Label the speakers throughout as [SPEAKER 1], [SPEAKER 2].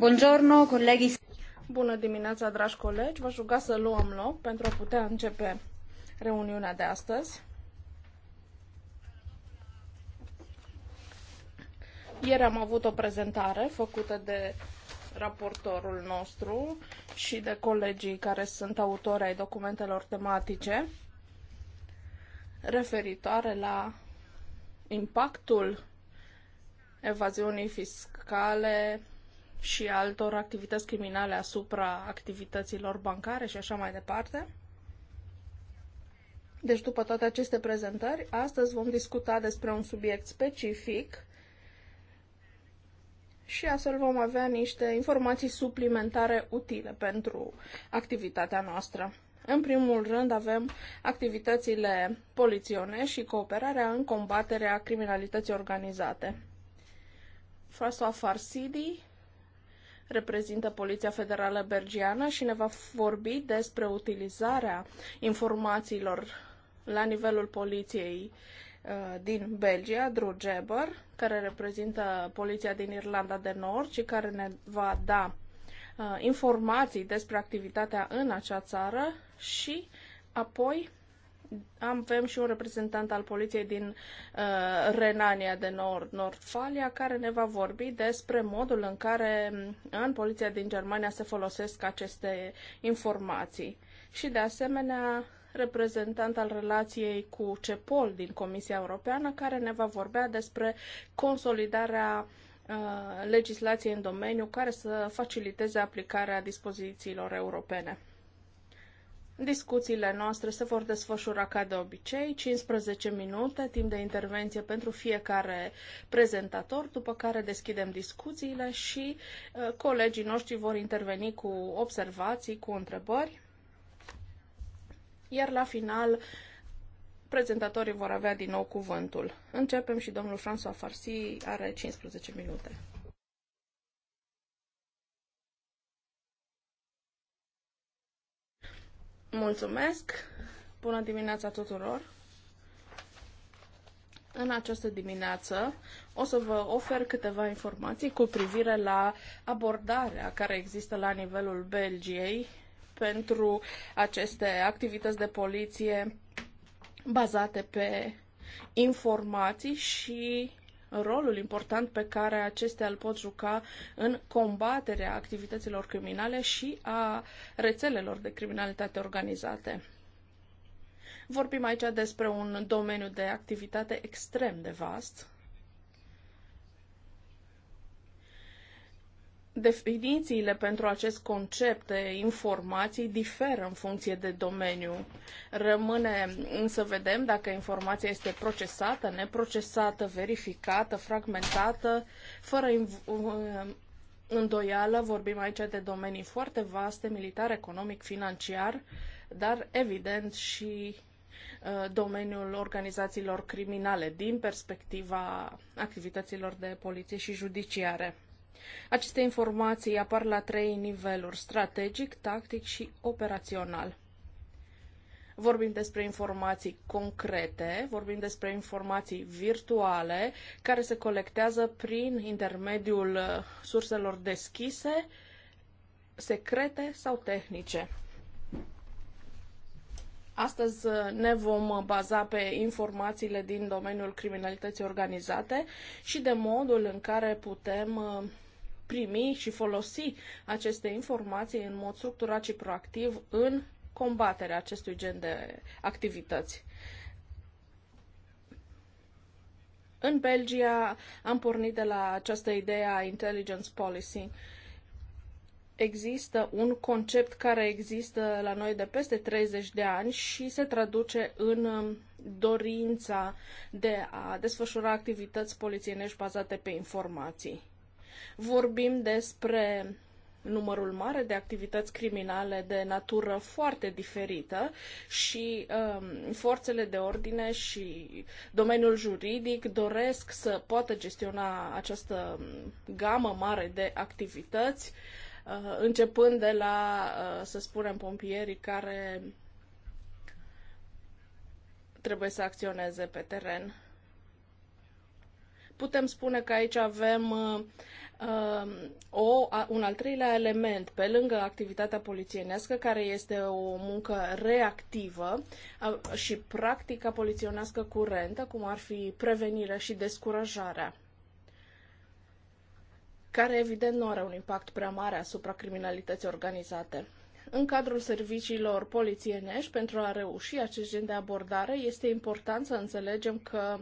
[SPEAKER 1] Buongiorno, colleghi. Bună dimineața, dragi colegi. V-aș ruga să luăm loc pentru a putea începe reuniunea de astăzi. Ieri am avut o prezentare făcută de raportorul nostru și de colegii care sunt autori ai documentelor tematice referitoare la impactul evaziunii fiscale și altor activități criminale asupra activităților bancare și așa mai departe. Deci, după toate aceste prezentări, astăzi vom discuta despre un subiect specific și astfel vom avea niște informații suplimentare utile pentru activitatea noastră. În primul rând avem activitățile poliționești și cooperarea în combaterea criminalității organizate. François Farsidi reprezintă Poliția Federală Bergiană și ne va vorbi despre utilizarea informațiilor la nivelul poliției uh, din Belgia, Drew Jeber, care reprezintă poliția din Irlanda de Nord și care ne va da uh, informații despre activitatea în acea țară și apoi avem și un reprezentant al poliției din uh, Renania de Nord, Nordfalia, care ne va vorbi despre modul în care mm, în poliția din Germania se folosesc aceste informații. Și de asemenea, reprezentant al relației cu CEPOL din Comisia Europeană, care ne va vorbea despre consolidarea uh, legislației în domeniu care să faciliteze aplicarea dispozițiilor europene. Discuțiile noastre se vor desfășura ca de obicei, 15 minute, timp de intervenție pentru fiecare prezentator, după care deschidem discuțiile și uh, colegii noștri vor interveni cu observații, cu întrebări. Iar la final, prezentatorii vor avea din nou cuvântul. Începem și domnul François Farsi are 15 minute. Mulțumesc! Bună dimineața tuturor! În această dimineață o să vă ofer câteva informații cu privire la abordarea care există la nivelul Belgiei pentru aceste activități de poliție bazate pe informații și rolul important pe care acestea îl pot juca în combaterea activităților criminale și a rețelelor de criminalitate organizate. Vorbim aici despre un domeniu de activitate extrem de vast, Definițiile pentru acest concept de informații diferă în funcție de domeniu. Rămâne să vedem dacă informația este procesată, neprocesată, verificată, fragmentată, fără uh, îndoială. Vorbim aici de domenii foarte vaste, militar, economic, financiar, dar evident și uh, domeniul organizațiilor criminale din perspectiva activităților de poliție și judiciare. Aceste informații apar la trei niveluri, strategic, tactic și operațional. Vorbim despre informații concrete, vorbim despre informații virtuale care se colectează prin intermediul uh, surselor deschise, secrete sau tehnice. Astăzi uh, ne vom uh, baza pe informațiile din domeniul criminalității organizate și de modul în care putem primi și folosi aceste informații în mod structurat și proactiv în combaterea acestui gen de activități. În Belgia am pornit de la această idee a intelligence policy. Există un concept care există la noi de peste 30 de ani și se traduce în um, dorința de a desfășura activități polițienești bazate pe informații. Vorbim despre numărul mare de activități criminale de natură foarte diferită și um, forțele de ordine și domeniul juridic doresc să poată gestiona această gamă mare de activități, uh, începând de la, uh, să spunem, pompierii care trebuie să acționeze pe teren. Putem spune că aici avem uh, Um, o, un al treilea element, pe lângă activitatea polițienească, care este o muncă reactivă și practica polițienească curentă, cum ar fi prevenirea și descurajarea care evident nu are un impact prea mare asupra criminalității organizate. În cadrul serviciilor polițienești, pentru a reuși acest gen de abordare, este important să înțelegem că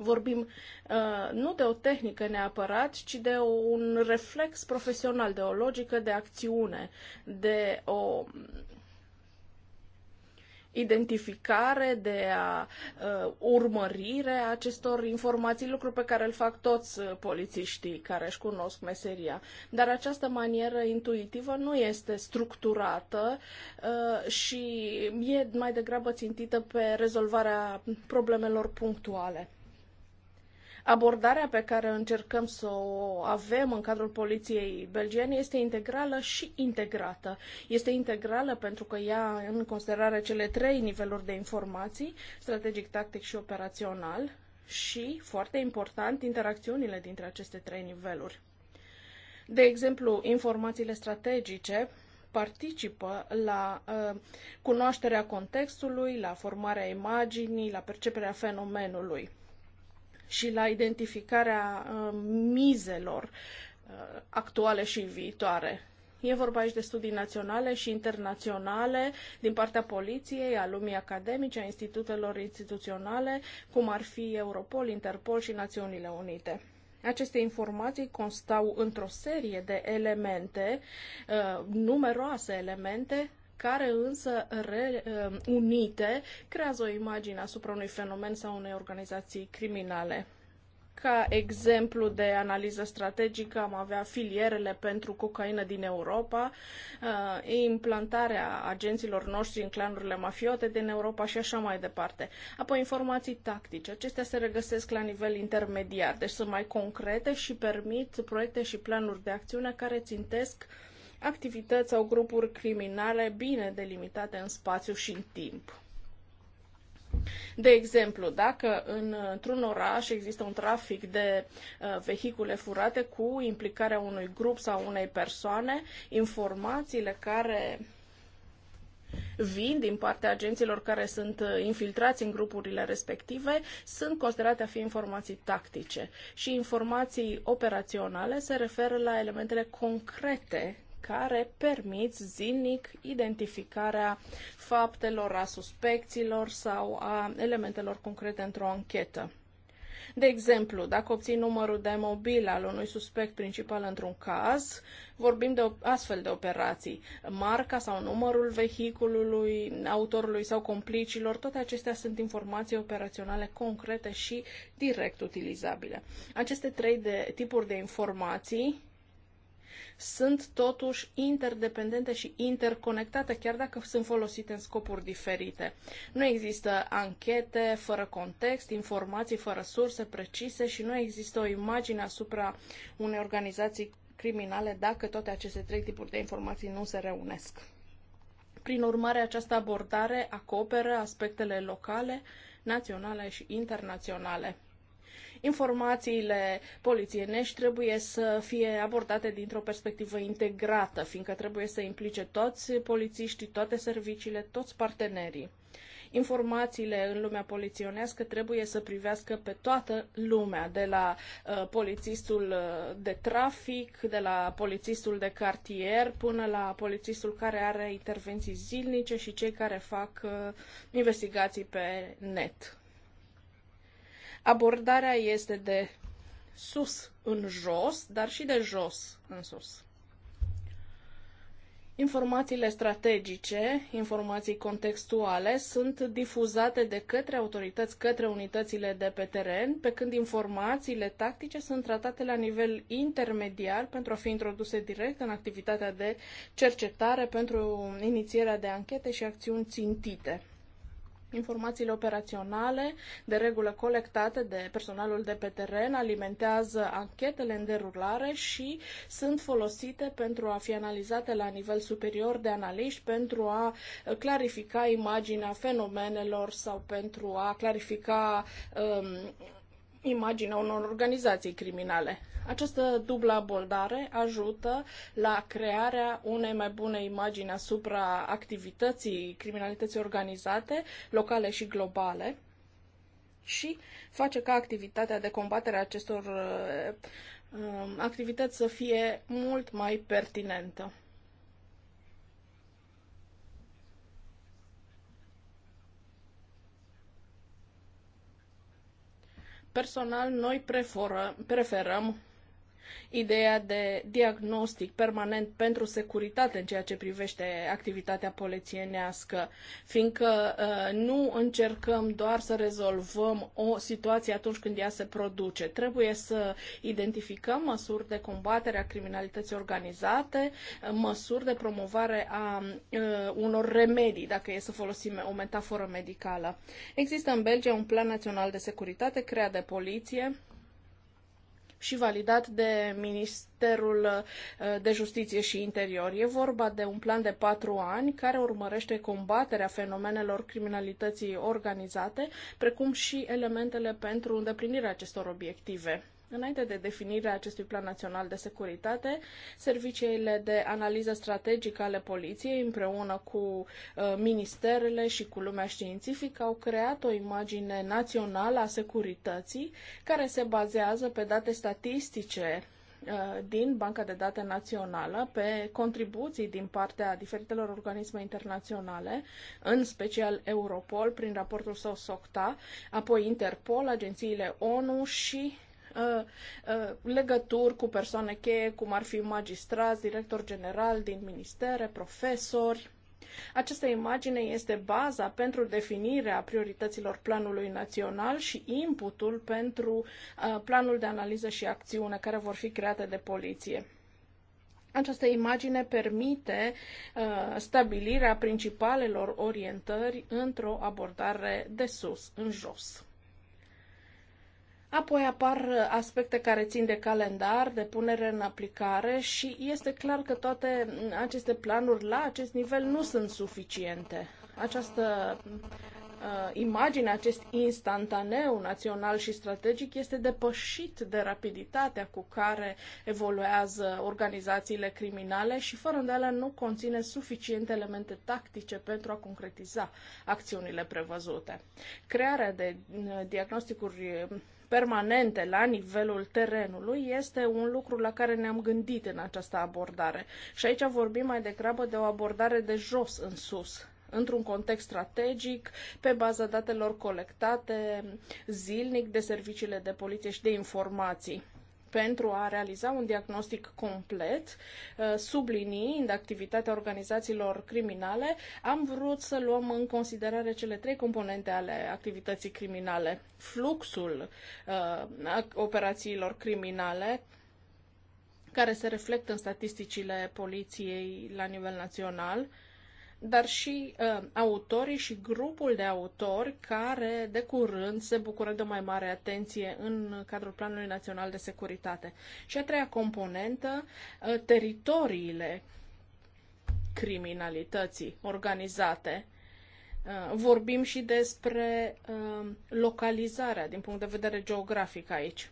[SPEAKER 1] Vorbim uh, nu de o tehnică neapărat, ci de un reflex profesional, de o logică de acțiune, de o identificare, de a, uh, urmărire a acestor informații, lucru pe care îl fac toți uh, polițiștii care își cunosc meseria. Dar această manieră intuitivă nu este structurată uh, și e mai degrabă țintită pe rezolvarea problemelor punctuale abordarea pe care încercăm să o avem în cadrul poliției belgiene este integrală și integrată. Este integrală pentru că ia în considerare cele trei niveluri de informații, strategic, tactic și operațional, și, foarte important, interacțiunile dintre aceste trei niveluri. De exemplu, informațiile strategice participă la uh, cunoașterea contextului, la formarea imaginii, la perceperea fenomenului și la identificarea uh, mizelor uh, actuale și viitoare. E vorba aici de studii naționale și internaționale din partea poliției, a lumii academice, a institutelor instituționale, cum ar fi Europol, Interpol și Națiunile Unite. Aceste informații constau într-o serie de elemente, uh, numeroase elemente, care însă re, um, unite creează o imagine asupra unui fenomen sau unei organizații criminale. Ca exemplu de analiză strategică am avea filierele pentru cocaină din Europa, uh, implantarea agenților noștri în clanurile mafiote din Europa și așa mai departe. Apoi informații tactice. Acestea se regăsesc la nivel intermediar, deci sunt mai concrete și permit proiecte și planuri de acțiune care țintesc uh, activități sau grupuri criminale bine delimitate în spațiu și în timp. De exemplu, dacă în, într-un oraș există un trafic de uh, vehicule furate cu implicarea unui grup sau unei persoane, informațiile care vin din partea agenților care sunt uh, infiltrați în grupurile respective sunt considerate a fi informații tactice și informații operaționale se referă la elementele concrete care permit zilnic identificarea faptelor, a suspecțiilor sau a elementelor concrete într-o anchetă. De exemplu, dacă obții numărul de mobil al unui suspect principal într-un caz, vorbim de astfel de operații. Marca sau numărul vehiculului, autorului sau complicilor, toate acestea sunt informații operaționale concrete și direct utilizabile. Aceste trei de, tipuri de informații sunt totuși interdependente și interconectate, chiar dacă sunt folosite în scopuri diferite. Nu există anchete fără context, informații fără surse precise și nu există o imagine asupra unei organizații criminale dacă toate aceste trei tipuri de informații nu se reunesc. Prin urmare, această abordare acoperă aspectele locale, naționale și internaționale. Informațiile polițienești trebuie să fie abordate dintr-o perspectivă integrată, fiindcă trebuie să implice toți polițiștii, toate serviciile, toți partenerii. Informațiile în lumea poliționească trebuie să privească pe toată lumea, de la uh, polițistul uh, de trafic, de la polițistul de cartier, până la polițistul care are intervenții zilnice și cei care fac uh, investigații pe net. Abordarea este de sus în jos, dar și de jos în sus. Informațiile strategice, informații contextuale sunt difuzate de către autorități, către unitățile de pe teren, pe când informațiile tactice sunt tratate la nivel intermediar pentru a fi introduse direct în activitatea de cercetare pentru inițierea de anchete și acțiuni țintite. Informațiile operaționale, de regulă colectate de personalul de pe teren, alimentează anchetele în derulare și sunt folosite pentru a fi analizate la nivel superior de analiști, pentru a clarifica imaginea fenomenelor sau pentru a clarifica um, imaginea unor organizații criminale. Această dublă abordare ajută la crearea unei mai bune imagini asupra activității criminalității organizate, locale și globale, și face ca activitatea de combatere a acestor uh, um, activități să fie mult mai pertinentă. Personal, noi preferă, preferăm ideea de diagnostic permanent pentru securitate în ceea ce privește activitatea polițienească, fiindcă uh, nu încercăm doar să rezolvăm o situație atunci când ea se produce. Trebuie să identificăm măsuri de combatere a criminalității organizate, uh, măsuri de promovare a uh, unor remedii, dacă e să folosim o metaforă medicală. Există în Belgia un plan național de securitate creat de poliție, și validat de Ministerul uh, de Justiție și Interior. E vorba de un plan de patru ani care urmărește combaterea fenomenelor criminalității organizate, precum și elementele pentru îndeplinirea acestor obiective. Înainte de definirea acestui plan național de securitate, serviciile de analiză strategică ale poliției, împreună cu uh, ministerele și cu lumea științifică, au creat o imagine națională a securității care se bazează pe date statistice uh, din Banca de Date Națională pe contribuții din partea diferitelor organisme internaționale, în special Europol, prin raportul său SOCTA, apoi Interpol, agențiile ONU și Uh, uh, legături cu persoane cheie, cum ar fi magistrați, director general din ministere, profesori. Această imagine este baza pentru definirea priorităților planului național și inputul pentru uh, planul de analiză și acțiune care vor fi create de poliție. Această imagine permite stabilirea principalelor orientări într-o abordare de sus în jos. Apoi apar aspecte care țin de calendar, de punere în aplicare și este clar că toate aceste planuri la acest nivel nu sunt suficiente. Această uh, imagine, acest instantaneu național și strategic este depășit de rapiditatea cu care evoluează organizațiile criminale și fără îndoială nu conține suficiente elemente tactice pentru a concretiza acțiunile prevăzute. Crearea de uh, diagnosticuri permanente la nivelul terenului este un lucru la care ne-am gândit în această abordare. Și aici vorbim mai degrabă de o abordare de jos în sus, într-un context strategic, pe baza datelor colectate zilnic de serviciile de poliție și de informații pentru a realiza un diagnostic complet, uh, subliniind activitatea organizațiilor criminale, am vrut să luăm în considerare cele trei componente ale activității criminale. Fluxul uh, operațiilor criminale, care se reflectă în statisticile poliției la nivel național, dar și uh, autorii și grupul de autori care de curând se bucură de o mai mare atenție în cadrul Planului Național de Securitate. Și a treia componentă, uh, teritoriile criminalității organizate. Uh, vorbim și despre uh, localizarea din punct de vedere geografic aici.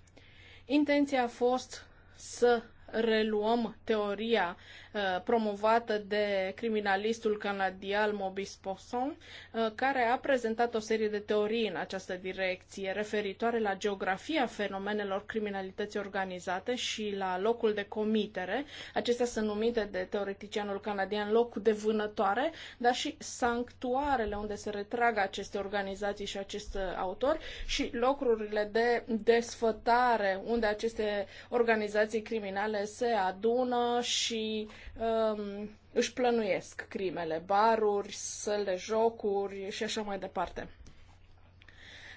[SPEAKER 1] Intenția a fost să reluăm teoria Uh, promovată de criminalistul canadian Maurice Poisson, uh, care a prezentat o serie de teorii în această direcție referitoare la geografia fenomenelor criminalității organizate și la locul de comitere. Acestea sunt numite de teoreticianul canadian locul de vânătoare, dar și sanctuarele unde se retrag aceste organizații și acest uh, autor și locurile de desfătare unde aceste organizații criminale se adună și uh, um, își plănuiesc crimele, baruri, săle, jocuri și așa mai departe.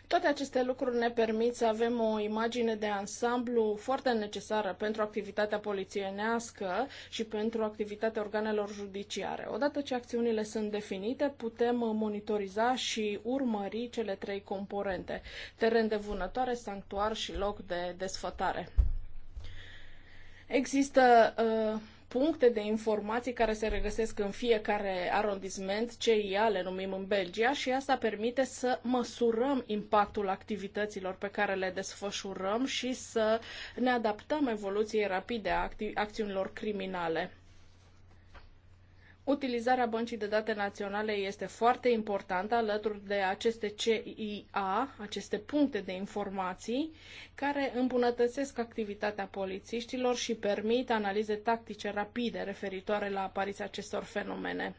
[SPEAKER 1] Toate aceste lucruri ne permit să avem o imagine de ansamblu foarte necesară pentru activitatea polițienească și pentru activitatea organelor judiciare. Odată ce acțiunile sunt definite, putem monitoriza și urmări cele trei componente, teren de vânătoare, sanctuar și loc de desfătare. Există uh, puncte de informații care se regăsesc în fiecare arondisment, CIA le numim în Belgia, și asta permite să măsurăm impactul activităților pe care le desfășurăm și să ne adaptăm evoluției rapide a acti- acțiunilor criminale. Utilizarea băncii de date naționale este foarte importantă alături de aceste CIA, aceste puncte de informații, care îmbunătățesc activitatea polițiștilor și permit analize tactice rapide referitoare la apariția acestor fenomene.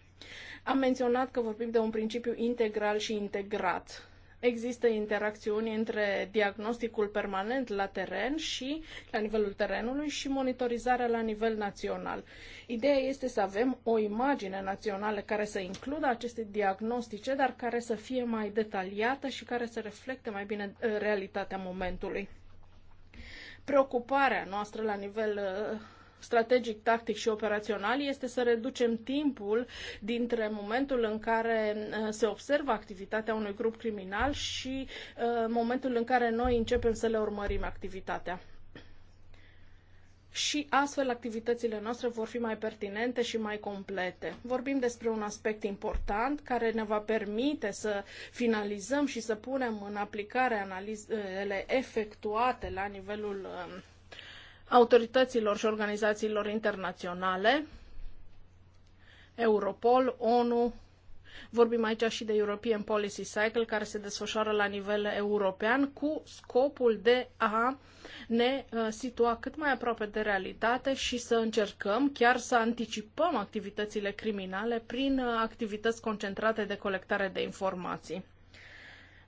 [SPEAKER 1] Am menționat că vorbim de un principiu integral și integrat Există interacțiuni între diagnosticul permanent la teren și la nivelul terenului și monitorizarea la nivel național. Ideea este să avem o imagine națională care să includă aceste diagnostice, dar care să fie mai detaliată și care să reflecte mai bine uh, realitatea momentului. Preocuparea noastră la nivel uh, strategic, tactic și operațional este să reducem timpul dintre momentul în care uh, se observă activitatea unui grup criminal și uh, momentul în care noi începem să le urmărim activitatea și astfel activitățile noastre vor fi mai pertinente și mai complete. Vorbim despre un aspect important care ne va permite să finalizăm și să punem în aplicare analizele efectuate la nivelul um, autorităților și organizațiilor internaționale, Europol, ONU, vorbim aici și de European Policy Cycle, care se desfășoară la nivel european cu scopul de a ne uh, situa cât mai aproape de realitate și să încercăm chiar să anticipăm activitățile criminale prin uh, activități concentrate de colectare de informații.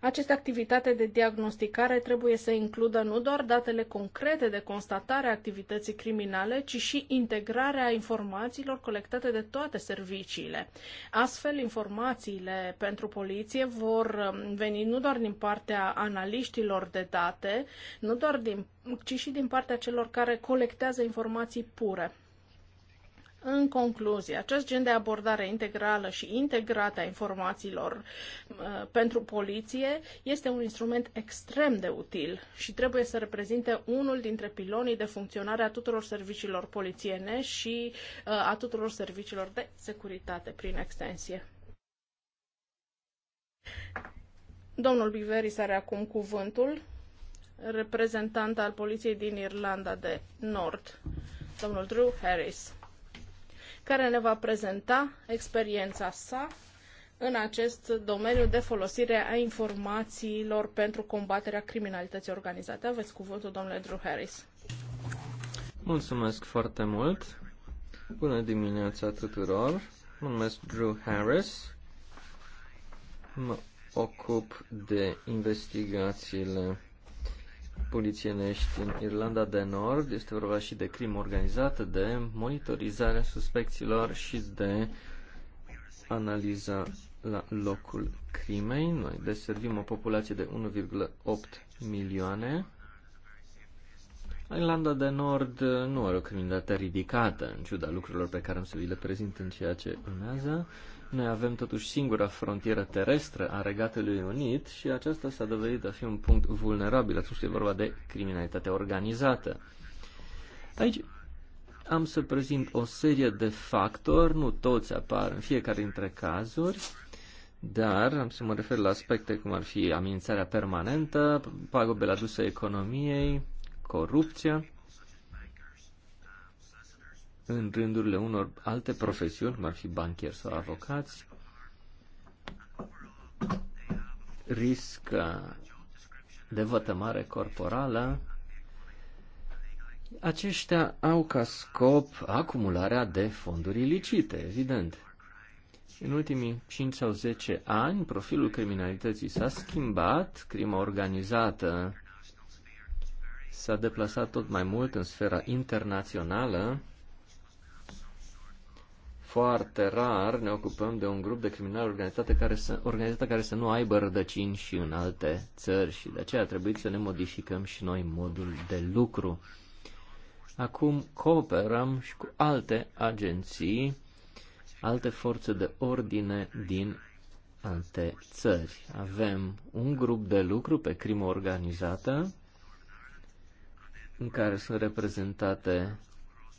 [SPEAKER 1] Această activitate de diagnosticare trebuie să includă nu doar datele concrete de constatare a activității criminale, ci și integrarea informațiilor colectate de toate serviciile. Astfel, informațiile pentru poliție vor um, veni nu doar din partea analiștilor de date, nu doar din, ci și din partea celor care colectează informații pure. În concluzie, acest gen de abordare integrală și integrată a informațiilor uh, pentru poliție este un instrument extrem de util și trebuie să reprezinte unul dintre pilonii de funcționare a tuturor serviciilor polițiene și uh, a tuturor serviciilor de securitate prin extensie. Domnul Biveris are acum cuvântul, reprezentant al poliției din Irlanda de Nord, domnul Drew Harris care ne va prezenta experiența sa în acest domeniu de folosire a informațiilor pentru combaterea criminalității organizate. Aveți cuvântul, domnule Drew Harris.
[SPEAKER 2] Mulțumesc foarte mult. Bună dimineața tuturor. Mă numesc Drew Harris. Mă ocup de investigațiile polițienești în Irlanda de Nord. Este vorba și de crimă organizată, de monitorizarea suspecților și de analiza la locul crimei. Noi deservim o populație de 1,8 milioane. Irlanda de Nord nu are o criminalitate ridicată, în ciuda lucrurilor pe care am să vi le prezint în ceea ce urmează. Noi avem totuși singura frontieră terestră a Regatului Unit și aceasta s-a dovedit a fi un punct vulnerabil atunci când e vorba de criminalitate organizată. Aici am să prezint o serie de factori, nu toți apar în fiecare dintre cazuri, dar am să mă refer la aspecte cum ar fi amenințarea permanentă, pagubele aduse economiei, corupția în rândurile unor alte profesiuni, cum ar fi banchieri sau avocați, risc uh, de vătămare corporală, aceștia au ca scop acumularea de fonduri ilicite, evident. În ultimii 5 sau 10 ani, profilul criminalității s-a schimbat, crima organizată s-a deplasat tot mai mult în sfera internațională, foarte rar ne ocupăm de un grup de criminali organizate care să, organizate care să nu aibă rădăcini și în alte țări și de aceea trebuie să ne modificăm și noi modul de lucru. Acum cooperăm și cu alte agenții, alte forțe de ordine din alte țări. Avem un grup de lucru pe crimă organizată în care sunt reprezentate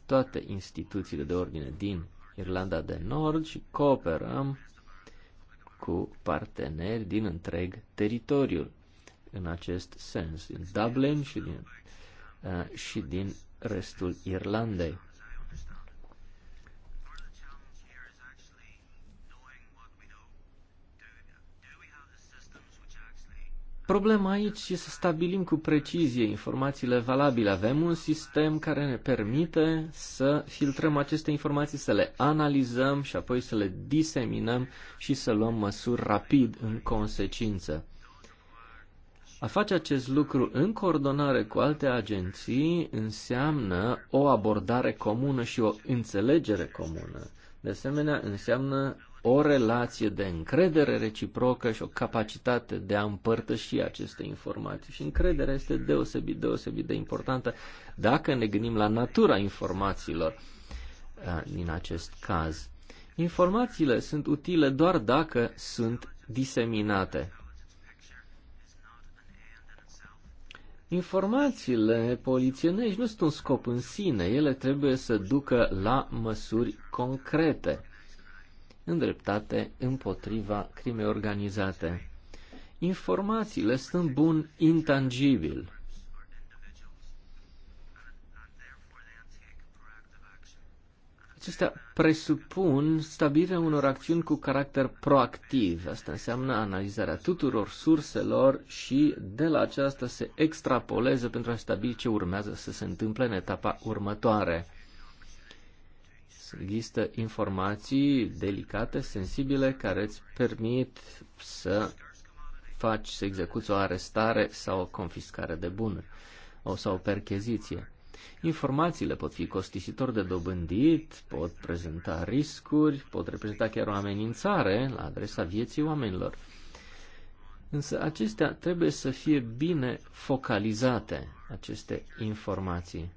[SPEAKER 2] toate instituțiile de ordine din Irlanda de Nord și cooperăm cu parteneri din întreg teritoriul în acest sens, din Dublin și din, uh, și din restul Irlandei. Problema aici e să stabilim cu precizie informațiile valabile. Avem un sistem care ne permite să filtrăm aceste informații, să le analizăm și apoi să le diseminăm și să luăm măsuri rapid în consecință. A face acest lucru în coordonare cu alte agenții înseamnă o abordare comună și o înțelegere comună. De asemenea, înseamnă o relație de încredere reciprocă și o capacitate de a împărtăși aceste informații. Și încrederea este deosebit, deosebit de importantă dacă ne gândim la natura informațiilor din acest caz. Informațiile sunt utile doar dacă sunt diseminate. Informațiile polițienești nu sunt un scop în sine, ele trebuie să ducă la măsuri concrete îndreptate împotriva crimei organizate. Informațiile sunt bun intangibil. Acestea presupun stabilirea unor acțiuni cu caracter proactiv. Asta înseamnă analizarea tuturor surselor și de la aceasta se extrapoleze pentru a stabili ce urmează să se întâmple în etapa următoare. Există informații delicate, sensibile, care îți permit să faci, să execuți o arestare sau o confiscare de bunuri sau o percheziție. Informațiile pot fi costisitor de dobândit, pot prezenta riscuri, pot reprezenta chiar o amenințare la adresa vieții oamenilor. Însă acestea trebuie să fie bine focalizate, aceste informații.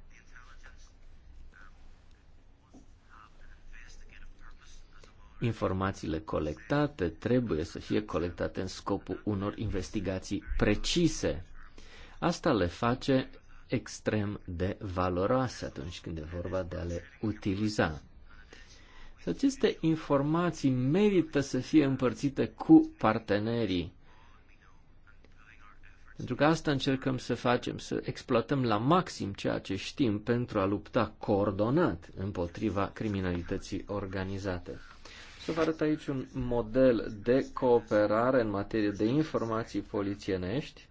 [SPEAKER 2] informațiile colectate trebuie să fie colectate în scopul unor investigații precise. Asta le face extrem de valoroase atunci când e vorba de a le utiliza. Și aceste informații merită să fie împărțite cu partenerii. Pentru că asta încercăm să facem, să exploatăm la maxim ceea ce știm pentru a lupta coordonat împotriva criminalității organizate să vă arăt aici un model de cooperare în materie de informații polițienești.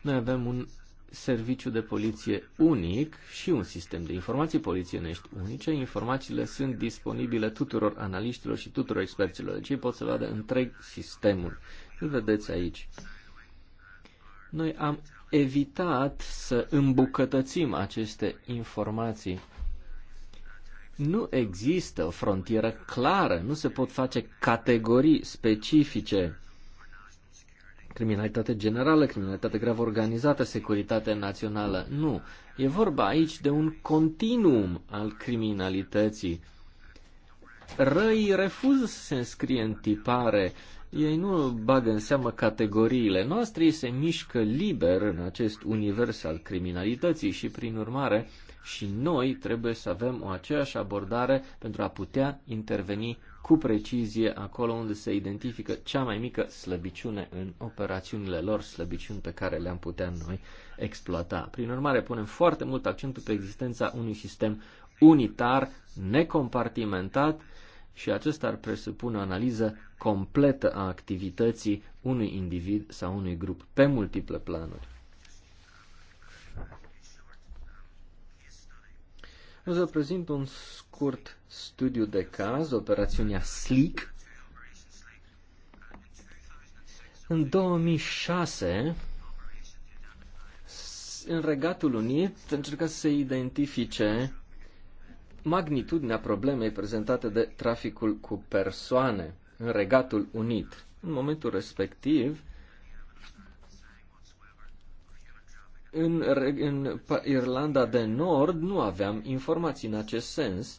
[SPEAKER 2] Noi avem un serviciu de poliție unic și un sistem de informații polițienești unice. Informațiile sunt disponibile tuturor analiștilor și tuturor experților, deci ei pot să vadă întreg sistemul. Îl vedeți aici. Noi am evitat să îmbucătățim aceste informații nu există o frontieră clară, nu se pot face categorii specifice. Criminalitate generală, criminalitate grav organizată, securitate națională. Nu. E vorba aici de un continuum al criminalității. Răi refuză să se înscrie în tipare. Ei nu bagă în seamă categoriile noastre, ei se mișcă liber în acest univers al criminalității și, prin urmare, și noi trebuie să avem o aceeași abordare pentru a putea interveni cu precizie acolo unde se identifică cea mai mică slăbiciune în operațiunile lor, slăbiciuni pe care le-am putea noi exploata. Prin urmare, punem foarte mult accentul pe existența unui sistem unitar, necompartimentat și acesta ar presupune o analiză completă a activității unui individ sau unui grup pe multiple planuri. Eu să prezint un scurt studiu de caz, operațiunea SLEEK. În 2006, în Regatul Unit încerca să se identifice magnitudinea problemei prezentate de traficul cu persoane în Regatul Unit. În momentul respectiv, În, în Irlanda de Nord nu aveam informații în acest sens,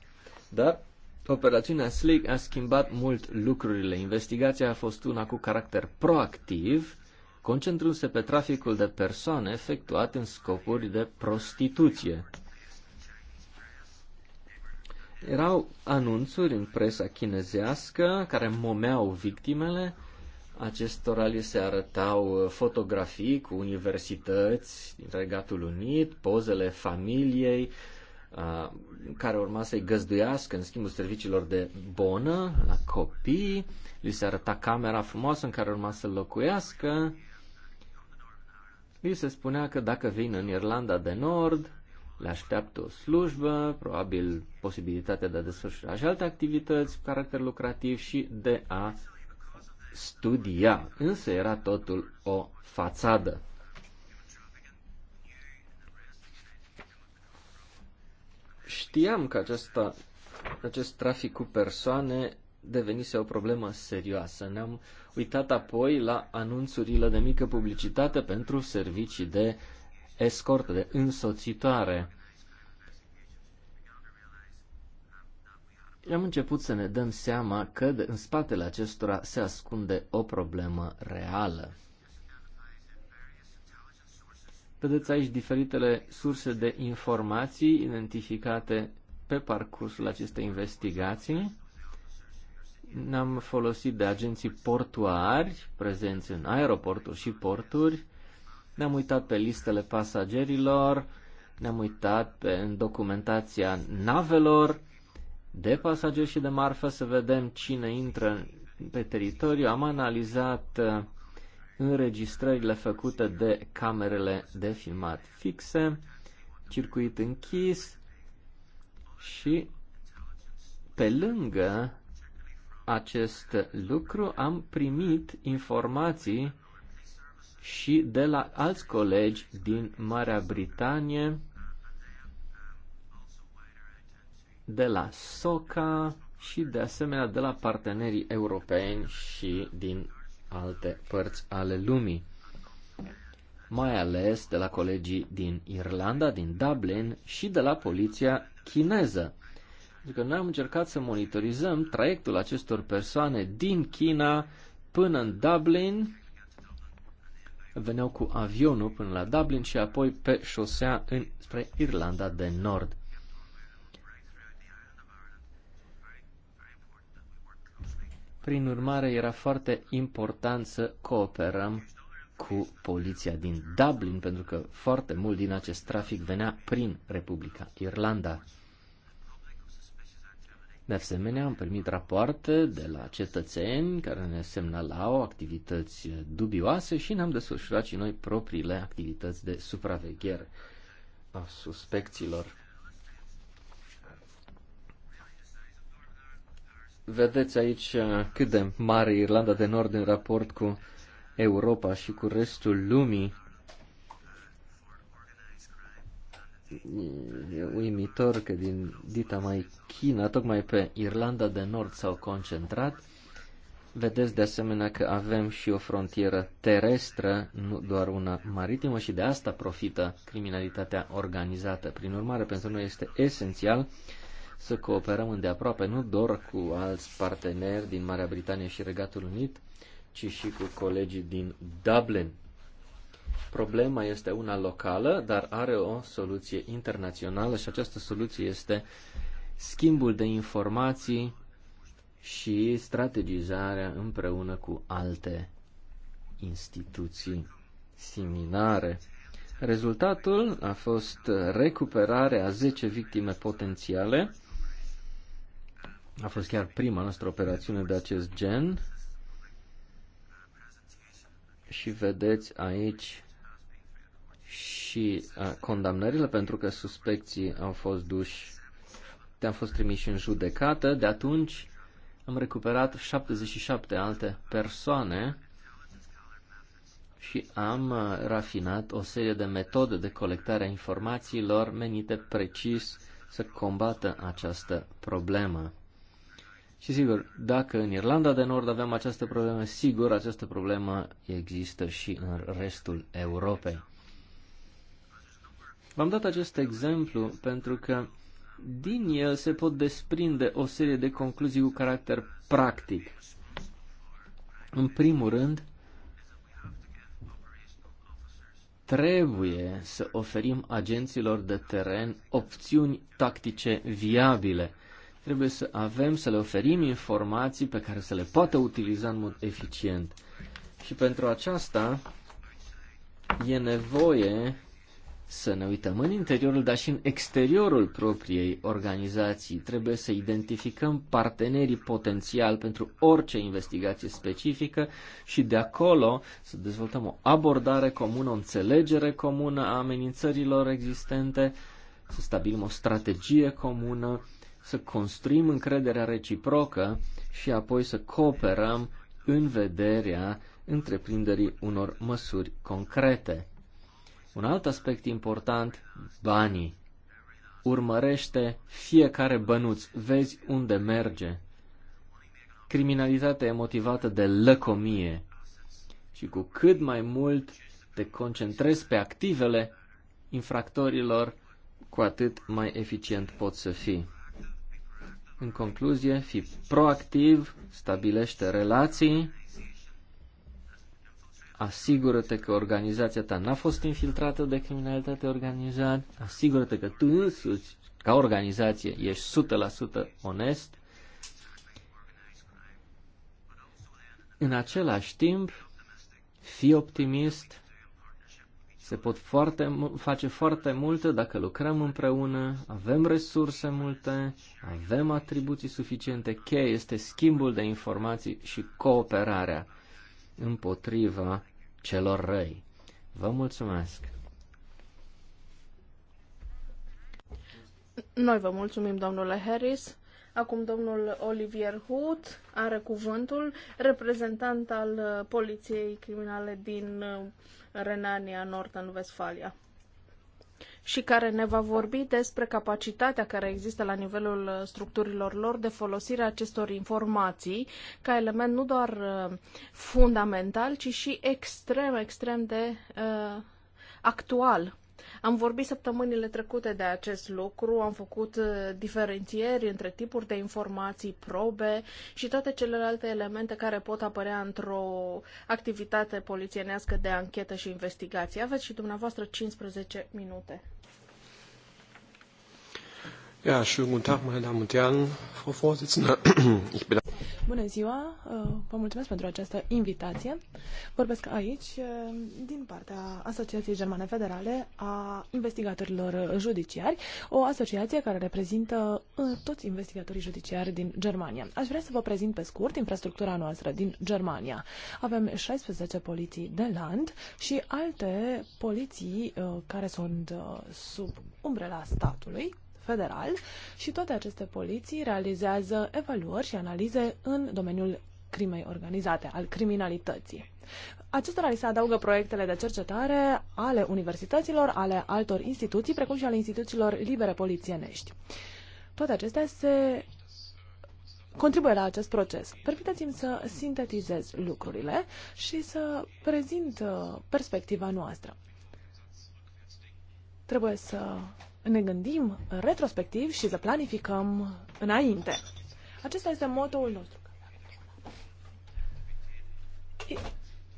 [SPEAKER 2] dar operațiunea Slick a schimbat mult lucrurile. Investigația a fost una cu caracter proactiv, concentrându-se pe traficul de persoane efectuat în scopuri de prostituție. Erau anunțuri în presa chinezească care momeau victimele acestora li se arătau uh, fotografii cu universități din Regatul Unit, pozele familiei uh, care urma să-i găzduiască în schimbul serviciilor de bonă la copii, li se arăta camera frumoasă în care urma să locuiască, li se spunea că dacă vin în Irlanda de Nord, le așteaptă o slujbă, probabil posibilitatea de a desfășura și alte activități cu caracter lucrativ și de a studia, însă era totul o fațadă. Știam că acesta, acest trafic cu persoane devenise o problemă serioasă. Ne-am uitat apoi la anunțurile de mică publicitate pentru servicii de escortă, de însoțitoare. am început să ne dăm seama că în spatele acestora se ascunde o problemă reală. Vedeți aici diferitele surse de informații identificate pe parcursul acestei investigații. Ne-am folosit de agenții portuari prezenți în aeroporturi și porturi. Ne-am uitat pe listele pasagerilor, ne-am uitat pe, în documentația navelor, de pasageri și de marfă, să vedem cine intră pe teritoriu. Am analizat uh, înregistrările făcute de camerele de filmat fixe, circuit închis și pe lângă acest lucru am primit informații și de la alți colegi din Marea Britanie de la SOCA și de asemenea de la partenerii europeni și din alte părți ale lumii, mai ales de la colegii din Irlanda, din Dublin și de la poliția chineză. Pentru că noi am încercat să monitorizăm traiectul acestor persoane din China până în Dublin, veneau cu avionul până la Dublin și apoi pe șosea în, spre Irlanda de Nord. Prin urmare, era foarte important să cooperăm cu poliția din Dublin, pentru că foarte mult din acest trafic venea prin Republica Irlanda. De asemenea, am primit rapoarte de la cetățeni care ne semnalau activități dubioase și ne-am desfășurat și noi propriile activități de supraveghere a suspecților. Vedeți aici uh, cât de mare Irlanda de Nord în raport cu Europa și cu restul lumii. E uimitor că din dita mai China, tocmai pe Irlanda de Nord s-au concentrat. Vedeți de asemenea că avem și o frontieră terestră, nu doar una maritimă și de asta profită criminalitatea organizată. Prin urmare, pentru noi este esențial uh, să cooperăm îndeaproape, nu doar cu alți parteneri din Marea Britanie și Regatul Unit, ci și cu colegii din Dublin. Problema este una locală, dar are o soluție internațională și această soluție este schimbul de informații și strategizarea împreună cu alte instituții similare. Rezultatul a fost recuperarea a 10 victime potențiale a fost chiar prima noastră operațiune de acest gen. Și vedeți aici și condamnările pentru că suspecții au fost duși, te au fost trimiși în judecată. De atunci am recuperat 77 alte persoane și am rafinat o serie de metode de colectare a informațiilor menite precis să combată această problemă. Și sigur, dacă în Irlanda de Nord avem această problemă, sigur această problemă există și în restul Europei. V-am dat acest exemplu pentru că din el se pot desprinde o serie de concluzii cu caracter practic. În primul rând, trebuie să oferim agenților de teren opțiuni tactice viabile Trebuie să avem, să le oferim informații pe care să le poată utiliza în mod eficient. Și pentru aceasta e nevoie să ne uităm în interiorul, dar și în exteriorul propriei organizații. Trebuie să identificăm partenerii potențial pentru orice investigație specifică și de acolo să dezvoltăm o abordare comună, o înțelegere comună a amenințărilor existente, să stabilim o strategie comună să construim încrederea reciprocă și apoi să cooperăm în vederea întreprinderii unor măsuri concrete. Un alt aspect important, banii. Urmărește fiecare bănuț, vezi unde merge. Criminalitatea e motivată de lăcomie și cu cât mai mult te concentrezi pe activele infractorilor, cu atât mai eficient poți să fii. În concluzie, fi proactiv, stabilește relații, asigură-te că organizația ta n-a fost infiltrată de criminalitate organizată, asigură-te că tu însuți, ca organizație, ești 100% onest. În același timp, fii optimist, se pot foarte, face foarte multe dacă lucrăm împreună, avem resurse multe, avem atribuții suficiente. Cheia este schimbul de informații și cooperarea împotriva celor răi. Vă mulțumesc!
[SPEAKER 1] Noi vă mulțumim, domnule Harris. Acum domnul Olivier Hood are cuvântul, reprezentant al uh, Poliției Criminale din uh, Renania, nord westfalia și care ne va vorbi despre capacitatea care există la nivelul uh, structurilor lor de folosirea acestor informații ca element nu doar fundamental, ci și extrem, extrem de uh, actual am vorbit săptămânile trecute de acest lucru, am făcut uh, diferențieri între tipuri de informații, probe și toate celelalte elemente care pot apărea într-o activitate polițienească de anchetă și investigație. Aveți și dumneavoastră 15 minute.
[SPEAKER 2] Ja, schönen guten Tag, meine Damen und Herren, Frau Vorsitzende. Ich bin
[SPEAKER 3] Bună ziua, uh, vă mulțumesc pentru această invitație. Vorbesc aici uh, din partea Asociației Germane Federale a Investigatorilor Judiciari, o asociație care reprezintă uh, toți investigatorii judiciari din Germania. Aș vrea să vă prezint pe scurt infrastructura noastră din Germania. Avem 16 poliții de land și alte poliții care sunt sub umbrela statului, federal și toate aceste poliții realizează evaluări și analize în domeniul crimei organizate, al criminalității. Acestora li se adaugă proiectele de cercetare ale universităților, ale altor instituții, precum și ale instituțiilor libere polițienești. Toate acestea se contribuie la acest proces. Permiteți-mi să sintetizez lucrurile și să prezint uh, perspectiva noastră. Trebuie să ne gândim retrospectiv și să planificăm înainte. Acesta este motoul nostru.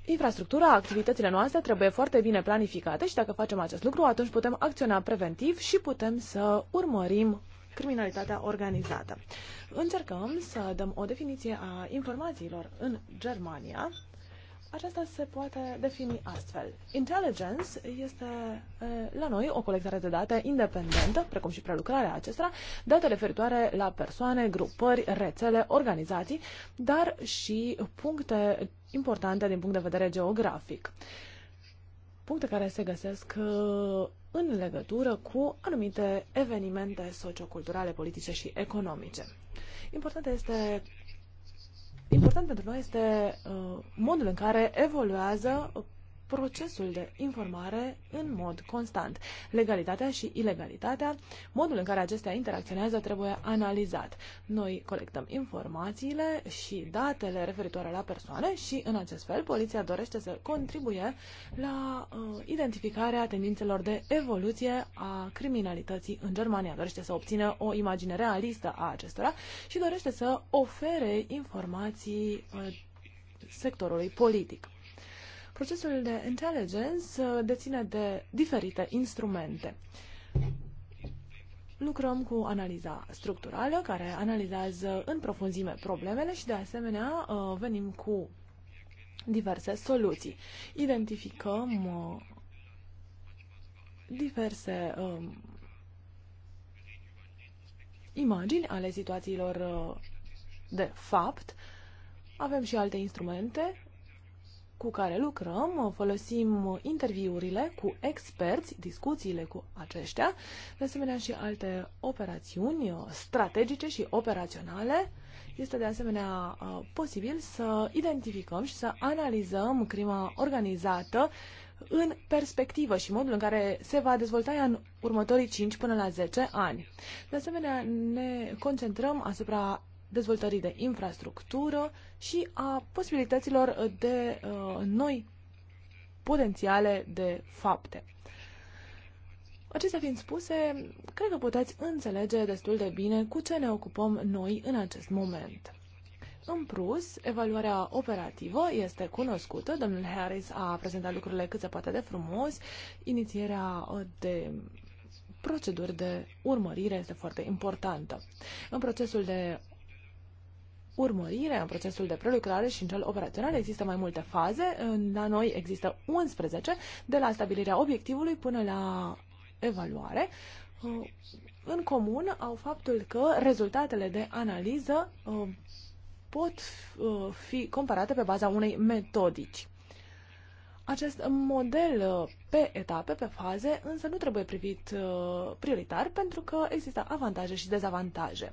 [SPEAKER 3] Infrastructura, activitățile noastre trebuie foarte bine planificate și dacă facem acest lucru, atunci putem acționa preventiv și putem să urmărim criminalitatea organizată. Încercăm să dăm o definiție a informațiilor în Germania aceasta se poate defini astfel. Intelligence este la noi o colectare de date independentă, precum și prelucrarea acestora, date referitoare la persoane, grupări, rețele, organizații, dar și puncte importante din punct de vedere geografic. Puncte care se găsesc în legătură cu anumite evenimente socioculturale, politice și economice. Importantă este Important pentru noi este uh, modul în care evoluează uh, procesul de informare în mod constant. Legalitatea și ilegalitatea, modul în care acestea interacționează trebuie analizat. Noi colectăm informațiile și datele referitoare la persoane și în acest fel poliția dorește să contribuie la uh, identificarea tendințelor de evoluție a criminalității în Germania. Dorește să obțină o imagine realistă a acestora și dorește să ofere informații uh, sectorului politic. Procesul de intelligence uh, deține de diferite instrumente. Lucrăm cu analiza structurală, care analizează în profunzime problemele și, de asemenea, uh, venim cu diverse soluții. Identificăm uh, diverse um, imagini ale situațiilor de fapt. Avem și alte instrumente cu care lucrăm, folosim interviurile cu experți, discuțiile cu aceștia, de asemenea și alte operațiuni strategice și operaționale. Este de asemenea posibil să identificăm și să analizăm crima organizată în perspectivă și modul în care se va dezvolta ea în următorii 5 până la 10 ani. De asemenea, ne concentrăm asupra dezvoltării de infrastructură și a posibilităților de uh, noi potențiale de fapte. Acestea fiind spuse, cred că puteți înțelege destul de bine cu ce ne ocupăm noi în acest moment. În plus, evaluarea operativă este cunoscută. Domnul Harris a prezentat lucrurile cât se poate de frumos. Inițierea uh, de proceduri de urmărire este foarte importantă. În procesul de urmărire, în procesul de prelucrare și în cel operațional există mai multe faze. La noi există 11, de la stabilirea obiectivului până la evaluare. Uh, în comun au faptul că rezultatele de analiză uh, pot uh, fi comparate pe baza unei metodici. Acest model pe etape, pe faze, însă nu trebuie privit prioritar pentru că există avantaje și dezavantaje.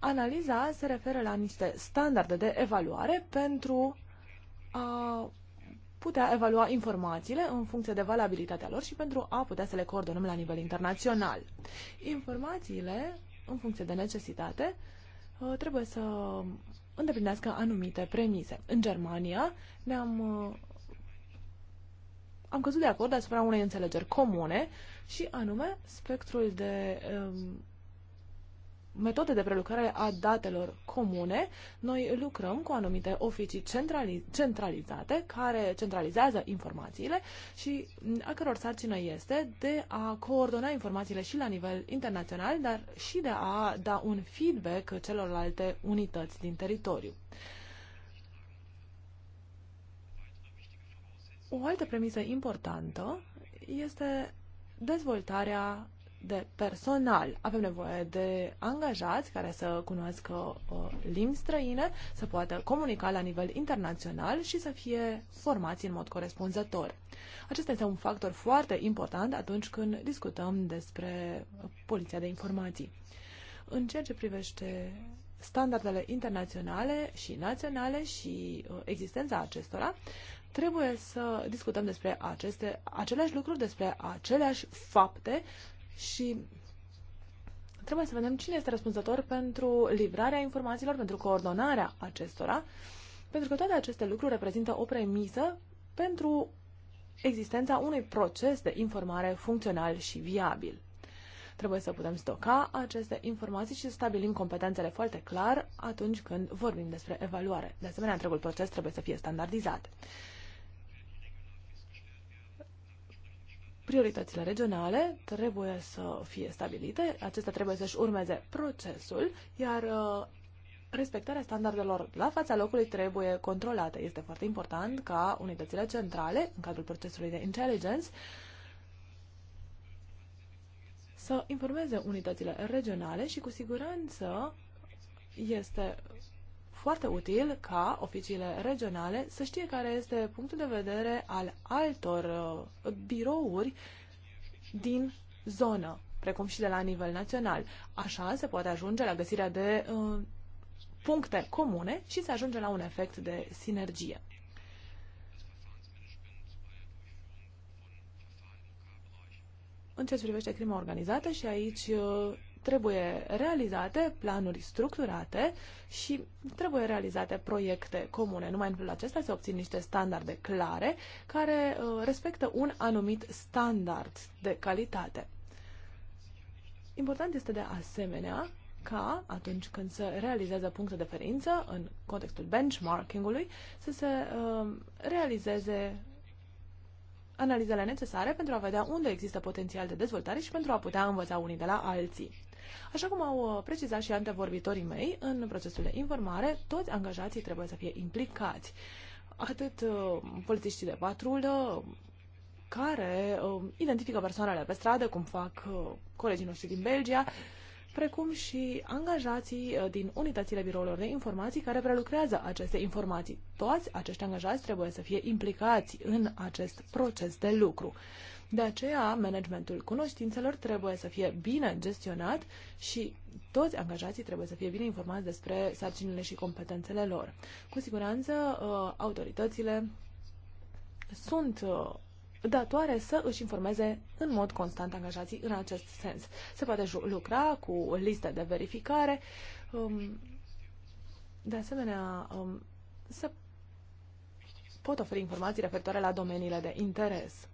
[SPEAKER 3] Analiza se referă la niște standarde de evaluare pentru a putea evalua informațiile în funcție de valabilitatea lor și pentru a putea să le coordonăm la nivel internațional. Informațiile, în funcție de necesitate, uh, trebuie să îndeplinească anumite premise. În Germania ne-am uh, am căzut de acord asupra unei înțelegeri comune și anume spectrul de um, metode de prelucrare a datelor comune. Noi lucrăm cu anumite oficii centrali- centralizate care centralizează informațiile și a căror sarcină este de a coordona informațiile și la nivel internațional, dar și de a da un feedback celorlalte unități din teritoriu. O altă premisă importantă este dezvoltarea de personal. Avem nevoie de angajați care să cunoască uh, limbi străine, să poată comunica la nivel internațional și să fie formați în mod corespunzător. Acesta este un factor foarte important atunci când discutăm despre poliția de informații. În ceea ce privește standardele internaționale și naționale și uh, existența acestora, trebuie să discutăm despre aceste, aceleași lucruri, despre aceleași fapte și trebuie să vedem cine este răspunzător pentru livrarea informațiilor, pentru coordonarea acestora, pentru că toate aceste lucruri reprezintă o premisă pentru existența unui proces de informare funcțional și viabil. Trebuie să putem stoca aceste informații și să stabilim competențele foarte clar atunci când vorbim despre evaluare. De asemenea, întregul proces trebuie să fie standardizat. prioritățile regionale trebuie să fie stabilite, acestea trebuie să-și urmeze procesul, iar uh, respectarea standardelor la fața locului trebuie controlată. Este foarte important ca unitățile centrale, în cadrul procesului de intelligence, să informeze unitățile regionale și cu siguranță este foarte util ca oficiile regionale să știe care este punctul de vedere al altor uh, birouri din zonă, precum și de la nivel național. Așa se poate ajunge la găsirea de uh, puncte comune și se ajunge la un efect de sinergie. În ce privește crima organizată și aici uh, trebuie realizate planuri structurate și trebuie realizate proiecte comune. Numai în felul acesta se obțin niște standarde clare care uh, respectă un anumit standard de calitate. Important este de asemenea ca atunci când se realizează puncte de referință în contextul benchmarkingului, să se uh, realizeze analizele necesare pentru a vedea unde există potențial de dezvoltare și pentru a putea învăța unii de la alții. Așa cum au uh, precizat și antevorbitorii mei, în procesul de informare, toți angajații trebuie să fie implicați. Atât uh, polițiștii de patrulă, care uh, identifică persoanele pe stradă, cum fac colegii noștri din Belgia, precum și angajații uh, din unitățile birourilor de informații care prelucrează aceste informații. Toți acești angajați trebuie să fie implicați în acest proces de lucru. De aceea, managementul cunoștințelor trebuie să fie bine gestionat și toți angajații trebuie să fie bine informați despre sarcinile și competențele lor. Cu siguranță, uh, autoritățile sunt uh, datoare să își informeze în mod constant angajații în acest sens. Se poate lucra cu liste de verificare. Um, de asemenea, um, se pot oferi informații referitoare la domeniile de interes.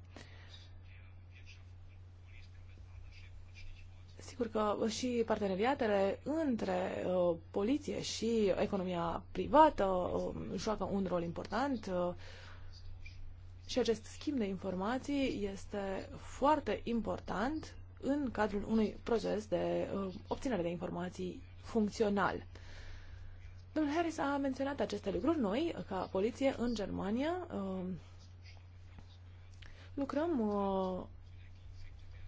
[SPEAKER 3] Sigur că și parteneriatele între uh, poliție și economia privată um, joacă un rol important. Uh, și acest schimb de informații este foarte important în cadrul unui proces de uh, obținere de informații funcțional. Domnul Harris a menționat aceste lucruri. Noi, ca poliție în Germania, uh, lucrăm uh,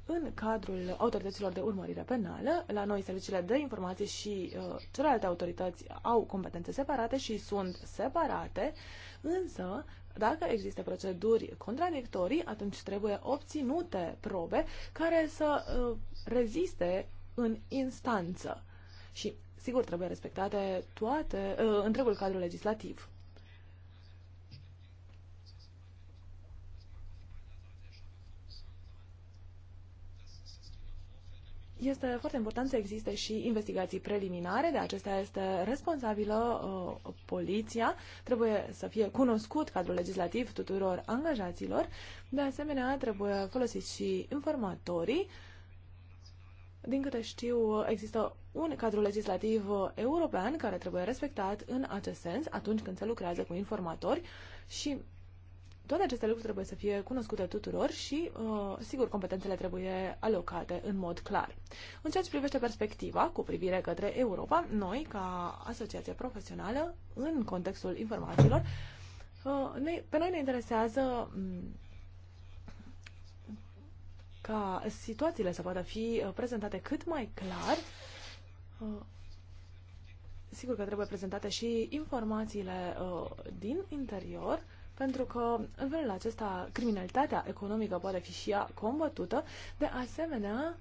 [SPEAKER 3] în cadrul autorităților de urmărire penală. La noi, serviciile de informații și uh, celelalte autorități au competențe separate și sunt separate, însă dacă există proceduri contradictorii, atunci trebuie obținute probe care să uh, reziste în instanță. Și, sigur, trebuie respectate toate, uh, întregul cadru legislativ. Este foarte important să existe și investigații preliminare, de acestea este responsabilă uh, poliția, trebuie să fie cunoscut cadrul legislativ tuturor angajaților, de asemenea trebuie folosiți și informatorii. Din câte știu, există un cadru legislativ european care trebuie respectat în acest sens atunci când se lucrează cu informatori și toate aceste lucruri trebuie să fie cunoscute tuturor și, uh, sigur, competențele trebuie alocate în mod clar. În ceea ce privește perspectiva cu privire către Europa, noi, ca asociație profesională, în contextul informațiilor, uh, pe noi ne interesează mm, ca situațiile să poată fi uh, prezentate cât mai clar. sigur că trebuie prezentate și informațiile din interior pentru că în felul acesta criminalitatea economică poate fi și ea combătută. De asemenea,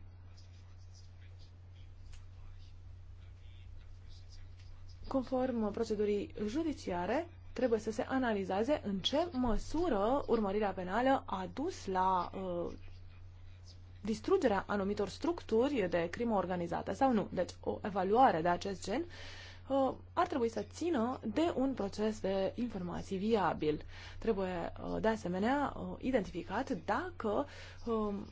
[SPEAKER 3] conform procedurii judiciare, trebuie să se analizeze în ce măsură urmărirea penală a dus la uh, distrugerea anumitor structuri de crimă organizată sau nu. Deci o evaluare de acest gen uh, Uh, ar trebui să țină de un proces de informații viabil. Trebuie uh, de asemenea uh, identificat dacă um,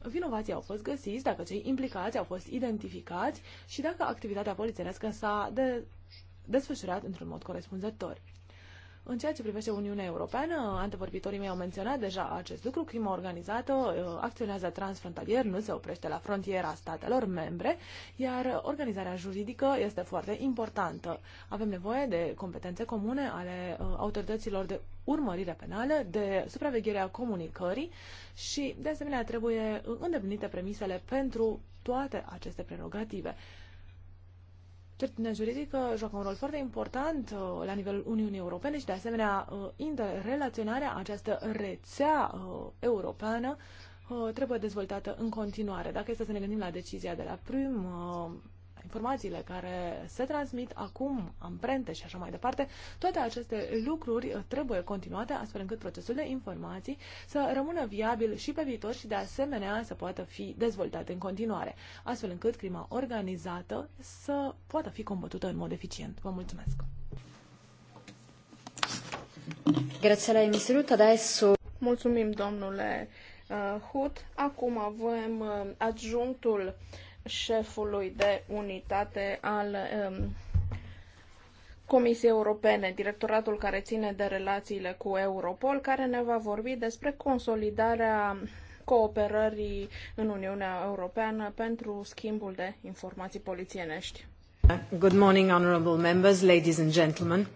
[SPEAKER 3] vinovații au fost găsiți, dacă cei implicați au fost identificați și dacă activitatea polițienescă s-a de desfășurat într-un mod corespunzător. În ceea ce privește Uniunea Europeană, antevorbitorii mei au menționat deja acest lucru, crima organizată uh, acționează transfrontalier, nu se oprește la frontiera statelor membre, iar organizarea juridică este foarte importantă. Avem nevoie de competențe comune ale uh, autorităților de urmărire penală, de supravegherea comunicării și, de asemenea, trebuie uh, îndeplinite premisele pentru toate aceste prerogative. Certitudinea juridică joacă un rol foarte important uh, la nivelul Uniunii Europene și, de asemenea, uh, interrelaționarea, această rețea uh, europeană trebuie dezvoltată în continuare. Dacă este să ne gândim la decizia de la prim informațiile care se transmit acum, amprente și așa mai departe, toate aceste lucruri trebuie continuate astfel încât procesul de informații să rămână viabil și pe viitor și de asemenea să poată fi dezvoltat în continuare, astfel încât crima organizată să poată fi combătută în mod eficient. Vă mulțumesc!
[SPEAKER 1] Grazie lei, Adesso... Mulțumim, domnule uh, Hut. Acum avem uh, adjunctul șefului de unitate al um, Comisiei Europene, directoratul care ține de relațiile cu Europol, care ne va vorbi despre consolidarea cooperării în Uniunea Europeană pentru schimbul de informații polițienești.
[SPEAKER 2] Good morning, honorable members, ladies and gentlemen.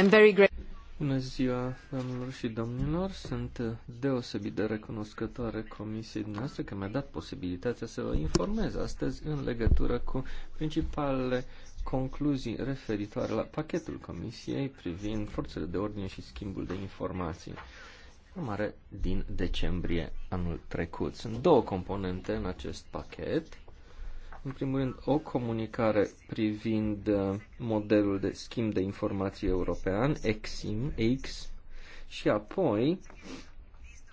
[SPEAKER 2] I'm very grateful. Bună ziua, doamnelor și domnilor. Sunt deosebit de recunoscătoare comisiei noastre că mi-a dat posibilitatea să vă informez astăzi în legătură cu principalele concluzii referitoare la pachetul comisiei privind forțele de ordine și schimbul de informații. Urmare din decembrie anul trecut. Sunt două componente în acest pachet în primul rând, o comunicare privind uh, modelul de schimb de informații european, EXIM, EX, și apoi,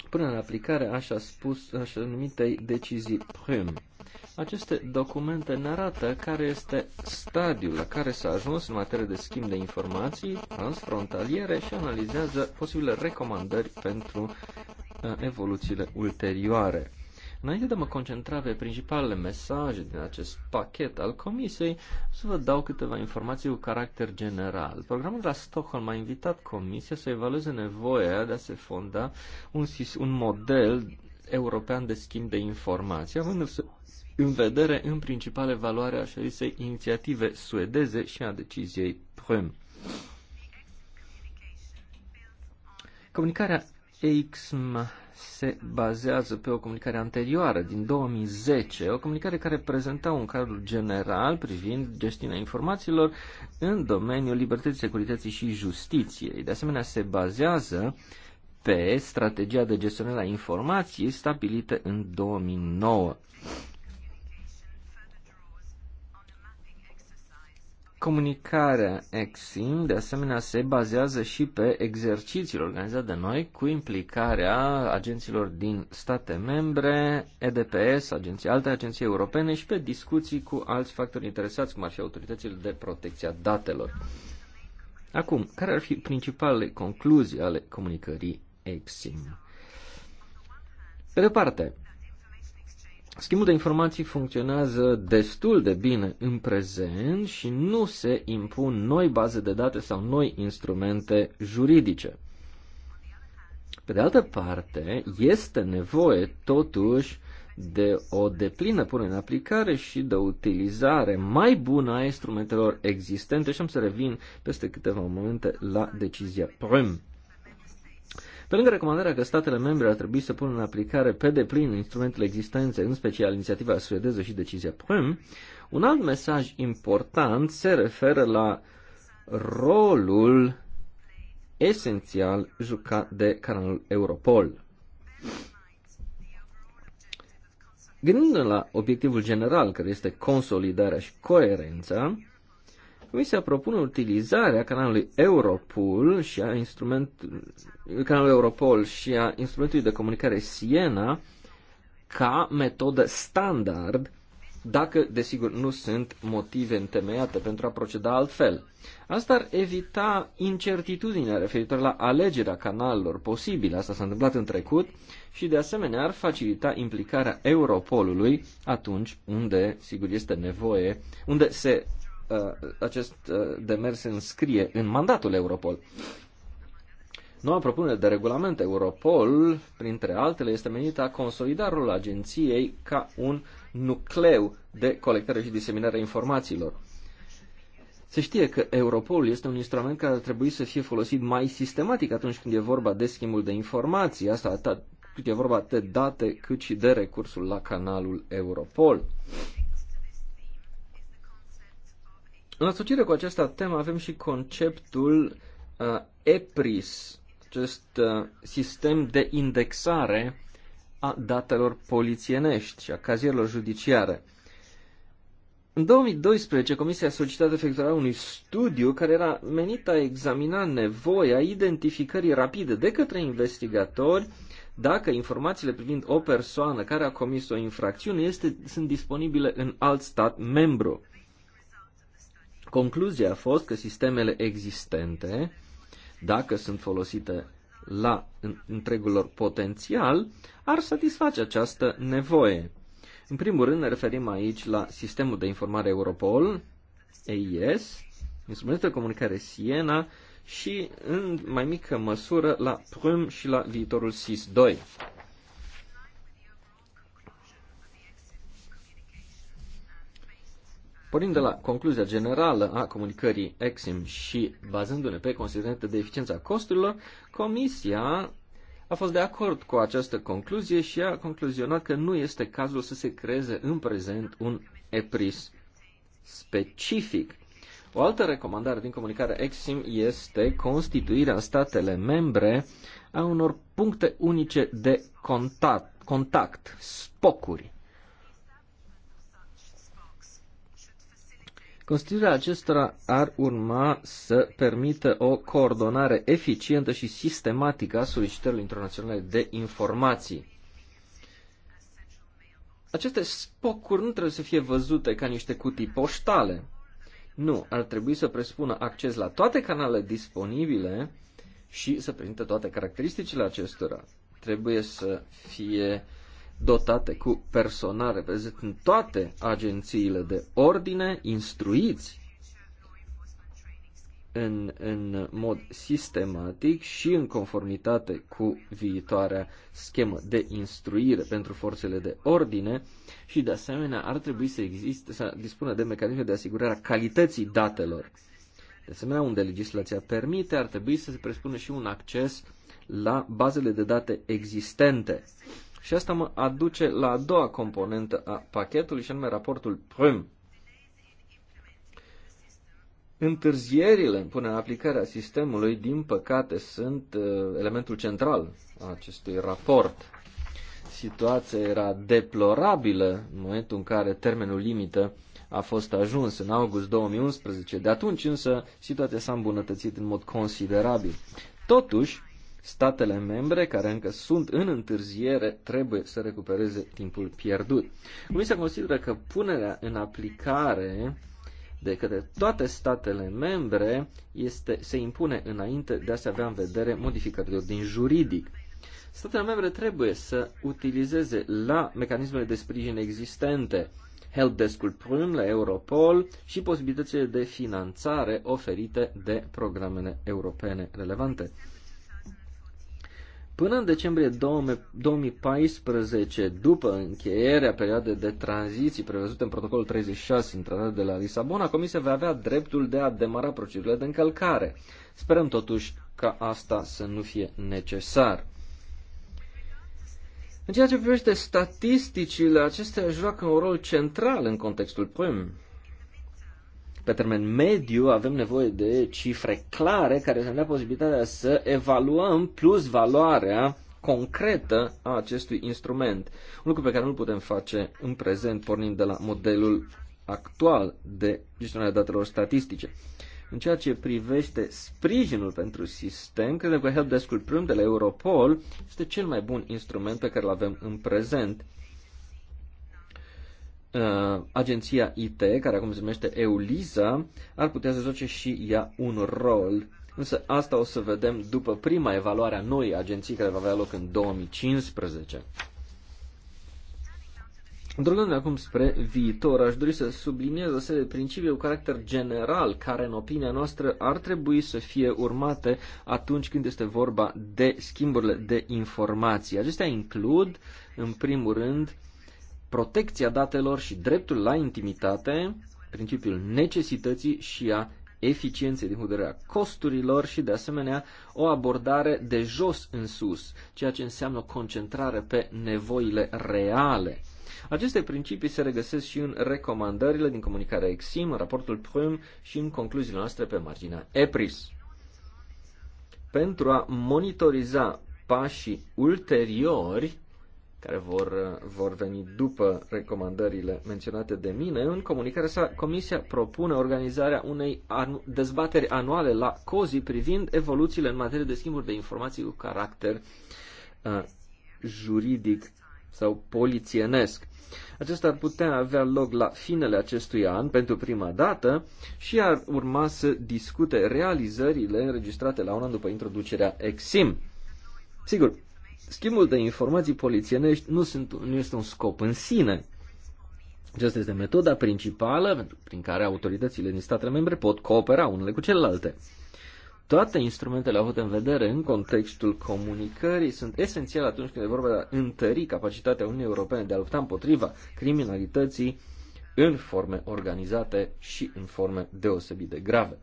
[SPEAKER 2] până în aplicare așa, spus, așa numitei decizii PRIM. Aceste documente ne arată care este stadiul la care s-a ajuns în materie de schimb de informații transfrontaliere și analizează posibile recomandări pentru uh, evoluțiile ulterioare. Înainte de a mă concentra pe principalele mesaje din acest pachet al Comisiei, să vă dau câteva informații cu caracter general. Programul de la Stockholm a invitat Comisia să evalueze nevoia de a se fonda un, un model european de schimb de informații, având în vedere în principal evaluarea așadisei inițiative suedeze și a deciziei Prüm. Comunicarea EXM se bazează pe o comunicare anterioară, din 2010, o comunicare care prezenta un cadru general privind gestiunea informațiilor în domeniul libertății, securității și justiției. De asemenea, se bazează pe strategia de gestionare a informației stabilită în 2009. Comunicarea EXIM, de asemenea, se bazează și pe exercițiul organizat de noi cu implicarea agenților din state membre, EDPS, agenții, alte agenții europene și pe discuții cu alți factori interesați, cum ar fi autoritățile de protecție a datelor. Acum, care ar fi principalele concluzii ale comunicării EXIM? Pe de parte, Schimbul de informații funcționează destul de bine în prezent și nu se impun noi baze de date sau noi instrumente juridice. Pe de altă parte, este nevoie totuși de o deplină punere în aplicare și de o utilizare mai bună a instrumentelor existente și am să revin peste câteva momente la decizia PRIM. Pe lângă recomandarea că statele membre ar trebui să pună în aplicare pe deplin instrumentele existențe, în special inițiativa suedeză și decizia PRIM, un alt mesaj important se referă la rolul esențial jucat de canalul Europol. Gândindu-ne la obiectivul general, care este consolidarea și coerența, Comisia propune utilizarea canalului Europol și a instrumentului, canalul Europol și a instrumentului de comunicare Siena ca metodă standard dacă, desigur, nu sunt motive întemeiate pentru a proceda altfel. Asta ar evita incertitudinea referitor la alegerea canalelor posibile, asta s-a întâmplat în trecut, și de asemenea ar facilita implicarea Europolului atunci unde, sigur, este nevoie, unde se Uh, acest uh, demers înscrie în mandatul Europol. Noua propunere de regulament Europol, printre altele, este menită a consolida rolul agenției ca un nucleu de colectare și diseminare a informațiilor. Se știe că Europol este un instrument care ar trebui să fie folosit mai sistematic atunci când e vorba de schimbul de informații, asta atât cât e vorba de date, cât și de recursul la canalul Europol. În asociere cu această temă avem și conceptul uh, EPRIS, acest uh, sistem de indexare a datelor polițienești și a cazierilor judiciare. În 2012, Comisia a solicitat efectuarea unui studiu care era menit a examina nevoia identificării rapide de către investigatori dacă informațiile privind o persoană care a comis o infracțiune este, sunt disponibile în alt stat membru. Concluzia a fost că sistemele existente, dacă sunt folosite la întregul lor potențial, ar satisface această nevoie. În primul rând ne referim aici la sistemul de informare Europol, EIS, instrumentul de comunicare Siena și, în mai mică măsură, la PRIM și la viitorul SIS-2. Pornind de la concluzia generală a comunicării EXIM și bazându-ne pe considerente de eficiența costurilor, Comisia a fost de acord cu această concluzie și a concluzionat că nu este cazul să se creeze în prezent un EPRIS specific. O altă recomandare din comunicarea EXIM este constituirea în statele membre a unor puncte unice de contact, contact spocuri, Constituirea acestora ar urma să permită o coordonare eficientă și sistematică a solicitărilor internaționale de informații. Aceste spocuri nu trebuie să fie văzute ca niște cutii poștale. Nu, ar trebui să presupună acces la toate canalele disponibile și să prezinte toate caracteristicile acestora. Trebuie să fie uh, dotate cu personal în toate agențiile de ordine, instruiți în, în mod sistematic și în conformitate cu viitoarea schemă de instruire pentru forțele de ordine și, de asemenea, ar trebui să existe, să dispună de mecanisme de asigurare a calității datelor. De asemenea, unde legislația permite, ar trebui să se presupună și un acces la bazele de date existente. Și asta mă aduce la a doua componentă a pachetului, și anume raportul PRIM. Întârzierile în punerea aplicarea sistemului, din păcate, sunt uh, elementul central a acestui raport. Situația era deplorabilă în momentul în care termenul limită a fost ajuns în august 2011. De atunci însă situația s-a îmbunătățit în mod considerabil. Totuși, Statele membre care încă sunt în întârziere trebuie să recupereze timpul pierdut. Comisia consideră că punerea în aplicare de către toate statele membre este, se impune înainte de a se avea în vedere modificările din juridic. Statele membre trebuie să utilizeze la mecanismele de sprijin existente helpdesk-ul PRIM la Europol și posibilitățile de finanțare oferite de programele europene relevante. Până în decembrie 2014, după încheierea perioadei de tranziții prevăzute în protocolul 36 în tratatul de la Lisabona, Comisia va avea dreptul de a demara procedurile de încălcare. Sperăm totuși ca asta să nu fie necesar. În ceea ce privește statisticile, acestea joacă un rol central în contextul PRIM pe termen mediu avem nevoie de cifre clare care să ne dea posibilitatea să evaluăm plus valoarea concretă a acestui instrument. Un lucru pe care nu-l putem face în prezent pornind de la modelul actual de gestionare datelor statistice. În ceea ce privește sprijinul pentru sistem, credem că helpdesk-ul prim de la Europol este cel mai bun instrument pe care îl avem în prezent. Uh, agenția IT, care acum se numește EULISA, ar putea să joace și ea un rol. Însă asta o să vedem după prima evaluare a noi agenții care va avea loc în 2015. drogându acum spre viitor, aș dori să subliniez o serie de principii cu caracter general care, în opinia noastră, ar trebui să fie urmate atunci când este vorba de schimburile de informații. Acestea includ, în primul rând, protecția datelor și dreptul la intimitate, principiul necesității și a eficienței din vederea costurilor și, de asemenea, o abordare de jos în sus, ceea ce înseamnă concentrare pe nevoile reale. Aceste principii se regăsesc și în recomandările din comunicarea EXIM, în raportul PRIM și în concluziile noastre pe marginea EPRIS. Pentru a monitoriza pașii ulteriori care vor, vor veni după recomandările menționate de mine. În comunicarea sa, Comisia propune organizarea unei anu- dezbateri anuale la COZI privind evoluțiile în materie de schimburi de informații cu caracter uh, juridic sau polițienesc. Acesta ar putea avea loc la finele acestui an pentru prima dată și ar urma să discute realizările înregistrate la un an după introducerea EXIM. Sigur, Schimbul de informații polițienești nu, sunt, nu este un scop în sine. Aceasta este metoda principală prin care autoritățile din statele membre pot coopera unele cu celelalte. Toate instrumentele avute în vedere în contextul comunicării sunt esențiale atunci când e vorba de a întări capacitatea Uniunii Europene de a lupta împotriva criminalității în forme organizate și în forme deosebit de grave.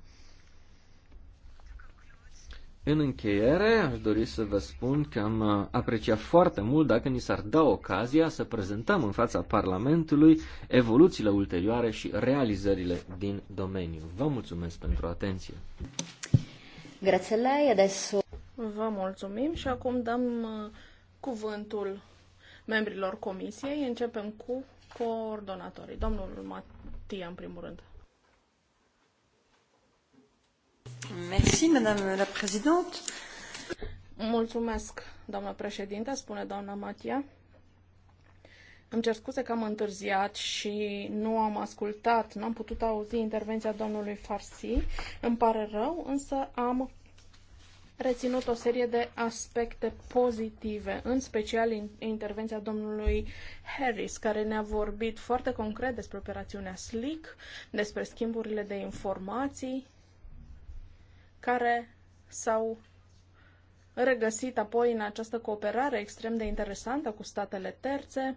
[SPEAKER 2] În încheiere, aș dori să vă spun că am uh, apreciat foarte mult dacă ni s-ar da ocazia să prezentăm în fața Parlamentului evoluțiile ulterioare și realizările din domeniu. Vă mulțumesc pentru atenție. Grazie adesso...
[SPEAKER 1] Vă mulțumim și acum dăm uh, cuvântul membrilor comisiei. Începem cu coordonatorii. Domnul Matia, în primul rând.
[SPEAKER 3] Merci, Madame la Présidente.
[SPEAKER 1] Mulțumesc, doamnă președinte, spune doamna Matia. Îmi cer scuze că am întârziat și nu am ascultat, n-am putut auzi intervenția domnului Farsi. Îmi pare rău, însă am reținut o serie de aspecte pozitive, în special intervenția domnului Harris, care ne-a vorbit foarte concret despre operațiunea SLIC, despre schimburile de informații care s-au regăsit apoi în această cooperare extrem de interesantă cu statele terțe,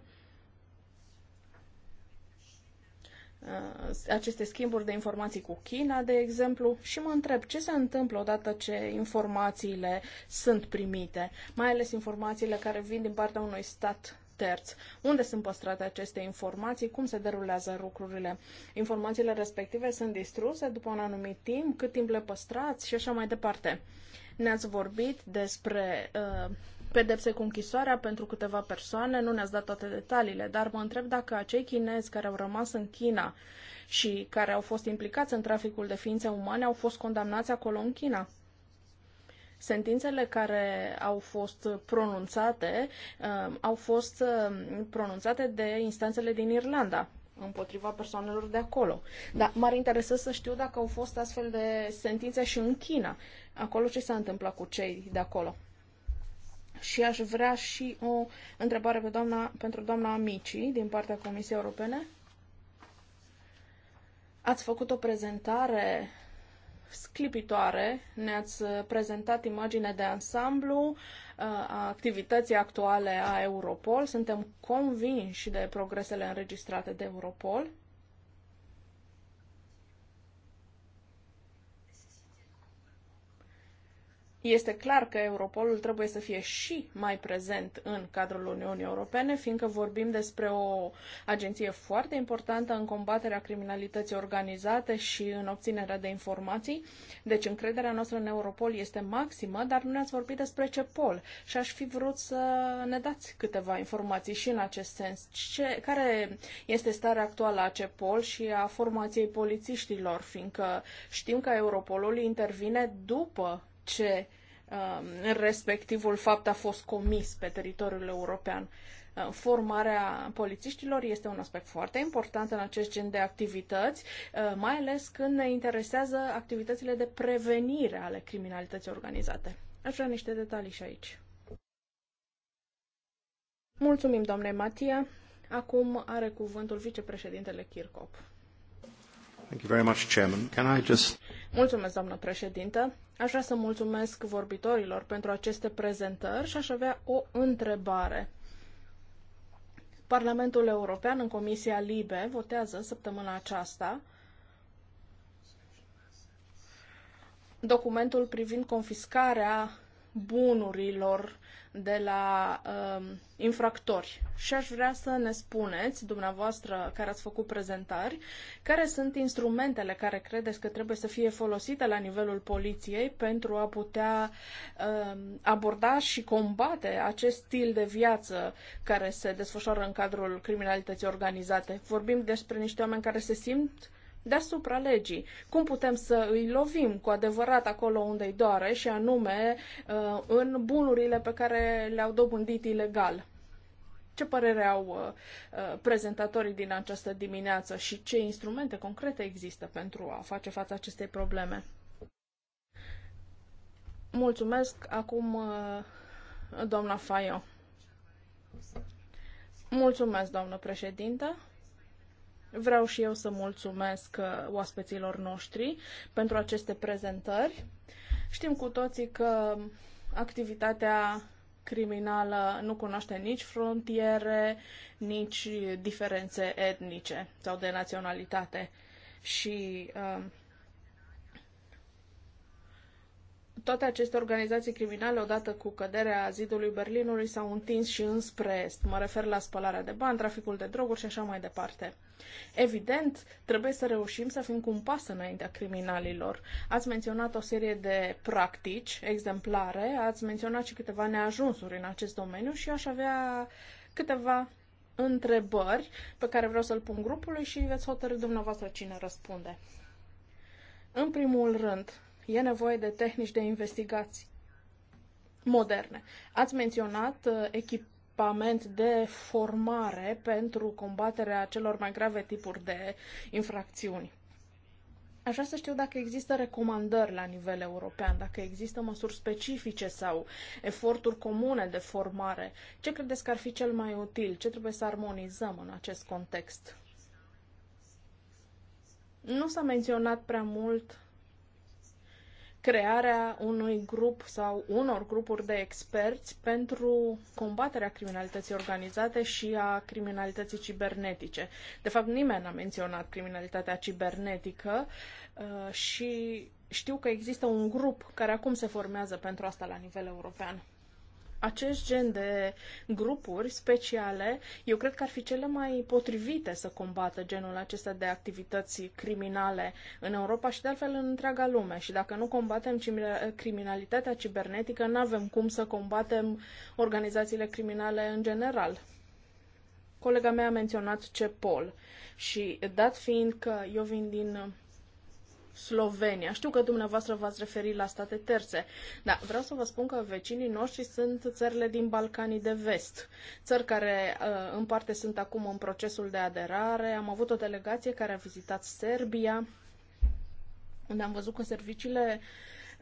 [SPEAKER 1] uh, aceste schimburi de informații cu China, de exemplu, și mă întreb ce se întâmplă odată ce informațiile sunt primite, mai ales informațiile care vin din partea unui stat terț. Unde sunt păstrate aceste informații? Cum se derulează lucrurile? Informațiile respective sunt distruse după un anumit timp? Cât timp le păstrați? Și așa mai departe. Ne-ați vorbit despre uh, pedepse cu închisoarea pentru câteva persoane, nu ne-ați dat toate detaliile, dar mă întreb dacă acei chinezi care au rămas în China și care au fost implicați în traficul de ființe umane au fost condamnați acolo în China. Sentințele care au fost pronunțate uh, au fost uh, pronunțate de instanțele din Irlanda împotriva persoanelor de acolo. Dar m-ar interesa să știu dacă au fost astfel de sentințe și în China. Acolo ce s-a întâmplat cu cei de acolo? Și aș vrea și o întrebare pe doamna, pentru doamna Amici din partea Comisiei Europene. Ați făcut o prezentare sclipitoare. Ne-ați prezentat imagine de ansamblu uh, a activității actuale a Europol. Suntem convinși de progresele înregistrate de Europol Este clar că Europolul trebuie să fie și mai prezent în cadrul Uniunii Europene, fiindcă vorbim despre o agenție foarte importantă în combaterea criminalității organizate și în obținerea de informații. Deci încrederea noastră în Europol este maximă, dar nu ne-ați vorbit despre pol și aș fi vrut să ne dați câteva informații și în acest sens. Ce, care este starea actuală a pol și a formației polițiștilor, fiindcă știm că Europolul intervine după ce um, respectivul fapt a fost comis pe teritoriul european. Uh, formarea polițiștilor este un aspect foarte important în acest gen de activități, uh, mai ales când ne interesează activitățile de prevenire ale criminalității organizate. Aș vrea niște detalii și aici. Mulțumim, domnule Matia. Acum are cuvântul vicepreședintele Kirkop. Mulțumesc, doamnă președintă. Aș vrea să mulțumesc vorbitorilor pentru aceste prezentări și aș avea o întrebare. Parlamentul European în Comisia Libe votează săptămâna aceasta documentul privind confiscarea bunurilor de la um, infractori. Și aș vrea să ne spuneți, dumneavoastră care ați făcut prezentări, care sunt instrumentele care credeți că trebuie să fie folosite la nivelul poliției pentru a putea um, aborda și combate acest stil de viață care se desfășoară în cadrul criminalității organizate. Vorbim despre niște oameni care se simt deasupra legii. Cum putem să îi lovim cu adevărat acolo unde îi doare și anume uh, în bunurile pe care le-au dobândit ilegal? Ce părere au uh, uh, prezentatorii din această dimineață și ce instrumente concrete există pentru a face față acestei probleme? Mulțumesc. Acum doamna Faio. Mulțumesc, doamnă președintă. Vreau și eu să mulțumesc uh, oaspeților noștri pentru aceste prezentări. Știm cu toții că activitatea criminală nu cunoaște nici frontiere, nici diferențe etnice sau de naționalitate. Și uh, toate aceste organizații criminale, odată cu căderea zidului Berlinului, s-au întins și înspre est. Mă refer la spălarea de bani, traficul de droguri și așa mai departe. Evident, trebuie să reușim să fim cu un pas înaintea criminalilor. Ați menționat o serie de practici exemplare, ați menționat și câteva neajunsuri în acest domeniu și aș avea câteva întrebări pe care vreau să-l pun grupului și veți hotărâi dumneavoastră cine răspunde. În primul rând, E nevoie de tehnici de investigații moderne. Ați menționat uh, echipament de formare pentru combaterea celor mai grave tipuri de infracțiuni. Aș vrea să știu dacă există recomandări la nivel european, dacă există măsuri specifice sau eforturi comune de formare. Ce credeți că ar fi cel mai util? Ce trebuie să armonizăm în acest context? Nu s-a menționat prea mult crearea unui grup sau unor grupuri de experți pentru combaterea criminalității organizate și a criminalității cibernetice. De fapt, nimeni n-a menționat criminalitatea cibernetică uh, și știu că există un grup care acum se formează pentru asta la nivel european acest gen de grupuri speciale, eu cred că ar fi cele mai potrivite să combată genul acesta de activități criminale în Europa și de altfel în întreaga lume. Și dacă nu combatem criminalitatea cibernetică, nu avem cum să combatem organizațiile criminale în general. Colega mea a menționat CEPOL și dat fiind că eu vin din Slovenia. Știu că dumneavoastră v-ați referit la state terțe, dar vreau să vă spun că vecinii noștri sunt țările din Balcanii de Vest, țări care uh, în parte sunt acum în procesul de aderare. Am avut o delegație care a vizitat Serbia, unde am văzut că serviciile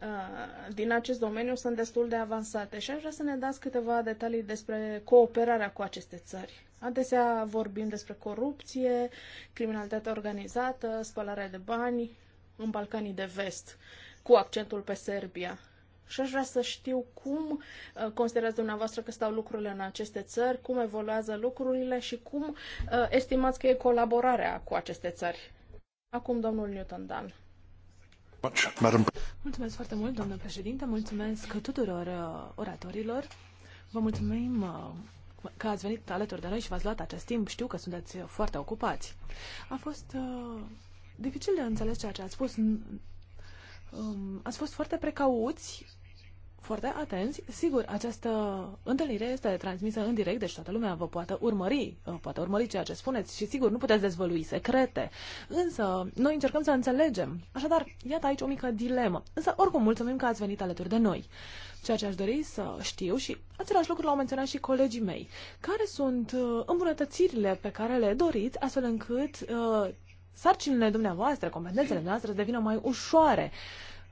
[SPEAKER 1] uh, din acest domeniu sunt destul de avansate și aș vrea să ne dați câteva detalii despre cooperarea cu aceste țări. Adesea vorbim despre corupție, criminalitate organizată, spălare de bani, în Balcanii de Vest, cu accentul pe Serbia. Și aș vrea să știu cum uh, considerați dumneavoastră că stau lucrurile în aceste țări, cum evoluează lucrurile și cum uh, estimați că e colaborarea cu aceste
[SPEAKER 3] țări. Acum domnul Newton Dan. Mulțumesc foarte mult, domnule președinte, mulțumesc tuturor uh, oratorilor. Vă mulțumim că ați venit alături de noi și v-ați luat acest timp. Știu că sunteți foarte ocupați. A fost uh, dificil de înțeles ceea ce ați spus. Um, ați fost foarte precauți, foarte atenți. Sigur, această întâlnire este transmisă în direct, deci toată lumea vă poate urmări, uh, poate urmări ceea ce spuneți și sigur, nu puteți dezvălui secrete. Însă, noi încercăm să înțelegem. Așadar, iată aici o mică dilemă. Însă, oricum, mulțumim că ați venit alături de noi. Ceea ce aș dori să știu și același lucru l-au menționat și colegii mei. Care sunt uh, îmbunătățirile pe care le doriți astfel încât uh, sarcinile dumneavoastră, competențele noastre devină mai ușoare.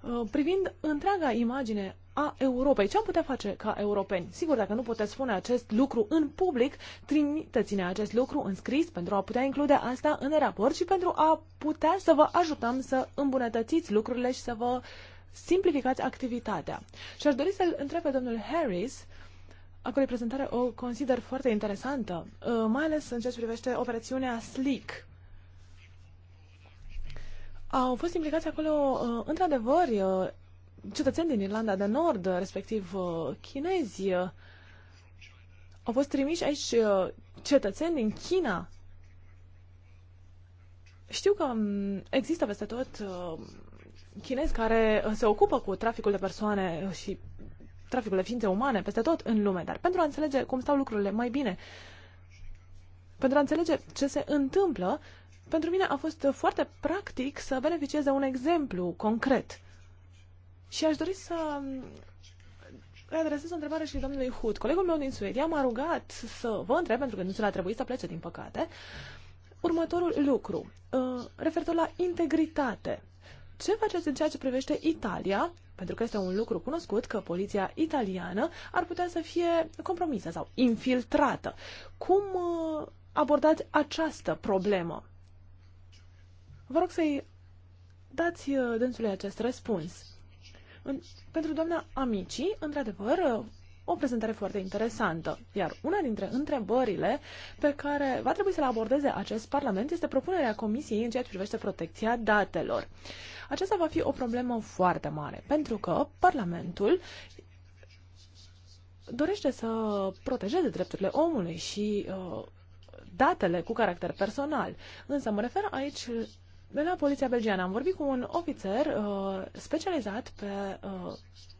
[SPEAKER 3] Uh, privind întreaga imagine a Europei, ce am putea face ca europeni? Sigur, dacă nu puteți spune acest lucru în public, trimiteți-ne acest lucru în scris pentru a putea include asta în raport și pentru a putea să vă ajutăm să îmbunătățiți lucrurile și să vă simplificați activitatea. Și aș dori să-l întreb pe domnul Harris, acolo prezentare o consider foarte interesantă, uh, mai ales în ceea ce privește operațiunea SLEEK. Au fost implicați acolo, uh, într-adevăr, uh, cetățeni din Irlanda de Nord, respectiv uh, chinezi. Au fost trimiși aici cetățeni din China. Știu că um, există peste tot chinezi care se ocupă cu traficul de persoane și traficul de ființe umane peste tot în lume, dar pentru a înțelege cum stau lucrurile mai bine, pentru a înțelege ce se întâmplă, pentru mine a fost foarte practic să beneficiez de un exemplu concret. Și aș dori să adresez o întrebare și domnului Hut. Colegul meu din Suedia m-a rugat să vă întreb, pentru că nu a trebuit să plece, din păcate, următorul lucru, uh, referitor la integritate. Ce faceți în ceea ce privește Italia? Pentru că este un lucru cunoscut că poliția italiană ar putea să fie compromisă sau infiltrată. Cum uh, abordați această problemă? Vă rog să-i dați uh, dânsului acest răspuns. În, pentru doamna Amici, într-adevăr, uh, o prezentare foarte interesantă. Iar una dintre întrebările pe care va trebui să le abordeze acest Parlament este propunerea Comisiei în ceea ce privește protecția datelor. Aceasta va fi o problemă foarte mare, pentru că Parlamentul dorește să protejeze drepturile omului și uh, datele cu caracter personal. Însă mă refer aici de la Poliția Belgiană. Am vorbit cu un ofițer uh, specializat pe uh,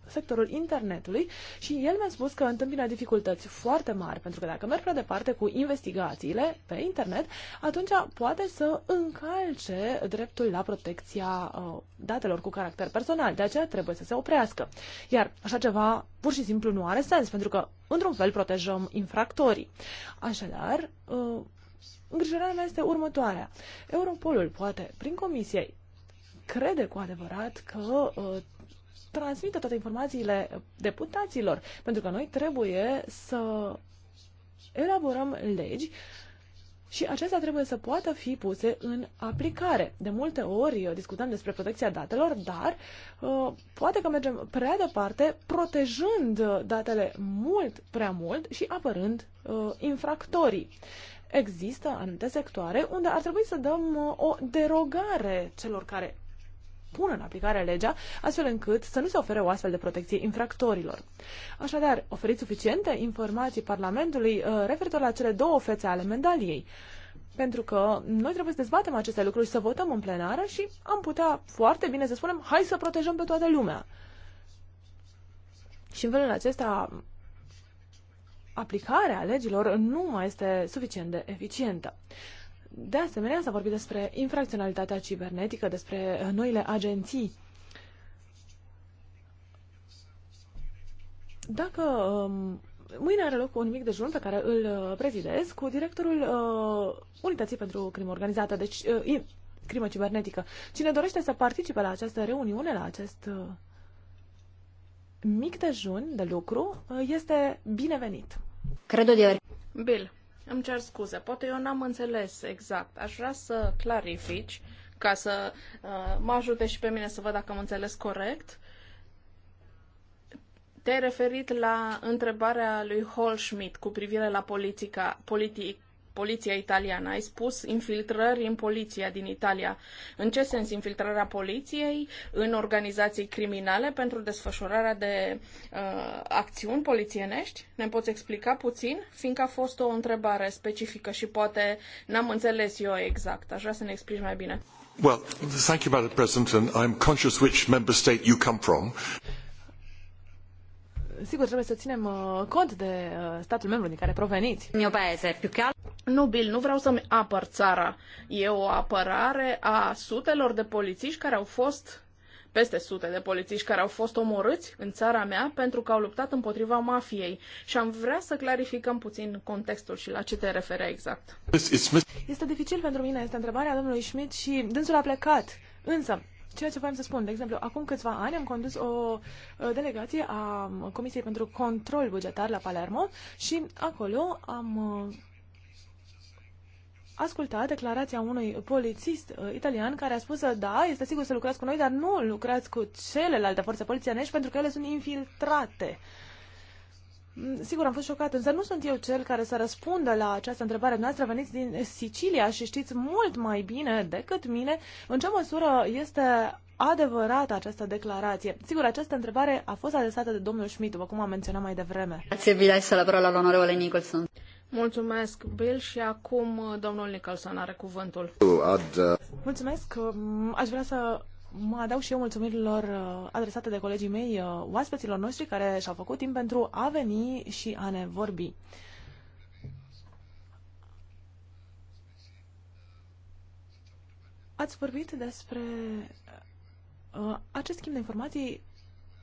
[SPEAKER 3] sectorul internetului și el mi-a spus că întâmpină dificultăți foarte mari, pentru că dacă merg prea departe cu investigațiile pe internet, atunci poate să încalce dreptul la protecția uh, datelor cu caracter personal. De aceea trebuie să se oprească. Iar așa ceva pur și simplu nu are sens, pentru că într-un fel protejăm infractorii. Așadar, uh, Îngrijorarea mea este următoarea. Europolul poate, prin comisie, crede cu adevărat că uh, transmită toate informațiile deputaților, pentru că noi trebuie să elaborăm legi și acestea trebuie să poată fi puse în aplicare. De multe ori uh, discutăm despre protecția datelor, dar uh, poate că mergem prea departe protejând uh, datele mult prea mult și apărând uh, infractorii există anumite sectoare unde ar trebui să dăm uh, o derogare celor care pun în aplicare legea, astfel încât să nu se ofere o astfel de protecție infractorilor. Așadar, oferiți suficiente informații Parlamentului uh, referitor la cele două fețe ale medaliei, pentru că noi trebuie să dezbatem aceste lucruri, să votăm în plenară și am putea foarte bine să spunem hai să protejăm pe toată lumea. Și în felul acesta aplicarea legilor nu mai este suficient de eficientă. De asemenea, s-a vorbit despre infracționalitatea cibernetică, despre uh, noile agenții. Dacă um, mâine are loc un mic dejun pe care îl uh, prezidez cu directorul uh, Unității pentru Crimă Organizată, deci uh, crimă cibernetică. Cine dorește să participe la această reuniune, la acest uh, mic dejun de lucru, uh, este binevenit. Credo de ori.
[SPEAKER 1] Bill, îmi cer scuze, poate eu n-am înțeles exact. Aș vrea să clarifici ca să uh, mă ajute și pe mine să văd dacă am înțeles corect. Te-ai referit la întrebarea lui Holschmidt cu privire la politica, politic, poliția italiană. Ai spus infiltrări în poliția din Italia. În ce sens infiltrarea poliției în organizații criminale pentru desfășurarea de uh, acțiuni polițienești? Ne poți explica puțin? Fiindcă a fost o întrebare specifică și poate n-am înțeles eu exact. Aș vrea să ne explici mai bine.
[SPEAKER 2] Well, thank you, Madam President, and I'm conscious which member state you come from
[SPEAKER 3] sigur, trebuie să ținem uh, cont de uh, statul membru din care proveniți.
[SPEAKER 1] Mio paese, più che Nu, Bill, nu vreau să-mi apăr țara. E o apărare a sutelor de polițiști care au fost peste sute de polițiști care au fost omorâți în țara mea pentru că au luptat împotriva mafiei. Și am vrea să clarificăm puțin
[SPEAKER 3] contextul și la ce te referea exact. Este dificil pentru mine, este întrebarea domnului Schmidt și dânsul a plecat. Însă, Ceea ce voiam să spun, de exemplu, acum câțiva ani am condus o delegație a Comisiei pentru Control Bugetar la Palermo și acolo am uh, ascultat declarația unui polițist uh, italian care a spus, da, este sigur să lucrați cu noi, dar nu lucrați cu celelalte forțe polițienești pentru că ele sunt infiltrate. Uh, Sigur, am fost șocat, însă nu sunt eu cel care să răspundă la această întrebare. Noastră veniți din Sicilia și știți mult mai bine decât mine în ce măsură este adevărată această declarație. Sigur, această întrebare a fost adresată de domnul Schmidt, după cum am menționat mai devreme.
[SPEAKER 1] Grazie, vi să la parola l'onorevole Nicholson. Mulțumesc, Bill, și acum domnul Nicholson are cuvântul.
[SPEAKER 3] Mulțumesc. Aș vrea să mă adaug și eu mulțumirilor uh, adresate de colegii mei, uh, oaspeților noștri care și-au făcut timp pentru a veni și a ne vorbi. Ați vorbit despre uh, acest schimb de informații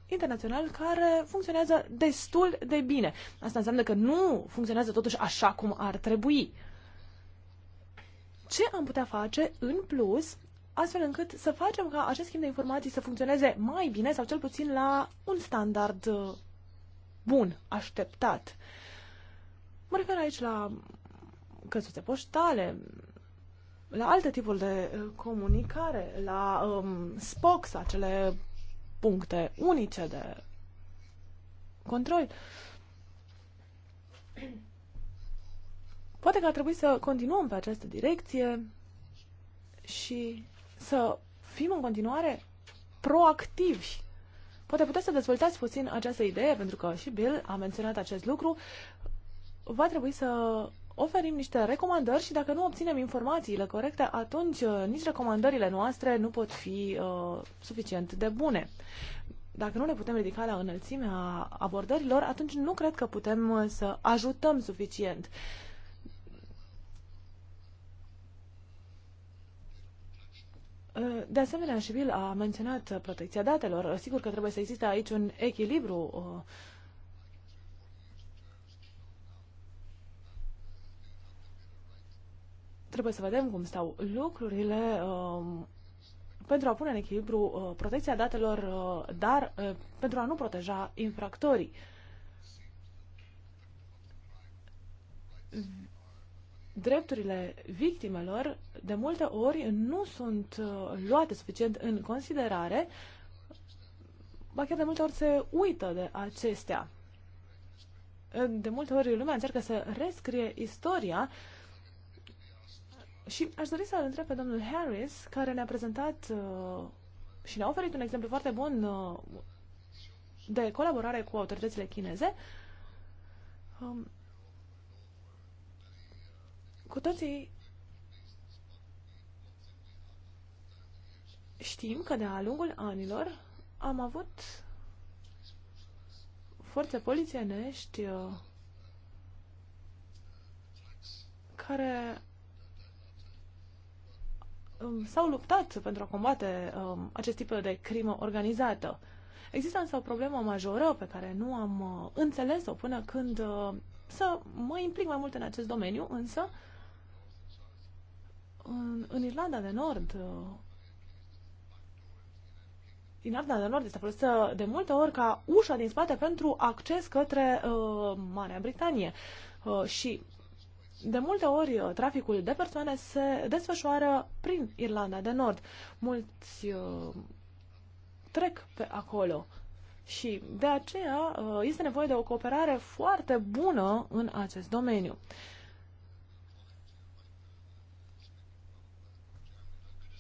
[SPEAKER 3] internațional care funcționează destul de bine. Asta înseamnă că nu funcționează totuși așa cum ar trebui. Ce am putea face în plus astfel încât să facem ca acest schimb de informații să funcționeze mai bine sau cel puțin la un standard uh, bun, așteptat. Mă refer aici la căsuțe poștale, la alte tipuri de uh, comunicare, la um, SPOX, acele puncte unice de control. Poate că ar trebui să continuăm pe această direcție și să fim în continuare proactivi. Poate puteți să dezvoltați puțin această idee, pentru că și Bill a menționat acest lucru. Va trebui să oferim niște recomandări și dacă nu obținem informațiile corecte, atunci uh, nici recomandările noastre nu pot fi uh, suficient de bune. Dacă nu ne putem ridica la înălțimea abordărilor, atunci nu cred că putem uh, să ajutăm suficient. Uh, Eh, de asemenea, și Bill a menționat protecția datelor. Eh, sigur că trebuie să existe aici un echilibru. Eh. Trebuie să vedem cum stau lucrurile pentru a pune în echilibru protecția datelor, dar pentru a nu proteja infractorii drepturile victimelor de multe ori nu sunt uh, luate suficient în considerare, ba chiar de multe ori se uită de acestea. De multe ori lumea încearcă să rescrie istoria și aș dori să-l întreb pe domnul Harris, care ne-a prezentat uh, și ne-a oferit un exemplu foarte bun uh, de colaborare cu autoritățile chineze, um, cu toții știm că de-a lungul anilor am avut forțe polițienești uh, care um, s-au luptat pentru a combate um, acest tip de crimă organizată. Există însă o problemă majoră pe care nu am uh, înțeles-o până când uh, să mă implic mai mult în acest domeniu, însă uh, în, în Irlanda de Nord, uh, din Irlanda de Nord este folosită de multe ori ca ușa din spate pentru acces către uh, Marea Britanie. Uh, și de multe ori uh, traficul de persoane se desfășoară prin Irlanda de Nord. Mulți uh, trec pe acolo. Și de aceea uh, este nevoie de o cooperare foarte bună în acest domeniu. Uh,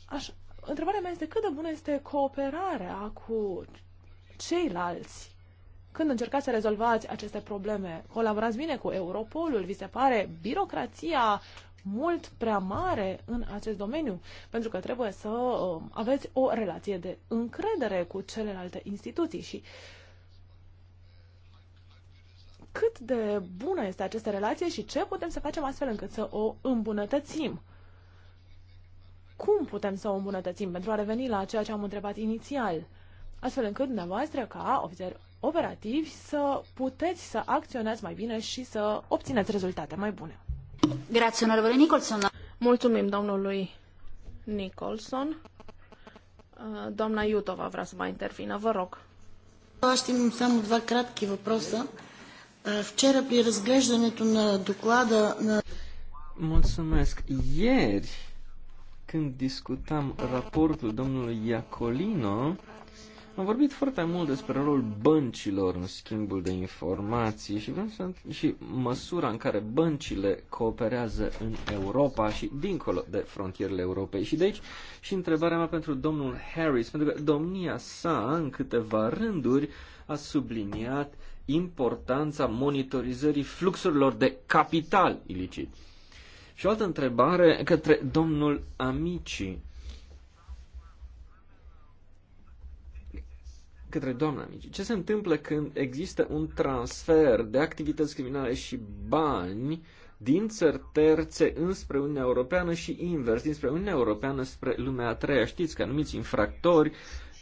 [SPEAKER 3] Aș, întrebarea mea este cât de bună este cooperarea cu ceilalți când încercați să rezolvați aceste probleme? Colaborați bine cu Europolul? Vi se pare birocrația mult prea mare în acest domeniu? Pentru că trebuie să um, aveți o relație de încredere cu celelalte instituții și cât de bună este această relație și ce putem să facem astfel încât să o îmbunătățim? cum putem să o îmbunătățim pentru a reveni la ceea ce am întrebat inițial, astfel încât dumneavoastră, ca ofițeri operativi, să puteți să acționați mai bine și să obțineți rezultate mai bune.
[SPEAKER 1] Grazie, onorevole Nicholson. Mulțumim domnului Nicholson. Doamna Iutova vrea să mai intervină, vă rog. Още
[SPEAKER 2] само два кратки въпроса. Вчера при разглеждането на доклада на... Mulțumesc. Ieri, când discutam raportul domnului Iacolino, am vorbit foarte mult despre rolul băncilor în schimbul de informații și, vreau să, și măsura în care băncile cooperează în Europa și dincolo de frontierele Europei. Și de aici și întrebarea mea pentru domnul Harris, pentru că domnia sa, în câteva rânduri, a subliniat importanța monitorizării fluxurilor de capital ilicit. Și o altă întrebare către domnul Amici. Către doamna Amici. Ce se întâmplă când există un transfer de activități criminale și bani din țări terțe înspre Uniunea Europeană și invers, dinspre Uniunea Europeană spre lumea a treia. Știți că anumiți infractori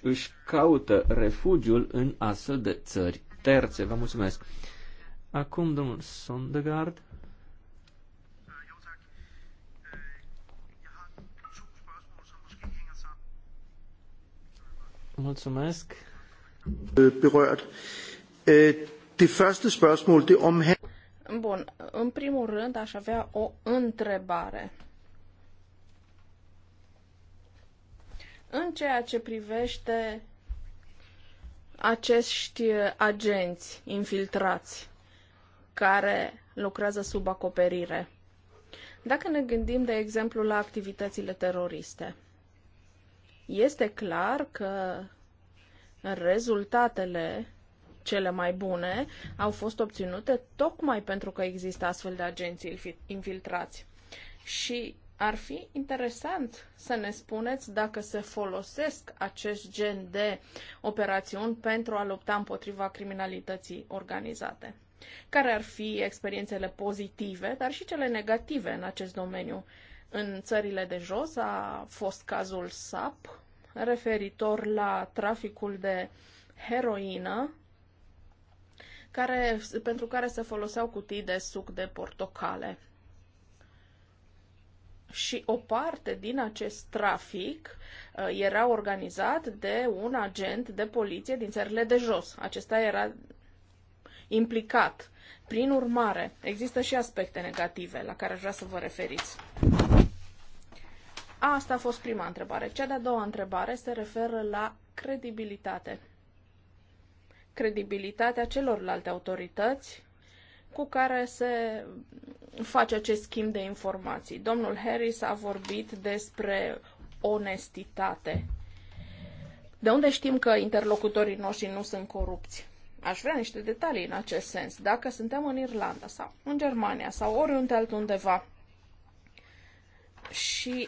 [SPEAKER 2] își caută refugiul în astfel de țări terțe. Vă mulțumesc. Acum, domnul Sondegard. Mulțumesc. Berørt. Øh, første spørgsmål, det
[SPEAKER 1] Bun, în primul rând aș avea o întrebare. În ceea ce privește acești agenți infiltrați care lucrează sub acoperire, dacă ne gândim, de exemplu, la activitățile teroriste, este clar că rezultatele cele mai bune au fost obținute tocmai pentru că există astfel de agenții infiltrați. Și ar fi interesant să ne spuneți dacă se folosesc acest gen de operațiuni pentru a lupta împotriva criminalității organizate. Care ar fi experiențele pozitive, dar și cele negative în acest domeniu? În țările de jos a fost cazul SAP referitor la traficul de heroină care, pentru care se foloseau cutii de suc de portocale. Și o parte din acest trafic uh, era organizat de un agent de poliție din țările de jos. Acesta era implicat. Prin urmare, există și aspecte negative la care aș vrea să vă referiți. Asta a fost prima întrebare. Cea de-a doua întrebare se referă la credibilitate. Credibilitatea celorlalte autorități cu care se face acest schimb de informații. Domnul Harris a vorbit despre onestitate. De unde știm că interlocutorii noștri nu sunt corupți? Aș vrea niște detalii în acest sens. Dacă suntem în Irlanda sau în Germania sau oriunde altundeva și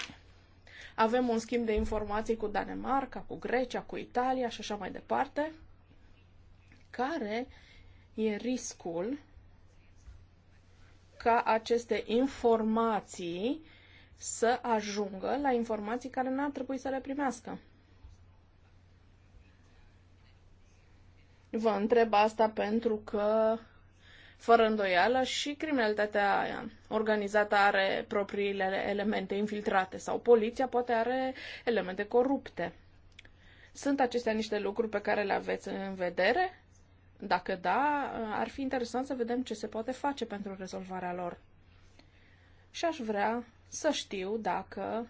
[SPEAKER 1] avem un schimb de informații cu Danemarca, cu Grecia, cu Italia și așa mai departe. Care e riscul ca aceste informații să ajungă la informații care n-ar trebui să le primească. Vă întreb asta pentru că fără îndoială, și criminalitatea organizată are propriile elemente infiltrate sau poliția poate are elemente corupte. Sunt acestea niște lucruri pe care le aveți în vedere? Dacă da, ar fi interesant să vedem ce se poate face pentru rezolvarea lor. Și aș vrea să știu dacă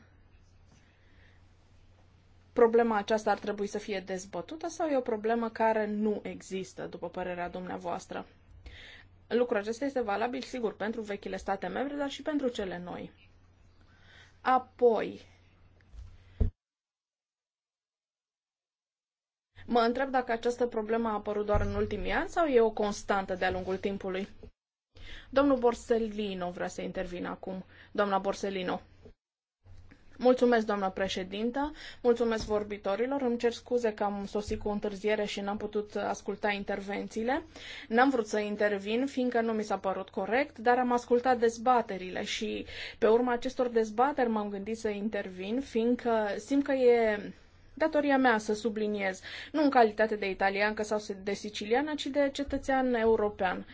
[SPEAKER 1] problema aceasta ar trebui să fie dezbătută sau e o problemă care nu există, după părerea dumneavoastră? Lucrul acesta este valabil, sigur, pentru vechile state membre, dar și pentru cele noi. Apoi, mă întreb dacă această problemă a apărut doar în ultimii ani sau e o constantă de-a lungul timpului. Domnul Borsellino vrea să intervină acum. Doamna Borsellino. Mulțumesc, doamnă președintă, mulțumesc vorbitorilor. Îmi cer scuze că am sosit cu întârziere și n-am putut asculta intervențiile. N-am vrut să intervin, fiindcă nu mi s-a părut corect, dar am ascultat dezbaterile și pe urma acestor dezbateri m-am gândit să intervin, fiindcă simt că e datoria mea să subliniez, nu în calitate de italiancă sau de siciliană, ci de cetățean european.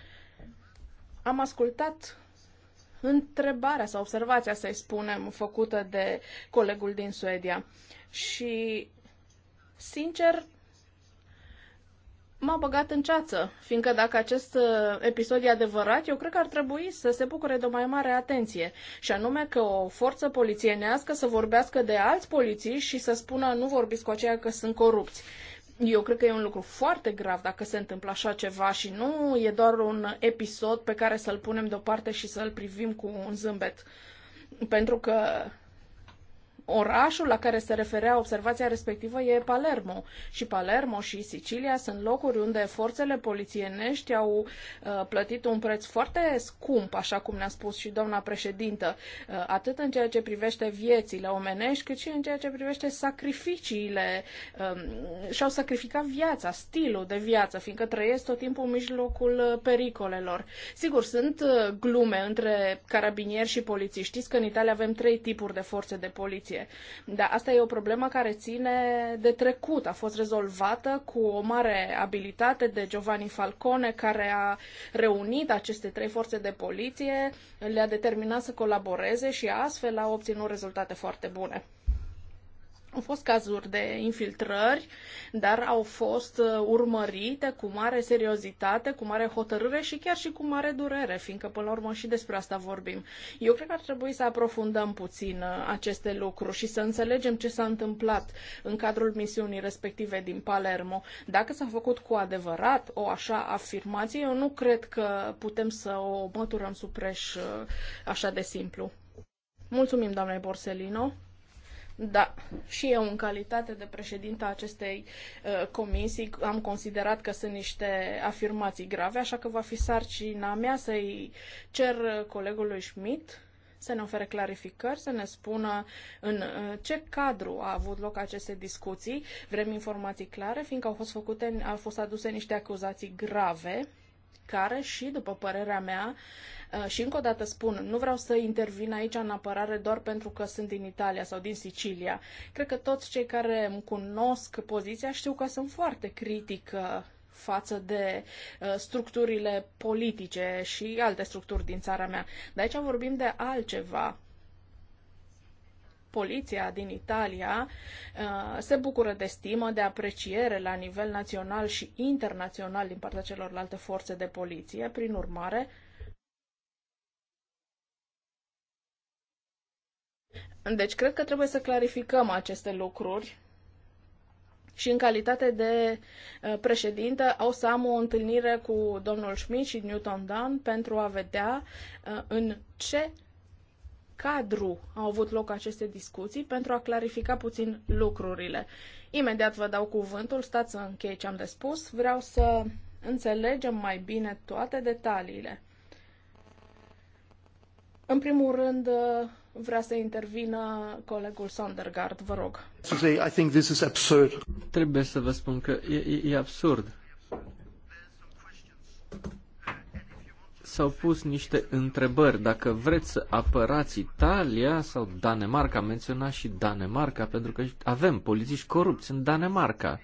[SPEAKER 1] Am ascultat întrebarea sau observația, să-i spunem, făcută de colegul din Suedia. Și, sincer, m-a băgat în ceață, fiindcă dacă acest uh, episod e adevărat, eu cred că ar trebui să se bucure de o mai mare atenție, și anume că o forță polițienească să vorbească de alți polițiști și să spună nu vorbiți cu aceia că sunt corupți. Eu cred că e un lucru foarte grav dacă se întâmplă așa ceva și nu e doar un episod pe care să-l punem deoparte și să-l privim cu un zâmbet. Pentru că orașul la care se referea observația respectivă e Palermo. Și Palermo și Sicilia sunt locuri unde forțele polițienești au uh, plătit un preț foarte scump, așa cum ne-a spus și doamna președintă, uh, atât în ceea ce privește viețile omenești, cât și în ceea ce privește sacrificiile. Um, și-au sacrificat viața, stilul de viață, fiindcă trăiesc tot timpul în mijlocul uh, pericolelor. Sigur, sunt glume între carabinieri și polițiști. Știți că în Italia avem trei tipuri de forțe de poliție soluție. Dar asta e o problemă care ține de trecut. A fost rezolvată cu o mare abilitate de Giovanni Falcone, care a reunit aceste trei forțe de poliție, le-a determinat să colaboreze și astfel a obținut rezultate foarte bune. Au fost cazuri de infiltrări, dar au fost uh, urmărite cu mare seriozitate, cu mare hotărâre și chiar și cu mare durere, fiindcă până la urmă și despre asta vorbim. Eu cred că ar trebui să aprofundăm puțin uh, aceste lucruri și să înțelegem ce s-a întâmplat în cadrul misiunii respective din Palermo. Dacă s-a făcut cu adevărat o așa afirmație, eu nu cred că putem să o măturăm supreș uh, așa de simplu. Mulțumim, doamnei Borsellino. Da, și eu în calitate de a acestei uh, comisii am considerat că sunt niște afirmații grave, așa că va fi sarcina mea să-i cer uh, colegului Schmidt să ne ofere clarificări, să ne spună în uh, ce cadru a avut loc aceste discuții. Vrem informații clare, fiindcă au fost, făcute, au fost aduse niște acuzații grave care și, după părerea mea, uh, și încă o dată spun, nu vreau să intervin aici în apărare doar pentru că sunt din Italia sau din Sicilia. Cred că toți cei care îmi cunosc poziția știu că sunt foarte critică față de uh, structurile politice și alte structuri din țara mea. Dar aici vorbim de altceva poliția din Italia uh, se bucură de stimă, de apreciere la nivel național și internațional din partea celorlalte forțe de poliție. Prin urmare, Deci cred că trebuie să clarificăm aceste lucruri și în calitate de uh, președintă o să am o întâlnire cu domnul Schmidt și Newton Dunn pentru a vedea uh, în ce cadru au avut loc aceste discuții pentru a clarifica puțin lucrurile. Imediat vă dau cuvântul, stați să închei ce am de spus, vreau să înțelegem mai bine toate detaliile. În primul rând, vrea să intervină colegul Sondergaard, vă rog.
[SPEAKER 2] Trebuie să vă spun că e, e absurd s-au pus niște întrebări. Dacă vreți să apărați Italia sau Danemarca, am menționat și Danemarca, pentru că avem polițiști corupți în Danemarca.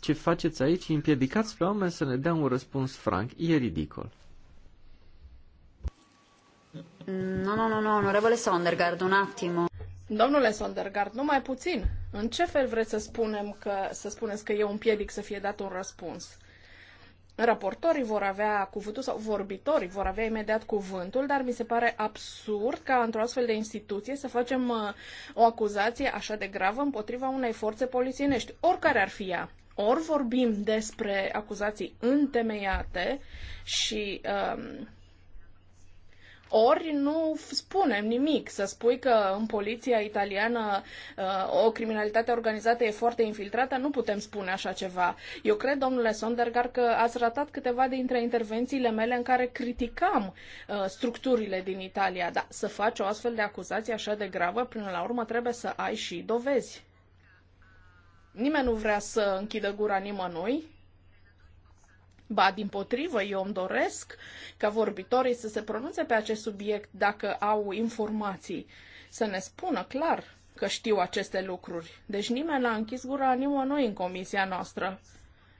[SPEAKER 2] Ce faceți aici? Împiedicați pe oameni să ne dea un răspuns franc. E ridicol.
[SPEAKER 1] Nu, nu, nu, nu, onorevole Sondergaard, un attimo. Domnule Sondergaard, numai puțin. În ce fel vreți să spunem că, să spuneți că e un piedic să fie dat un răspuns? raportorii vor avea cuvântul sau vorbitorii vor avea imediat cuvântul, dar mi se pare absurd ca într-o astfel de instituție să facem uh, o acuzație așa de gravă împotriva unei forțe polițienești, oricare ar fi ea. Ori vorbim despre acuzații întemeiate și um, ori nu spunem nimic. Să spui că în poliția italiană uh, o criminalitate organizată e foarte infiltrată, nu putem spune așa ceva. Eu cred, domnule Sondergar, că ați ratat câteva dintre intervențiile mele în care criticam uh, structurile din Italia. Dar să faci o astfel de acuzație așa de gravă, până la urmă trebuie să ai și dovezi. Nimeni nu vrea să închidă gura nimănui, Ba, din potrivă, eu îmi doresc ca vorbitorii să se pronunțe pe acest subiect dacă au informații, să ne spună clar că știu aceste lucruri. Deci nimeni n-a închis gura nimănui în comisia noastră.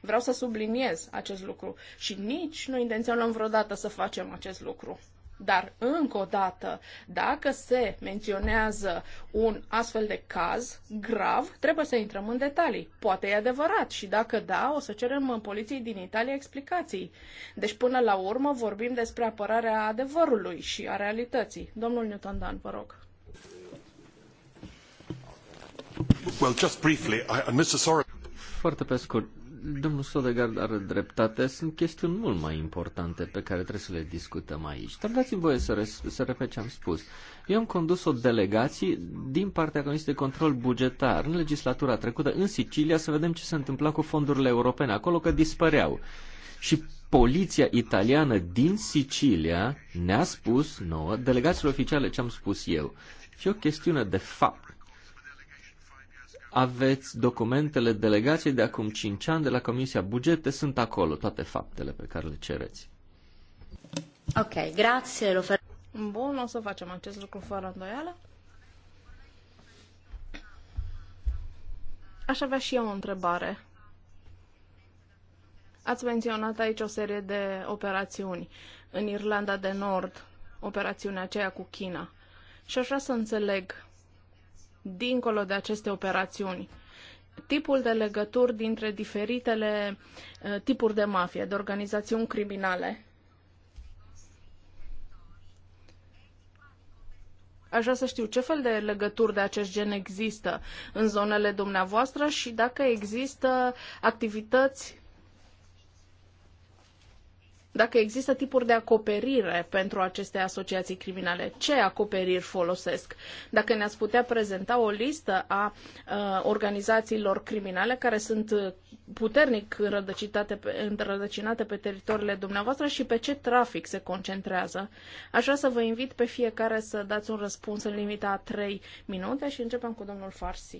[SPEAKER 1] Vreau să subliniez acest lucru și nici nu intenționăm vreodată să facem acest lucru. Dar, încă o dată, dacă se menționează un astfel de caz grav, trebuie să intrăm în detalii. Poate e adevărat și dacă da, o să cerem în poliției din Italia explicații. Deci, până la urmă, vorbim despre apărarea adevărului și a realității. Domnul Newton Dan, vă rog.
[SPEAKER 2] Well, just briefly, I, Mr. Sorin... Foarte pe scurt, Domnul Sodegard are dreptate, sunt chestiuni mult mai importante pe care trebuie să le discutăm aici. Dar dați-mi voie să, res- să repet ce am spus. Eu am condus o delegație din partea Comisiei de Control Bugetar în legislatura trecută în Sicilia să vedem ce se întâmpla cu fondurile europene acolo, că dispăreau. Și poliția italiană din Sicilia ne-a spus nouă, delegațiile oficiale ce am spus eu. Și o chestiune de fapt aveți documentele delegației de acum 5 ani de la Comisia Bugete, sunt acolo toate faptele pe care le cereți. Ok, grazie.
[SPEAKER 1] Bun, o să facem acest lucru fără îndoială. Aș avea și eu o întrebare. Ați menționat aici o serie de operațiuni. În Irlanda de Nord, operațiunea aceea cu China. Și aș vrea să înțeleg dincolo de aceste operațiuni tipul de legături dintre diferitele uh, tipuri de mafie, de organizațiuni criminale. Aș vrea să știu ce fel de legături de acest gen există în zonele dumneavoastră și dacă există activități dacă există tipuri de acoperire pentru aceste asociații criminale, ce acoperiri folosesc? Dacă ne-ați putea prezenta o listă a uh, organizațiilor criminale care sunt puternic înrădăcinate pe, înrădăcinate pe teritoriile dumneavoastră și pe ce trafic se concentrează. Aș vrea să vă invit pe fiecare să dați un răspuns în limita a 3 minute și începem cu domnul Farsi.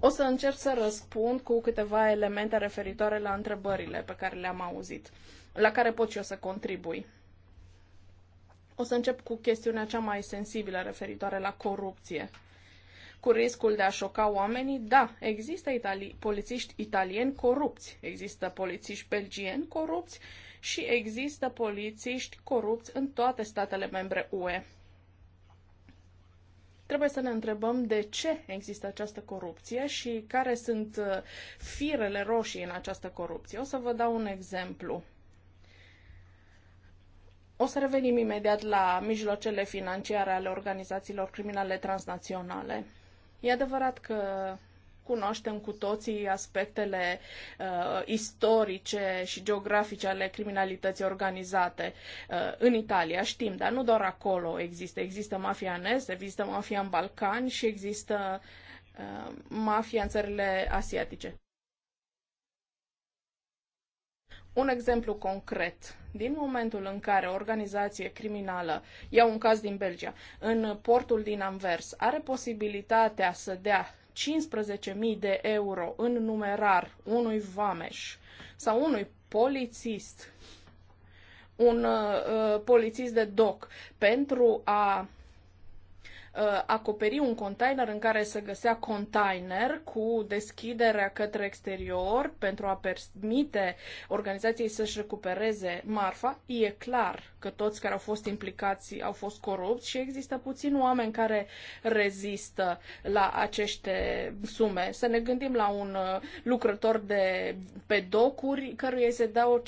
[SPEAKER 1] O să încerc să răspund cu câteva elemente referitoare la întrebările pe care le-am auzit, la care pot și eu să contribui. O să încep cu chestiunea cea mai sensibilă referitoare la corupție. Cu riscul de a șoca oamenii, da, există itali- polițiști italieni corupți, există polițiști belgieni corupți și există polițiști corupți în toate statele membre UE. Trebuie să ne întrebăm de ce există această corupție și care sunt uh, firele roșii în această corupție. O să vă dau un exemplu. O să revenim imediat la mijloacele financiare ale organizațiilor criminale transnaționale. E adevărat că Cunoaștem cu toții aspectele uh, istorice și geografice ale criminalității organizate uh, în Italia, știm, dar nu doar acolo există. Există mafia în Est, există mafia în Balcani și există uh, mafia în țările asiatice. Un exemplu concret. Din momentul în care o organizație criminală, iau un caz din Belgia, în portul din Anvers, are posibilitatea să dea 15.000 de euro în numerar unui vameș sau unui polițist, un uh, polițist de doc, pentru a Uh, acoperi un container în care se găsea container cu deschiderea către exterior pentru a permite organizației să-și recupereze marfa, e clar că toți care au fost implicați au fost corupți și există puțini oameni care rezistă la aceste sume. Să ne gândim la un uh, lucrător de pe docuri căruia se dau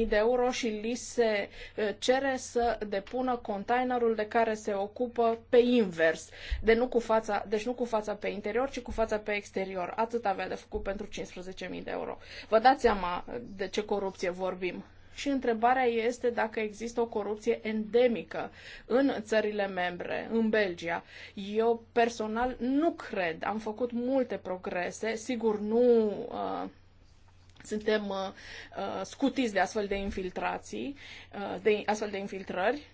[SPEAKER 1] 15.000 de euro și li se uh, cere să depună containerul de care se ocupă pe invers, de nu cu fața, deci nu cu fața pe interior, ci cu fața pe exterior. Atât avea de făcut pentru 15.000 de euro. Vă dați seama de ce corupție vorbim. Și întrebarea este dacă există o corupție endemică în țările membre, în Belgia. Eu personal nu cred. Am făcut multe progrese, sigur nu uh, suntem uh, uh scutiți de astfel de infiltrații, uh, de astfel de infiltrări,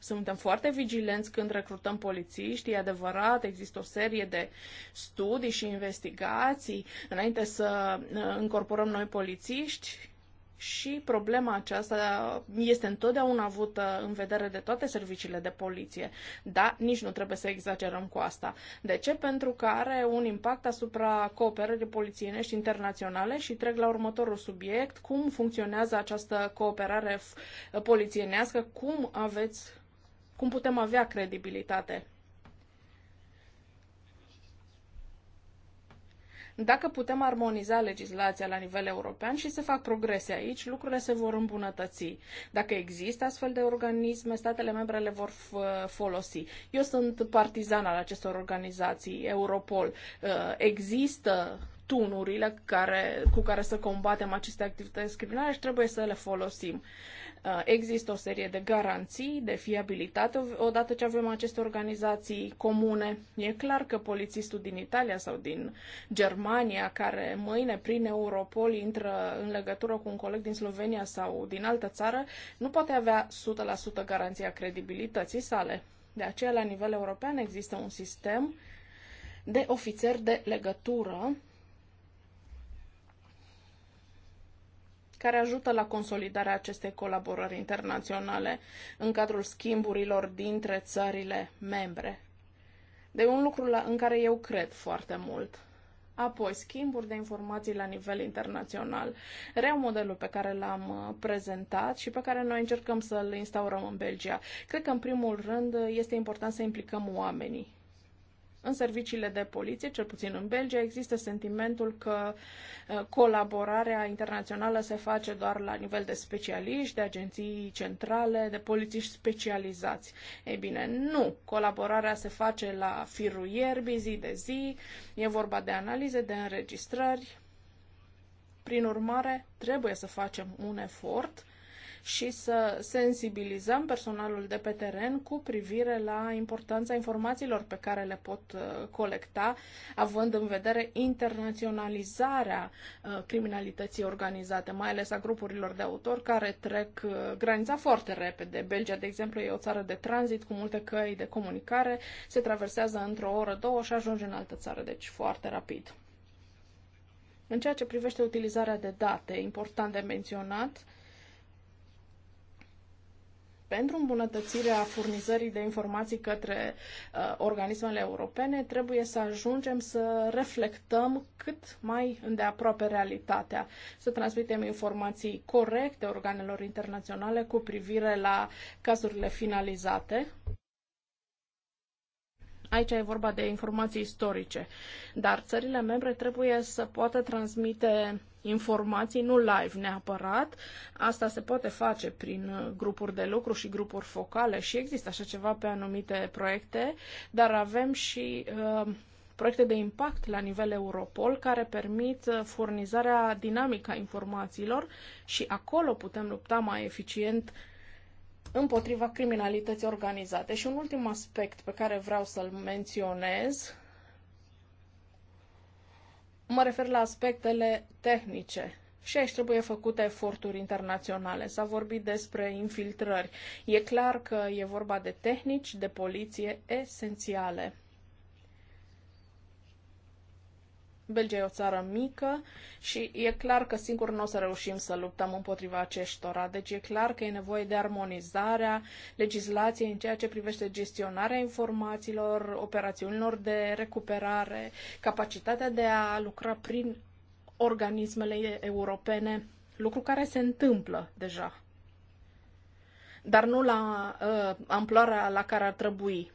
[SPEAKER 1] suntem foarte vigilenți când recrutăm polițiști, e adevărat, există o serie de studii și investigații înainte să uh, încorporăm noi polițiști și problema aceasta este întotdeauna avută în vedere de toate serviciile de poliție, dar nici nu trebuie să exagerăm cu asta. De ce? Pentru că are un impact asupra cooperării polițienești internaționale și trec la următorul subiect, cum funcționează această cooperare polițienească, cum aveți cum putem avea credibilitate? Dacă putem armoniza legislația la nivel european și se fac progrese aici, lucrurile se vor îmbunătăți. Dacă există astfel de organisme, statele membre le vor folosi. Eu sunt partizan al acestor organizații, Europol. Uh, există tunurile care, cu care să combatem aceste activități criminale și trebuie să le folosim. Există o serie de garanții de fiabilitate odată ce avem aceste organizații comune. E clar că polițistul din Italia sau din Germania, care mâine prin Europol intră în legătură cu un coleg din Slovenia sau din altă țară, nu poate avea 100% garanția credibilității sale. De aceea, la nivel european, există un sistem de ofițeri de legătură care ajută la consolidarea acestei colaborări internaționale în cadrul schimburilor dintre țările membre. De un lucru la, în care eu cred foarte mult. Apoi, schimburi de informații la nivel internațional. Reau modelul pe care l-am uh, prezentat și pe care noi încercăm să-l instaurăm în Belgia. Cred că, în primul rând, este important să implicăm oamenii în serviciile de poliție, cel puțin în Belgia, există sentimentul că uh, colaborarea internațională se face doar la nivel de specialiști, de agenții centrale, de polițiști specializați. Ei bine, nu. Colaborarea se face la firul ierbii, zi de zi, e vorba de analize, de înregistrări. Prin urmare, trebuie să facem un efort și să sensibilizăm personalul de pe teren cu privire la importanța informațiilor pe care le pot uh, colecta, având în vedere internaționalizarea uh, criminalității organizate, mai ales a grupurilor de autor care trec uh, granița foarte repede. Belgia, de exemplu, e o țară de tranzit cu multe căi de comunicare, se traversează într-o oră, două și ajunge în altă țară, deci foarte rapid. În ceea ce privește utilizarea de date, important de menționat, uh, pentru îmbunătățirea furnizării de informații către uh, organismele europene, trebuie să ajungem să reflectăm cât mai îndeaproape realitatea, să transmitem informații corecte organelor internaționale cu privire la cazurile finalizate Aici e vorba de informații istorice, dar țările membre trebuie să poată transmite informații, nu live neapărat. Asta se poate face prin uh, grupuri de lucru și grupuri focale și există așa ceva pe anumite proiecte, dar avem și uh, proiecte de impact la nivel Europol care permit uh, furnizarea dinamică a informațiilor și acolo putem lupta mai eficient uh, împotriva criminalității organizate. Și un ultim aspect pe care vreau să-l menționez, mă refer la aspectele tehnice și aici trebuie făcute eforturi internaționale. S-a vorbit despre infiltrări. E clar că e vorba de tehnici de poliție esențiale. Belgia e o țară mică și e clar că singur nu o să reușim să luptăm împotriva aceștora. Deci e clar că e nevoie de armonizarea legislației în ceea ce privește gestionarea informațiilor, operațiunilor de recuperare, capacitatea de a lucra prin organismele europene, lucru care se întâmplă deja, dar nu la uh, amploarea la care ar trebui.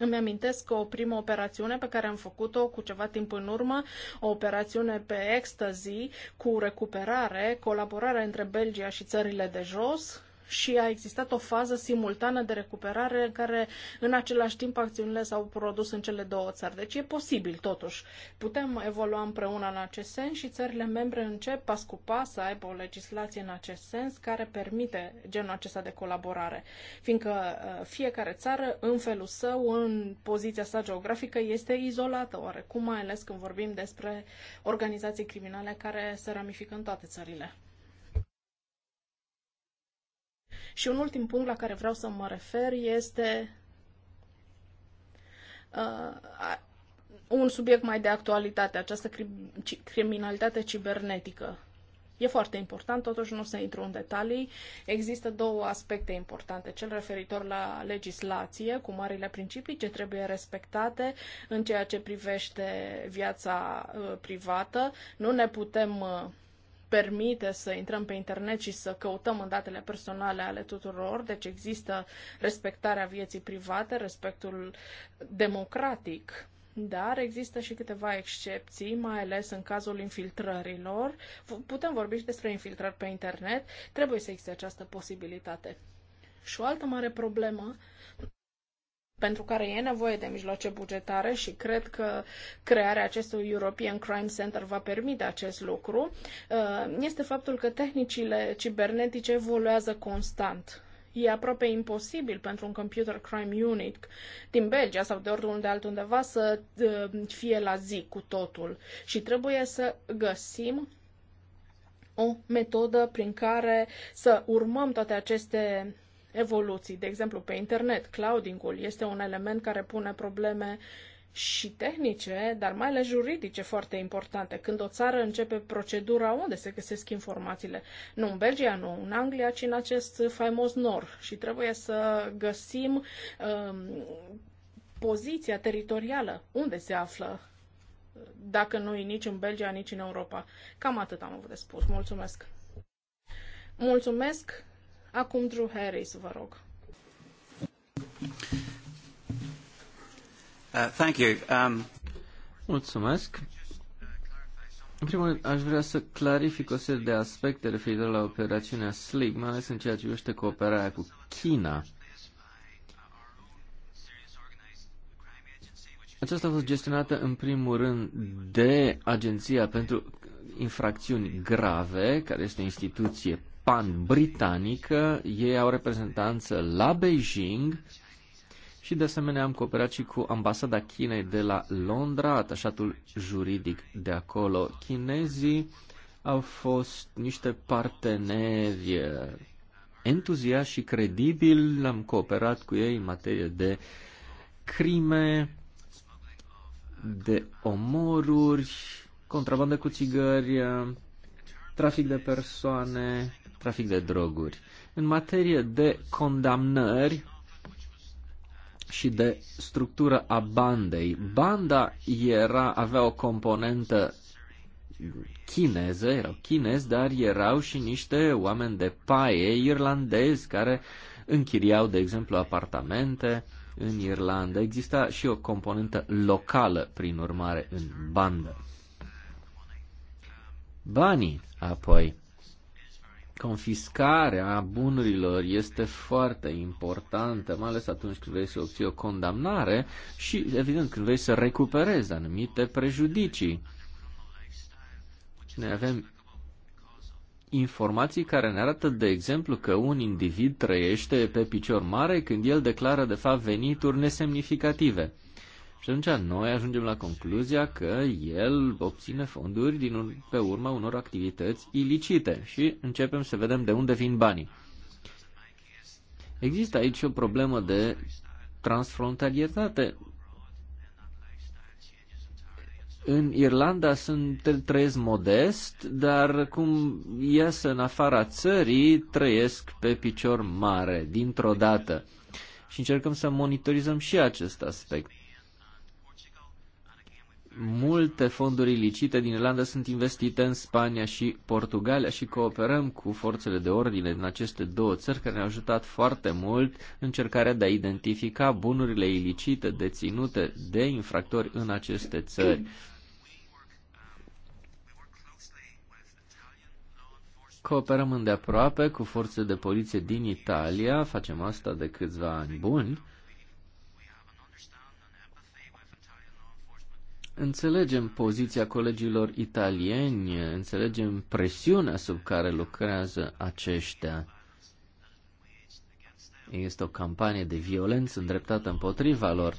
[SPEAKER 1] Îmi amintesc că o primă operațiune pe care am făcut-o cu ceva timp în urmă, o operațiune pe ecstasy cu recuperare, colaborare între Belgia și țările de jos, și a existat o fază simultană de recuperare în care în același timp acțiunile s-au produs în cele două țări. Deci e posibil totuși. Putem evolua împreună în acest sens și țările membre încep pas cu pas să aibă o legislație în acest sens care permite genul acesta de colaborare. Fiindcă uh, fiecare țară în felul său, în poziția sa geografică, este izolată oarecum, mai ales când vorbim despre organizații criminale care se ramifică în toate țările. Și un ultim punct la care vreau să mă refer este uh, un subiect mai de actualitate, această cri- criminalitate cibernetică. E foarte important, totuși nu o să intru în detalii. Există două aspecte importante. Cel referitor la legislație, cu marile principii ce trebuie respectate în ceea ce privește viața uh, privată. Nu ne putem uh, permite să intrăm pe internet și să căutăm în datele personale ale tuturor, deci există respectarea vieții private, respectul democratic dar există și câteva excepții, mai ales în cazul infiltrărilor. Putem vorbi și despre infiltrări pe internet, trebuie să existe această posibilitate. Și o altă mare problemă pentru care e nevoie de mijloace bugetare și cred că crearea acestui European Crime Center va permite acest lucru, uh, este faptul că tehnicile cibernetice evoluează constant. E aproape imposibil pentru un Computer Crime Unit din Belgia sau de oriunde altundeva să uh, fie la zi cu totul și trebuie să găsim o metodă prin care să urmăm toate aceste evoluții, de exemplu pe internet. cloudingul este un element care pune probleme și tehnice, dar mai ales juridice foarte importante. Când o țară începe procedura, unde se găsesc informațiile? Nu în Belgia, nu în Anglia, ci în acest faimos nor. Și trebuie să găsim um, poziția teritorială, unde se află, dacă nu e nici în Belgia, nici în Europa. Cam atât am avut de spus. Mulțumesc! Mulțumesc! Acum Drew Harris, vă rog.
[SPEAKER 2] Uh, thank you. Um... Mulțumesc. În primul rând, aș vrea să clarific o serie de aspecte referitoare la operațiunea SLIG, mai ales în ceea ce privește cooperarea cu China. Aceasta a fost gestionată în primul rând de Agenția pentru Infracțiuni Grave, care este o instituție pan-britanică, ei au reprezentanță la Beijing și de asemenea am cooperat și cu ambasada Chinei de la Londra, atașatul juridic de acolo. Chinezii au fost niște parteneri entuziași, și credibili, am cooperat cu ei în materie de crime, de omoruri, contrabandă cu țigări, trafic de persoane, trafic de droguri. În materie de condamnări și de structură a bandei, banda era, avea o componentă chineză, erau chinezi, dar erau și niște oameni de paie irlandezi care închiriau, de exemplu, apartamente în Irlanda. Exista și o componentă locală, prin urmare, în bandă. Banii, apoi, confiscarea bunurilor este foarte importantă, mai ales atunci când vrei să obții o condamnare și, evident, când vrei să recuperezi anumite prejudicii. Noi avem informații care ne arată, de exemplu, că un individ trăiește pe picior mare când el declară, de fapt, venituri nesemnificative. Și atunci noi ajungem la concluzia că el obține fonduri din, pe urma unor activități ilicite și începem să vedem de unde vin banii. Există aici o problemă de transfrontalietate. În Irlanda sunt, trăiesc modest, dar cum ies în afara țării, trăiesc pe picior mare, dintr-o dată. Și încercăm să monitorizăm și acest aspect multe fonduri ilicite din Irlanda sunt investite în Spania și Portugalia și cooperăm cu forțele de ordine din aceste două țări care ne-au ajutat foarte mult în încercarea de a identifica bunurile ilicite deținute de infractori în aceste țări. Cooperăm îndeaproape cu forțe de poliție din Italia, facem asta de câțiva ani buni Înțelegem poziția colegilor italieni, înțelegem presiunea sub care lucrează aceștia. Este o campanie de violență îndreptată împotriva lor.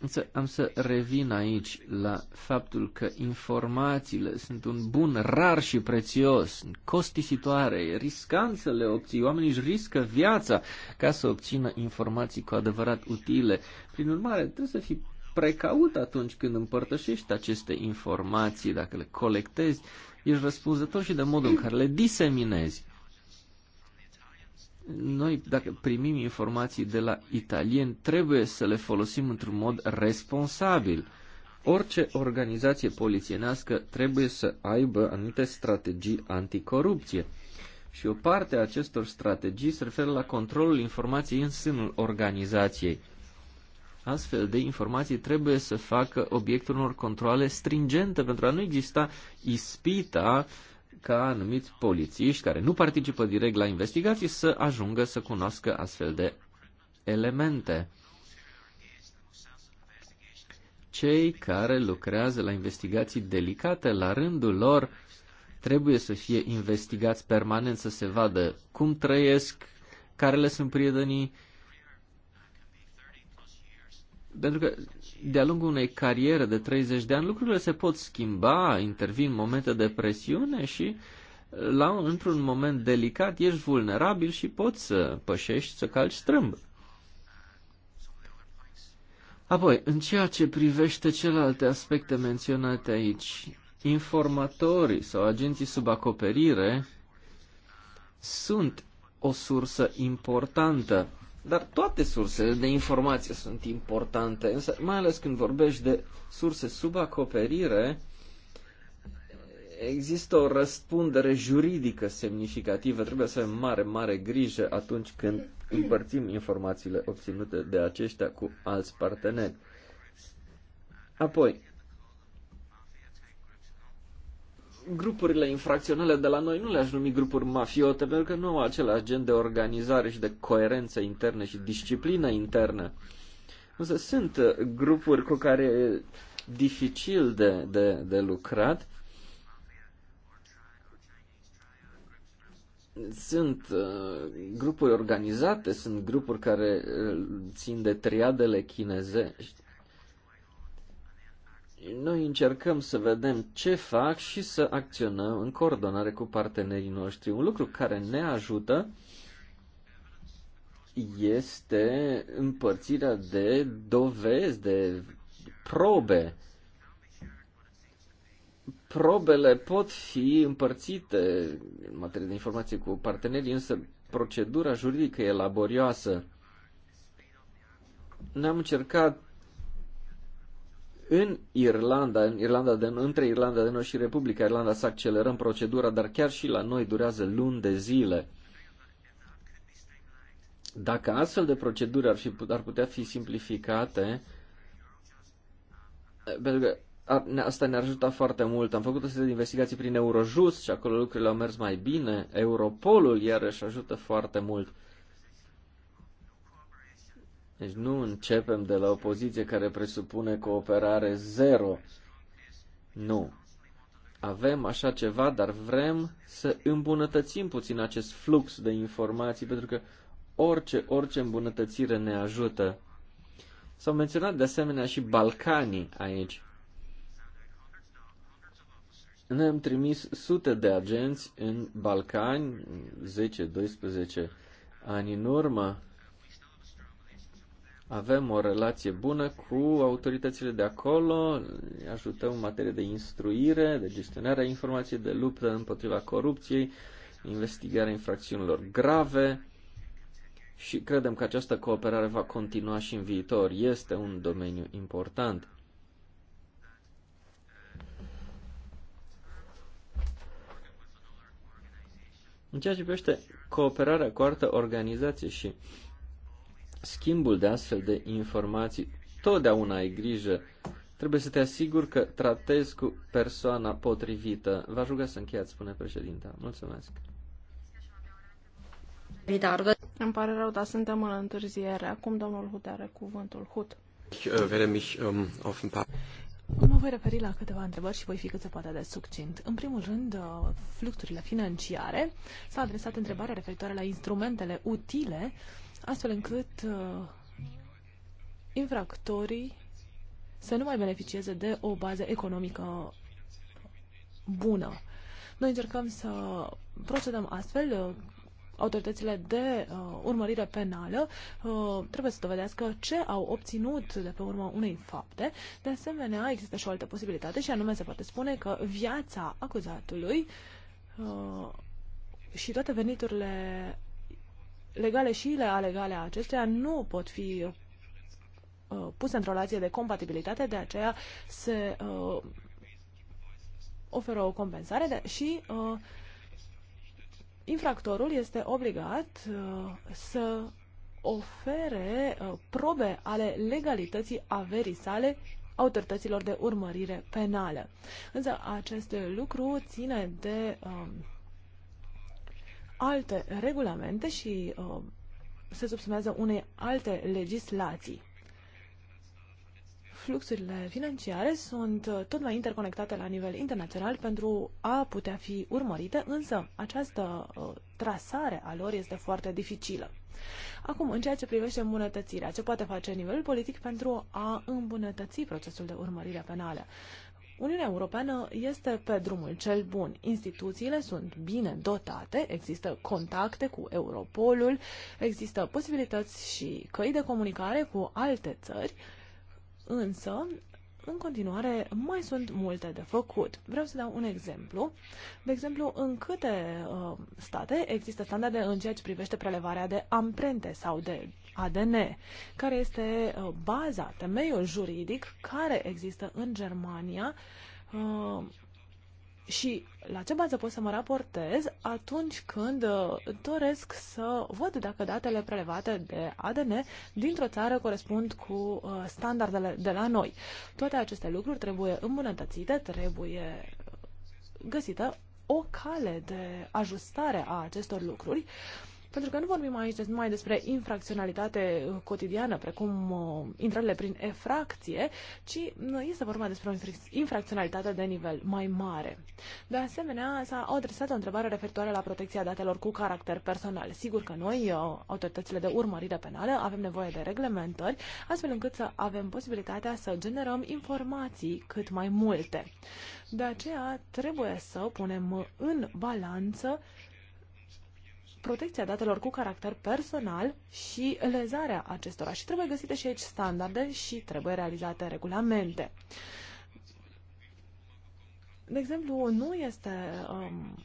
[SPEAKER 2] Însă am să revin aici la faptul că informațiile sunt un bun rar și prețios, costisitoare, riscant să le obții. Oamenii își riscă viața ca să obțină informații cu adevărat utile. Prin urmare, trebuie să fii precaut atunci când împărtășești aceste informații, dacă le colectezi, ești răspunzător și de modul în care le diseminezi. Noi, dacă primim informații de la italieni, trebuie să le folosim într-un mod responsabil. Orice organizație polițienească trebuie să aibă anumite strategii anticorupție. Și o parte a acestor strategii se referă la controlul informației în sânul organizației astfel de informații trebuie să facă obiectul unor controle stringente pentru a nu exista ispita ca anumiți polițiști care nu participă direct la investigații să ajungă să cunoască astfel de elemente. Cei care lucrează la investigații delicate, la rândul lor, trebuie să fie investigați permanent, să se vadă cum trăiesc, care le sunt prietenii pentru că de-a lungul unei cariere de 30 de ani lucrurile se pot schimba, intervin momente de presiune și la, într-un moment delicat ești vulnerabil și poți să pășești, să calci strâmb. Apoi, în ceea ce privește celelalte aspecte menționate aici, informatorii sau agenții sub acoperire sunt o sursă importantă dar toate sursele de informație sunt importante, însă mai ales când vorbești de surse sub acoperire, există o răspundere juridică semnificativă. Trebuie să avem mare, mare grijă atunci când împărțim informațiile obținute de aceștia cu alți parteneri. Apoi, grupurile infracționale de la noi nu le-aș numi grupuri mafiote, pentru că nu au același gen de organizare și de coerență internă și disciplină internă. Însă sunt uh, grupuri cu care e dificil de, de, de lucrat. Sunt uh, grupuri organizate, sunt grupuri care uh, țin de triadele chinezești noi încercăm să vedem ce fac și să acționăm în coordonare cu partenerii noștri. Un lucru care ne ajută este împărțirea de dovezi, de probe. Probele pot fi împărțite în materie de informații cu partenerii, însă procedura juridică e laborioasă. Ne-am încercat în Irlanda, în Irlanda de, între Irlanda de Nord și Republica Irlanda să accelerăm procedura, dar chiar și la noi durează luni de zile. Dacă astfel de proceduri ar, fi, ar putea fi simplificate, pentru că asta ne-ar ajuta foarte mult. Am făcut o serie de investigații prin Eurojust și acolo lucrurile au mers mai bine. Europolul iarăși ajută foarte mult. Deci nu începem de la o poziție care presupune cooperare zero. Nu. Avem așa ceva, dar vrem să îmbunătățim puțin acest flux de informații, pentru că orice, orice îmbunătățire ne ajută. S-au menționat de asemenea și Balcanii aici. Noi am trimis sute de agenți în Balcani, 10-12 ani în urmă, avem o relație bună cu autoritățile de acolo, ajutăm în materie de instruire, de gestionarea informației, de luptă împotriva corupției, investigarea infracțiunilor grave și credem că această cooperare va continua și în viitor. Este un domeniu important. În ceea ce privește cooperarea cu altă organizație și schimbul de astfel de informații, totdeauna ai grijă. Trebuie să te asiguri că tratezi cu persoana potrivită. Vă aș ruga să încheiați, spune președinta. Mulțumesc.
[SPEAKER 1] Vidar, îmi pare rău, dar suntem în întârziere. Acum domnul Hut are cuvântul.
[SPEAKER 3] Hut.
[SPEAKER 2] Äh, ähm,
[SPEAKER 3] mă voi referi la câteva întrebări și voi fi cât se poate de succint. În primul rând, uh, fluxurile financiare. S-a adresat întrebarea referitoare la instrumentele utile astfel încât uh, infractorii să nu mai beneficieze de o bază economică bună. Noi încercăm să procedăm astfel. Uh, autoritățile de uh, urmărire penală uh, trebuie să dovedească ce au obținut de pe urma unei fapte. De asemenea, există și o altă posibilitate și anume se poate spune că viața acuzatului uh, și toate veniturile legale și ilegale a acesteia nu pot fi uh, puse într-o relație de compatibilitate, de aceea se uh, oferă o compensare de, și uh, infractorul este obligat uh, să ofere uh, probe ale legalității averii sale autorităților de urmărire penală. Însă acest lucru ține de uh, alte regulamente și uh, se subsumează unei alte legislații. Fluxurile financiare sunt uh, tot mai interconectate la nivel internațional pentru a putea fi urmărite, însă această uh, trasare a lor este foarte dificilă. Acum, în ceea ce privește îmbunătățirea, ce poate face nivelul politic pentru a îmbunătăți procesul de urmărire penală? Uniunea Europeană este pe drumul cel bun. Instituțiile sunt bine dotate, există contacte cu Europolul, există posibilități și căi de comunicare cu alte țări, însă, în continuare, mai sunt multe de făcut. Vreau să dau un exemplu. De exemplu, în câte uh, state există standarde în ceea ce privește prelevarea de amprente sau de ADN, care este uh, baza, temeiul juridic care există în Germania uh, și la ce bază pot să mă raportez atunci când uh, doresc să văd dacă datele prelevate de ADN dintr-o țară corespund cu standardele de la noi. Toate aceste lucruri trebuie îmbunătățite, trebuie găsită o cale de ajustare a acestor lucruri pentru că nu vorbim aici numai despre infracționalitate cotidiană, precum uh, intrările prin efracție, ci uh, este vorba despre o infracționalitate de nivel mai mare. De asemenea, s-a adresat o întrebare referitoare la protecția datelor cu caracter personal. Sigur că noi, uh, autoritățile de urmărire penală, avem nevoie de reglementări, astfel încât să avem posibilitatea să generăm informații cât mai multe. De aceea, trebuie să punem în balanță uh, protecția datelor cu caracter personal și lezarea acestora. Și trebuie găsite și aici standarde și trebuie realizate regulamente. De exemplu, nu este um,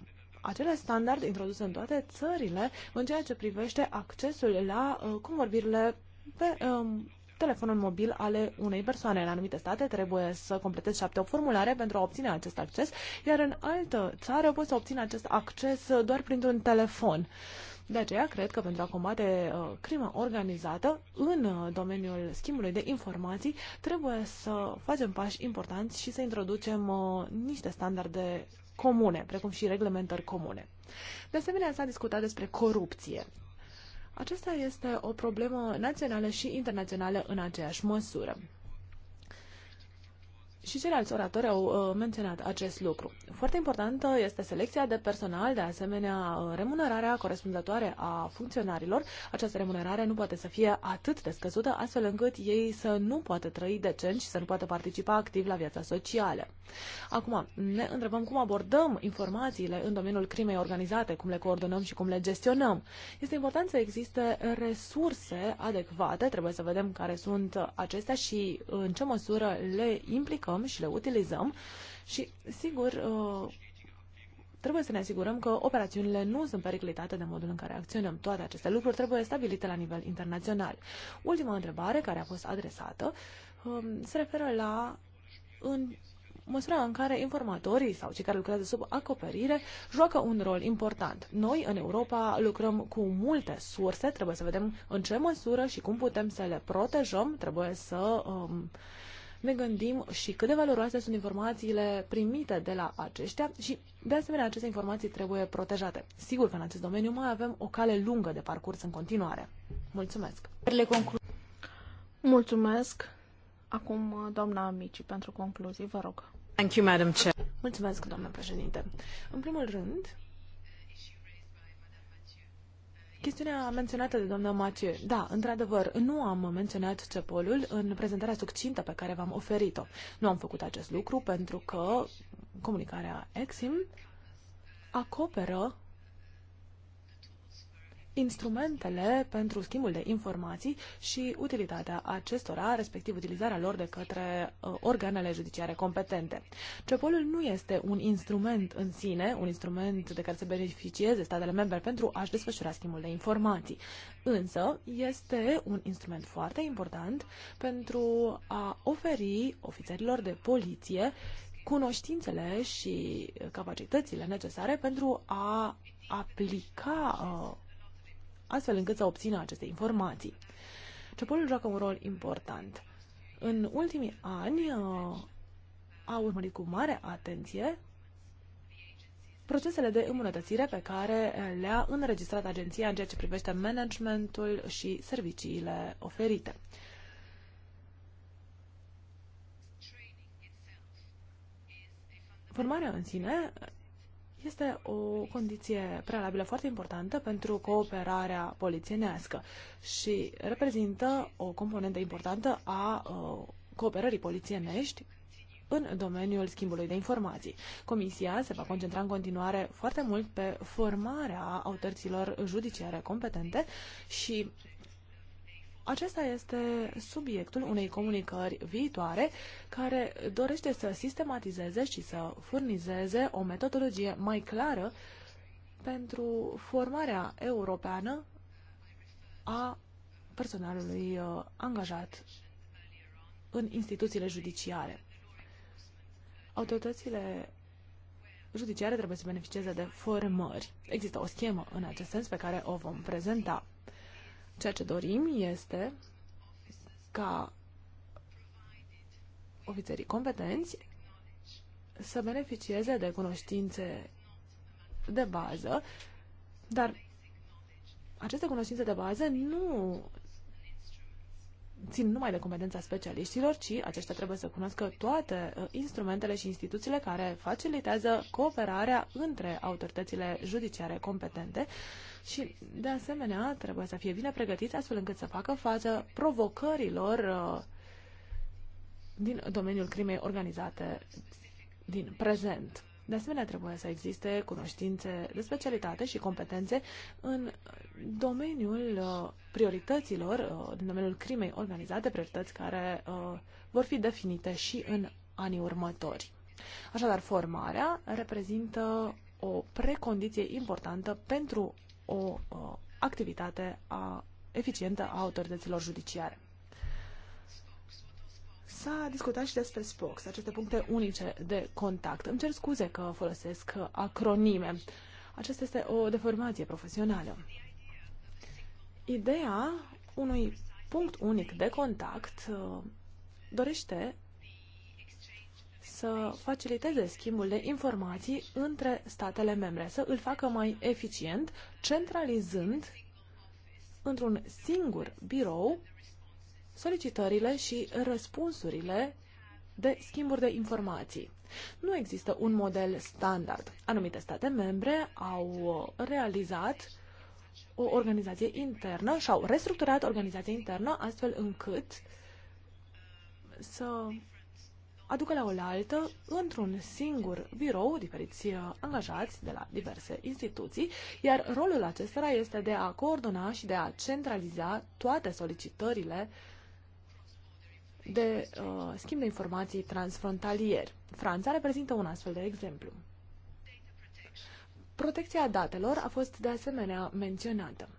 [SPEAKER 3] acele standard introduse în toate țările în ceea ce privește accesul la uh, convorbirile pe um, telefonul mobil ale unei persoane. În anumite state trebuie să completezi 7-8 formulare pentru a obține acest acces, iar în altă țară poți să obține acest acces doar printr-un telefon. De aceea, cred că pentru a combate uh, crima organizată în uh, domeniul schimbului de informații, trebuie să facem pași importanți și să introducem uh, niște standarde comune, precum și reglementări comune. De asemenea, s-a discutat despre corupție. Aceasta este o problemă națională și internațională în aceeași măsură și ceilalți oratori au uh, menționat acest lucru. Foarte importantă este selecția de personal, de asemenea uh, remunerarea corespunzătoare a funcționarilor. Această remunerare nu poate să fie atât de scăzută, astfel încât ei să nu poată trăi decent și să nu poată participa activ la viața socială. Acum, ne întrebăm cum abordăm informațiile în domeniul crimei organizate, cum le coordonăm și cum le gestionăm. Este important să existe resurse adecvate, trebuie să vedem care sunt acestea și în ce măsură le implicăm aplicăm și le utilizăm și, sigur, uh, trebuie să ne asigurăm că operațiunile nu sunt periclitate de modul în care acționăm. Toate aceste lucruri trebuie stabilite la nivel internațional. Ultima întrebare care a fost adresată um, se referă la în măsura în care informatorii sau cei care lucrează sub acoperire joacă un rol important. Noi, în Europa, lucrăm cu multe surse, trebuie să vedem în ce măsură și cum putem să le protejăm, trebuie să um, ne gândim și cât de valoroase sunt informațiile primite de la aceștia și, de asemenea, aceste informații trebuie protejate. Sigur că în acest domeniu mai avem o cale lungă de parcurs în continuare. Mulțumesc!
[SPEAKER 1] Mulțumesc! Acum, doamna Amici, pentru concluzii, vă rog. Thank you, Madam Chair.
[SPEAKER 3] Mulțumesc, doamna președinte. În primul rând, Chestiunea menționată de doamna Mathieu. da, într-adevăr, nu am menționat cepolul în prezentarea succintă pe care v-am oferit-o. Nu am făcut acest lucru pentru că comunicarea Exim acoperă instrumentele pentru schimbul de informații și utilitatea acestora, respectiv utilizarea lor de către uh, organele judiciare competente. CEPOL-ul nu este un instrument în sine, un instrument de care se beneficieze statele membre pentru a-și desfășura schimbul de informații, însă este un instrument foarte important pentru a oferi ofițerilor de poliție cunoștințele și capacitățile necesare pentru a aplica uh, astfel încât să obțină aceste informații. CEPOL joacă un rol important. În ultimii ani uh, a urmărit cu mare atenție procesele de îmbunătățire pe care le-a înregistrat agenția în ceea ce privește managementul și serviciile oferite. Formarea în sine este o condiție prealabilă foarte importantă pentru cooperarea polițienească și reprezintă o componentă importantă a uh, cooperării polițienești în domeniul schimbului de informații. Comisia se va concentra în continuare foarte mult pe formarea autorităților judiciare competente și acesta este subiectul unei comunicări viitoare care dorește să sistematizeze și să furnizeze o metodologie mai clară pentru formarea europeană a personalului uh, angajat în instituțiile judiciare. Autoritățile judiciare trebuie să beneficieze de formări. Există o schemă în acest sens pe care o vom prezenta. Ceea ce dorim este ca ofițerii competenți să beneficieze de cunoștințe de bază, dar aceste cunoștințe de bază nu țin numai de competența specialiștilor, ci aceștia trebuie să cunoască toate uh, instrumentele și instituțiile care facilitează cooperarea între autoritățile judiciare competente și, de asemenea, trebuie să fie bine pregătiți astfel încât să facă față provocărilor uh, din domeniul crimei organizate din prezent. De asemenea, trebuie să existe cunoștințe de specialitate și competențe în domeniul uh, priorităților, în uh, domeniul crimei organizate, priorități care uh, vor fi definite și în anii următori. Așadar, formarea reprezintă o precondiție importantă pentru o activitate a, eficientă a autorităților judiciare. S-a discutat și despre SPOX, aceste puncte unice de contact. Îmi cer scuze că folosesc acronime. Aceasta este o deformație profesională. Ideea unui punct unic de contact uh, dorește să faciliteze schimbul de informații între statele membre, să îl facă mai eficient, centralizând într-un singur birou solicitările și răspunsurile de schimburi de informații. Nu există un model standard. Anumite state membre au realizat o organizație internă și au restructurat organizația internă astfel încât să aducă la oaltă, într-un singur birou, diferiți angajați de la diverse instituții, iar rolul acestora este de a coordona și de a centraliza toate solicitările uh, de uh, schimb de informații transfrontalier. Franța reprezintă un astfel de exemplu. Protecția datelor a fost de asemenea menționată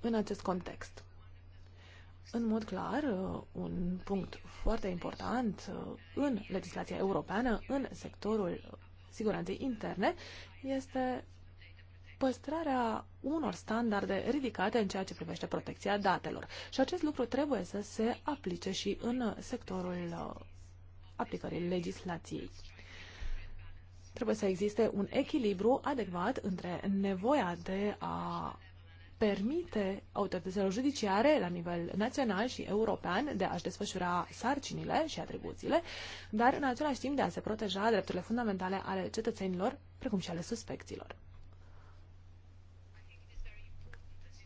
[SPEAKER 3] în acest context. În mod clar, uh, un punct foarte important uh, în legislația europeană, în sectorul siguranței interne, este păstrarea unor standarde ridicate în ceea ce privește protecția datelor. Și acest lucru trebuie să se aplice și în sectorul uh, aplicării legislației. Trebuie să existe un echilibru adecvat între nevoia de a permite autorităților judiciare la nivel național și european de a-și desfășura sarcinile și atribuțiile, dar în același timp de a se proteja drepturile fundamentale ale cetățenilor, precum și ale suspecților.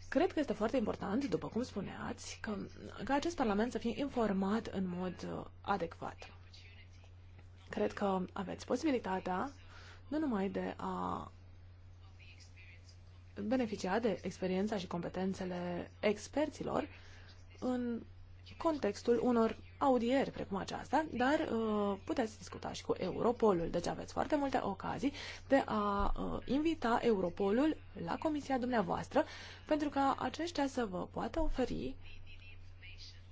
[SPEAKER 3] Cred că este foarte important, după cum spuneați, că, că acest Parlament să fie informat în mod uh, adecvat. Cred că aveți posibilitatea nu numai de a beneficia de experiența și competențele experților în contextul unor audieri precum aceasta, dar uh, puteți discuta și cu Europolul. Deci aveți foarte multe ocazii de a uh, invita Europolul la comisia dumneavoastră pentru ca aceștia să vă poată oferi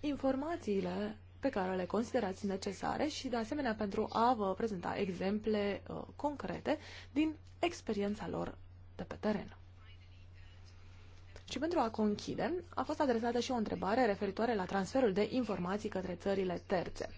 [SPEAKER 3] informațiile pe care le considerați necesare și, de asemenea, pentru a vă prezenta exemple uh, concrete din experiența lor de pe teren. Și pentru a conchide, a fost adresată și o întrebare referitoare la transferul de informații către țările terțe.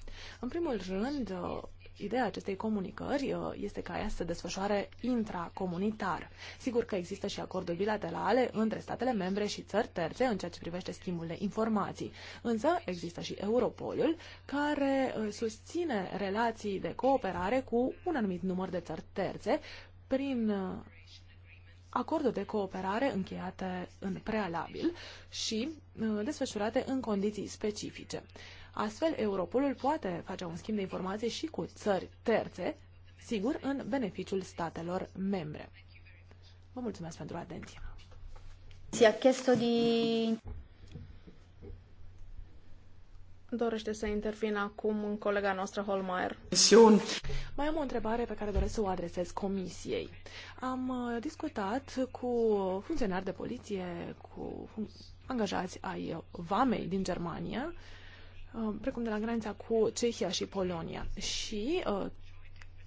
[SPEAKER 3] În primul rând, uh, ideea acestei comunicări uh, este ca ea să se desfășoare intracomunitar. Sigur că există și acorduri bilaterale între statele membre și țări terțe în ceea ce privește schimbul de informații. Însă există și Europolul, care uh, susține relații de cooperare cu un anumit număr de țări terțe prin acorduri de cooperare încheiate în prealabil și uh, desfășurate în condiții specifice. Astfel, Europolul poate face un schimb de informații și cu țări terțe, sigur, în beneficiul statelor membre. Vă mulțumesc pentru atenție.
[SPEAKER 1] Dorește să intervină acum în colega noastră Holmeier.
[SPEAKER 3] Mai am o întrebare pe care doresc să o adresez comisiei. Am uh, discutat cu funcționari de poliție, cu angajați ai Vamei din Germania, uh, precum de la granița cu Cehia și Polonia. Și uh,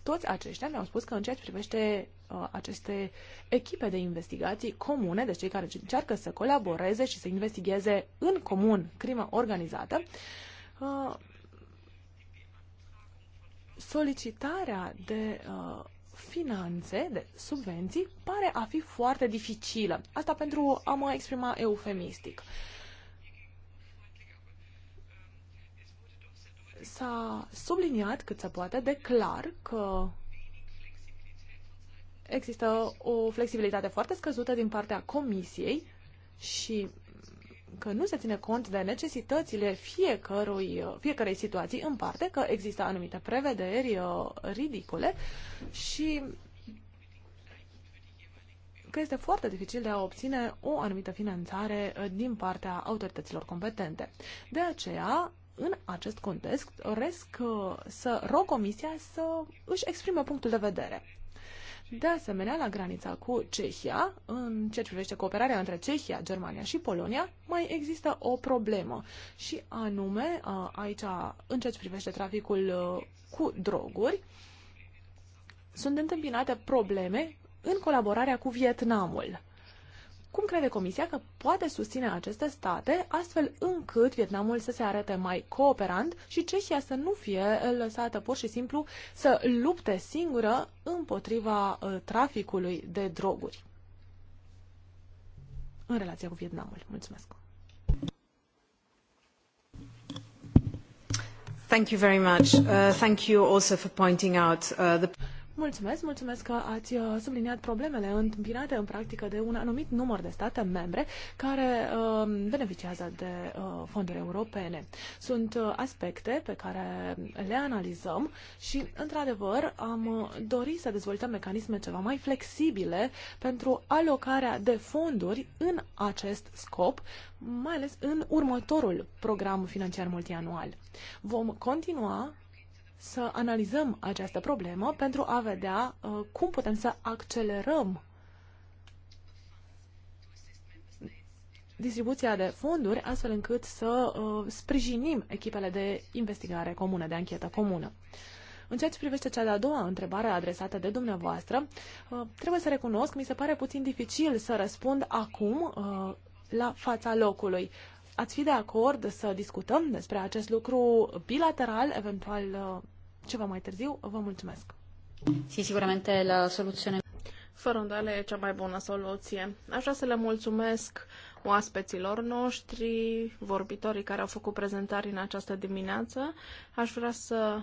[SPEAKER 3] toți aceștia mi-au spus că în ceea ce privește uh, aceste echipe de investigații comune, deci cei care încearcă să colaboreze și să investigheze în comun crimă organizată, Uh, solicitarea de uh, finanțe, de subvenții, pare a fi foarte dificilă. Asta pentru a mă exprima eufemistic. S-a subliniat cât se poate de clar că există o flexibilitate foarte scăzută din partea Comisiei și că nu se ține cont de necesitățile fiecărui, fiecarei situații în parte, că există anumite prevederi uh, ridicole și că este foarte dificil de a obține o anumită finanțare uh, din partea autorităților competente. De aceea, în acest context, doresc uh, să rog Comisia să își exprime punctul de vedere de asemenea, la granița cu Cehia, în ceea ce privește cooperarea între Cehia, Germania și Polonia, mai există o problemă. Și anume, aici, în ceea ce privește traficul cu droguri, sunt întâmpinate probleme în colaborarea cu Vietnamul. Cum crede Comisia că poate susține aceste state astfel încât Vietnamul să se arate mai cooperant și Cehia să nu fie lăsată pur și simplu să lupte singură împotriva uh, traficului de droguri? În relația cu Vietnamul. Mulțumesc!
[SPEAKER 1] Thank you very much. Uh, thank you also for pointing out uh, the
[SPEAKER 3] Mulțumesc, mulțumesc că ați uh, subliniat problemele întâmpinate în practică de un anumit număr de state membre care uh, beneficiază de uh, fonduri europene. Sunt uh, aspecte pe care le analizăm și, într-adevăr, am uh, dorit să dezvoltăm mecanisme ceva mai flexibile pentru alocarea de fonduri în acest scop, mai ales în următorul program financiar multianual. Vom continua să analizăm această problemă pentru a vedea uh, cum putem să accelerăm distribuția de fonduri astfel încât să uh, sprijinim echipele de investigare comune, de anchetă comună. În ceea ce privește cea de-a doua întrebare adresată de dumneavoastră, uh, trebuie să recunosc, mi se pare puțin dificil să răspund acum uh, la fața locului ați fi de acord să discutăm despre acest lucru bilateral, eventual uh, ceva mai târziu? Vă mulțumesc! Sì, sicuramente
[SPEAKER 2] la soluție.
[SPEAKER 3] Fără îndoială e cea mai bună
[SPEAKER 1] soluție. Aș vrea să le mulțumesc oaspeților noștri, vorbitorii care au făcut prezentări în această dimineață. Aș vrea să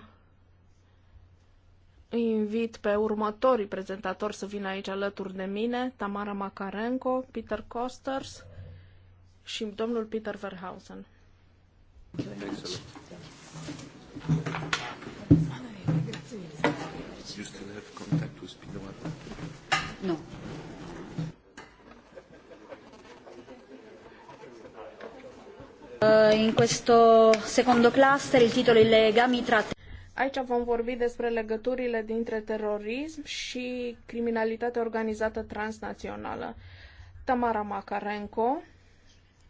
[SPEAKER 1] îi invit pe următorii prezentatori să vină aici alături de mine, Tamara Makarenko, Peter Costers, și domnul Peter Verhausen. You still
[SPEAKER 2] have
[SPEAKER 1] In questo secondo cluster il titolo legami tra Aici vom vorbi despre legăturile dintre terorism și criminalitatea organizată transnațională. Tamara Makarenko,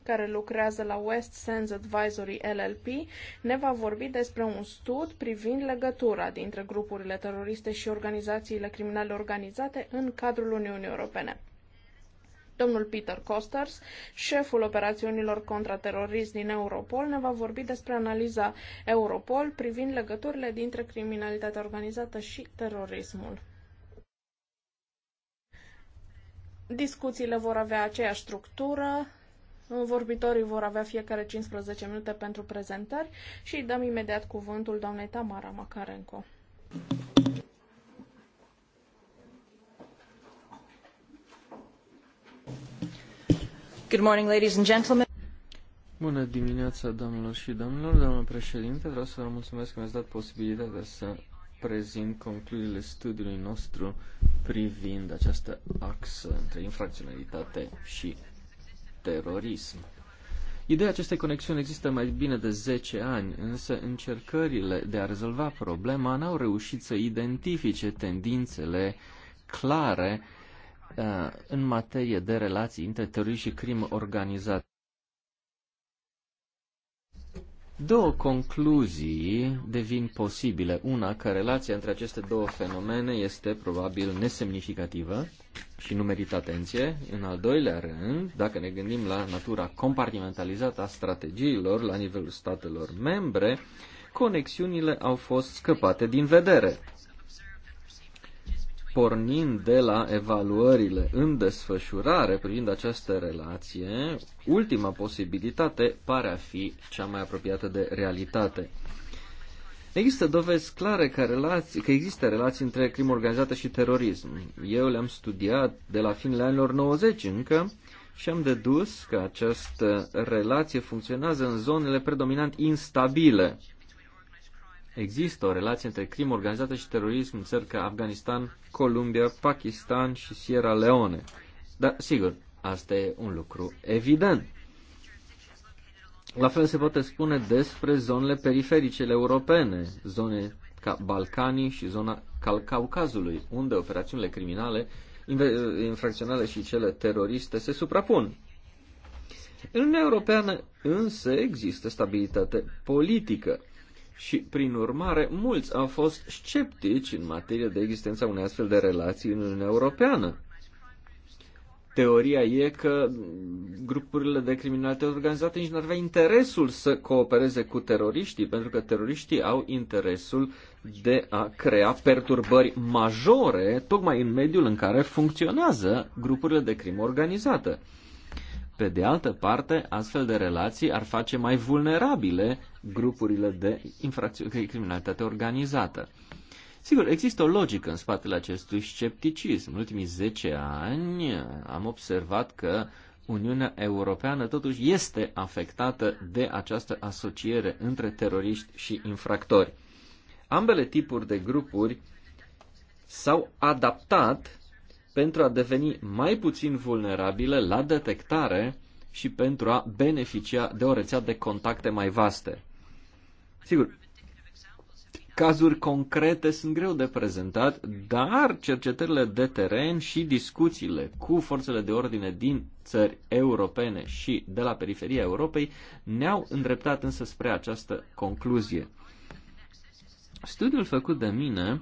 [SPEAKER 1] care lucrează la West Sands Advisory LLP, ne va vorbi despre un stud privind legătura dintre grupurile teroriste și organizațiile criminale organizate în cadrul Uniunii Europene. Domnul Peter Costers, șeful operațiunilor contraterorist din Europol, ne va vorbi despre analiza Europol privind legăturile dintre criminalitatea organizată și terorismul. Discuțiile vor avea aceeași structură, Vorbitorii vor avea fiecare 15 minute pentru prezentări și îi dăm imediat cuvântul doamnei Tamara Macarenco.
[SPEAKER 3] Good morning, ladies and gentlemen.
[SPEAKER 2] Bună dimineața, doamnelor și domnilor. Doamnă președinte, vreau să vă mulțumesc că mi-ați dat posibilitatea să prezint concluziile studiului nostru privind această axă între infracționalitate și terorism. Ideea acestei conexiuni există mai bine de 10 ani, însă încercările de a rezolva problema n-au reușit să identifice tendințele clare uh, în materie de relații între terorism și crimă organizată. Două concluzii devin posibile. Una, că relația între aceste două fenomene este probabil nesemnificativă și nu merită atenție. În al doilea rând, dacă ne gândim la natura compartimentalizată a strategiilor la nivelul statelor membre, conexiunile au fost scăpate din vedere pornind de la evaluările în desfășurare privind această relație, ultima posibilitate pare a fi cea mai apropiată de realitate. Există dovezi clare că, relații, că există relații între crimă organizată și terorism. Eu le-am studiat de la finele anilor 90 încă și am dedus că această relație funcționează în zonele predominant instabile Există o relație între crimă organizată și terorism în țări ca Afganistan, Columbia, Pakistan și Sierra Leone. Dar, sigur, asta e un lucru evident. La fel se poate spune despre zonele perifericele europene, zone ca Balcanii și zona Caucazului, unde operațiunile criminale, infracționale și cele teroriste se suprapun. În Uniunea Europeană însă există stabilitate politică și, prin urmare, mulți au fost sceptici în materie de existența unei astfel de relații în Uniunea Europeană. Teoria e că grupurile de criminalitate organizate nici n-ar avea interesul să coopereze cu teroriștii, pentru că teroriștii au interesul de a crea perturbări majore, tocmai în mediul în care funcționează grupurile de crimă organizată. Pe de altă parte, astfel de relații ar face mai vulnerabile grupurile de criminalitate organizată. Sigur, există o logică în spatele acestui scepticism. În ultimii 10 ani am observat că Uniunea Europeană totuși este afectată de această asociere între teroriști și infractori. Ambele tipuri de grupuri s-au adaptat pentru a deveni mai puțin vulnerabile la detectare și pentru a beneficia de o rețea de contacte mai vaste. Sigur, cazuri concrete sunt greu de prezentat, dar cercetările de teren și discuțiile cu forțele de ordine din țări europene și de la periferia Europei ne-au îndreptat însă spre această concluzie. Studiul făcut de mine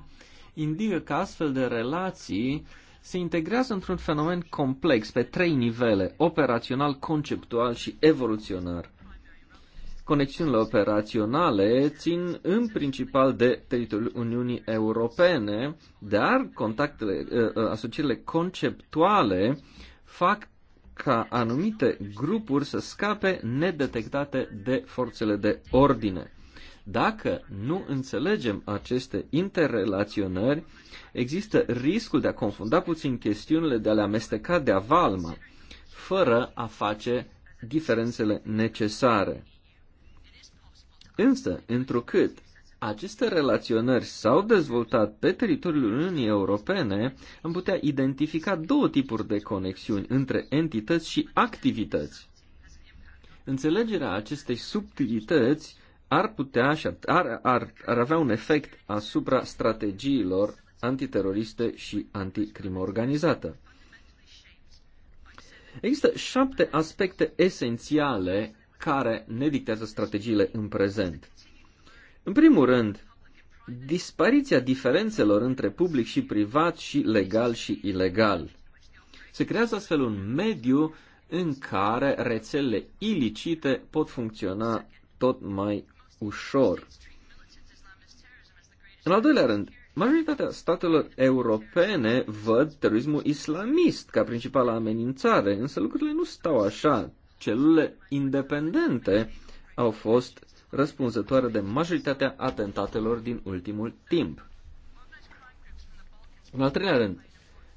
[SPEAKER 2] indică că astfel de relații se integrează într-un fenomen complex pe trei nivele, operațional, conceptual și evoluționar. Conexiunile operaționale țin în principal de teritoriul Uniunii Europene, dar contactele, ă, ă, asocierile conceptuale fac ca anumite grupuri să scape nedetectate de forțele de ordine. Dacă nu înțelegem aceste interrelaționări, există riscul de a confunda puțin chestiunile, de a le amesteca de avalmă, fără a face diferențele necesare. Însă, întrucât aceste relaționări s-au dezvoltat pe teritoriul Uniunii Europene, am putea identifica două tipuri de conexiuni între entități și activități. Înțelegerea acestei subtilități ar putea și ar, ar, ar avea un efect asupra strategiilor antiteroriste și anticrimă organizată. Există șapte aspecte esențiale care ne dictează strategiile în prezent. În primul rând, dispariția diferențelor între public și privat și legal și ilegal. Se creează astfel un mediu în care rețelele ilicite pot funcționa tot mai ușor. În al doilea rând, majoritatea statelor europene văd terorismul islamist ca principală amenințare, însă lucrurile nu stau așa. Celulele independente au fost răspunzătoare de majoritatea atentatelor din ultimul timp. În al treilea rând,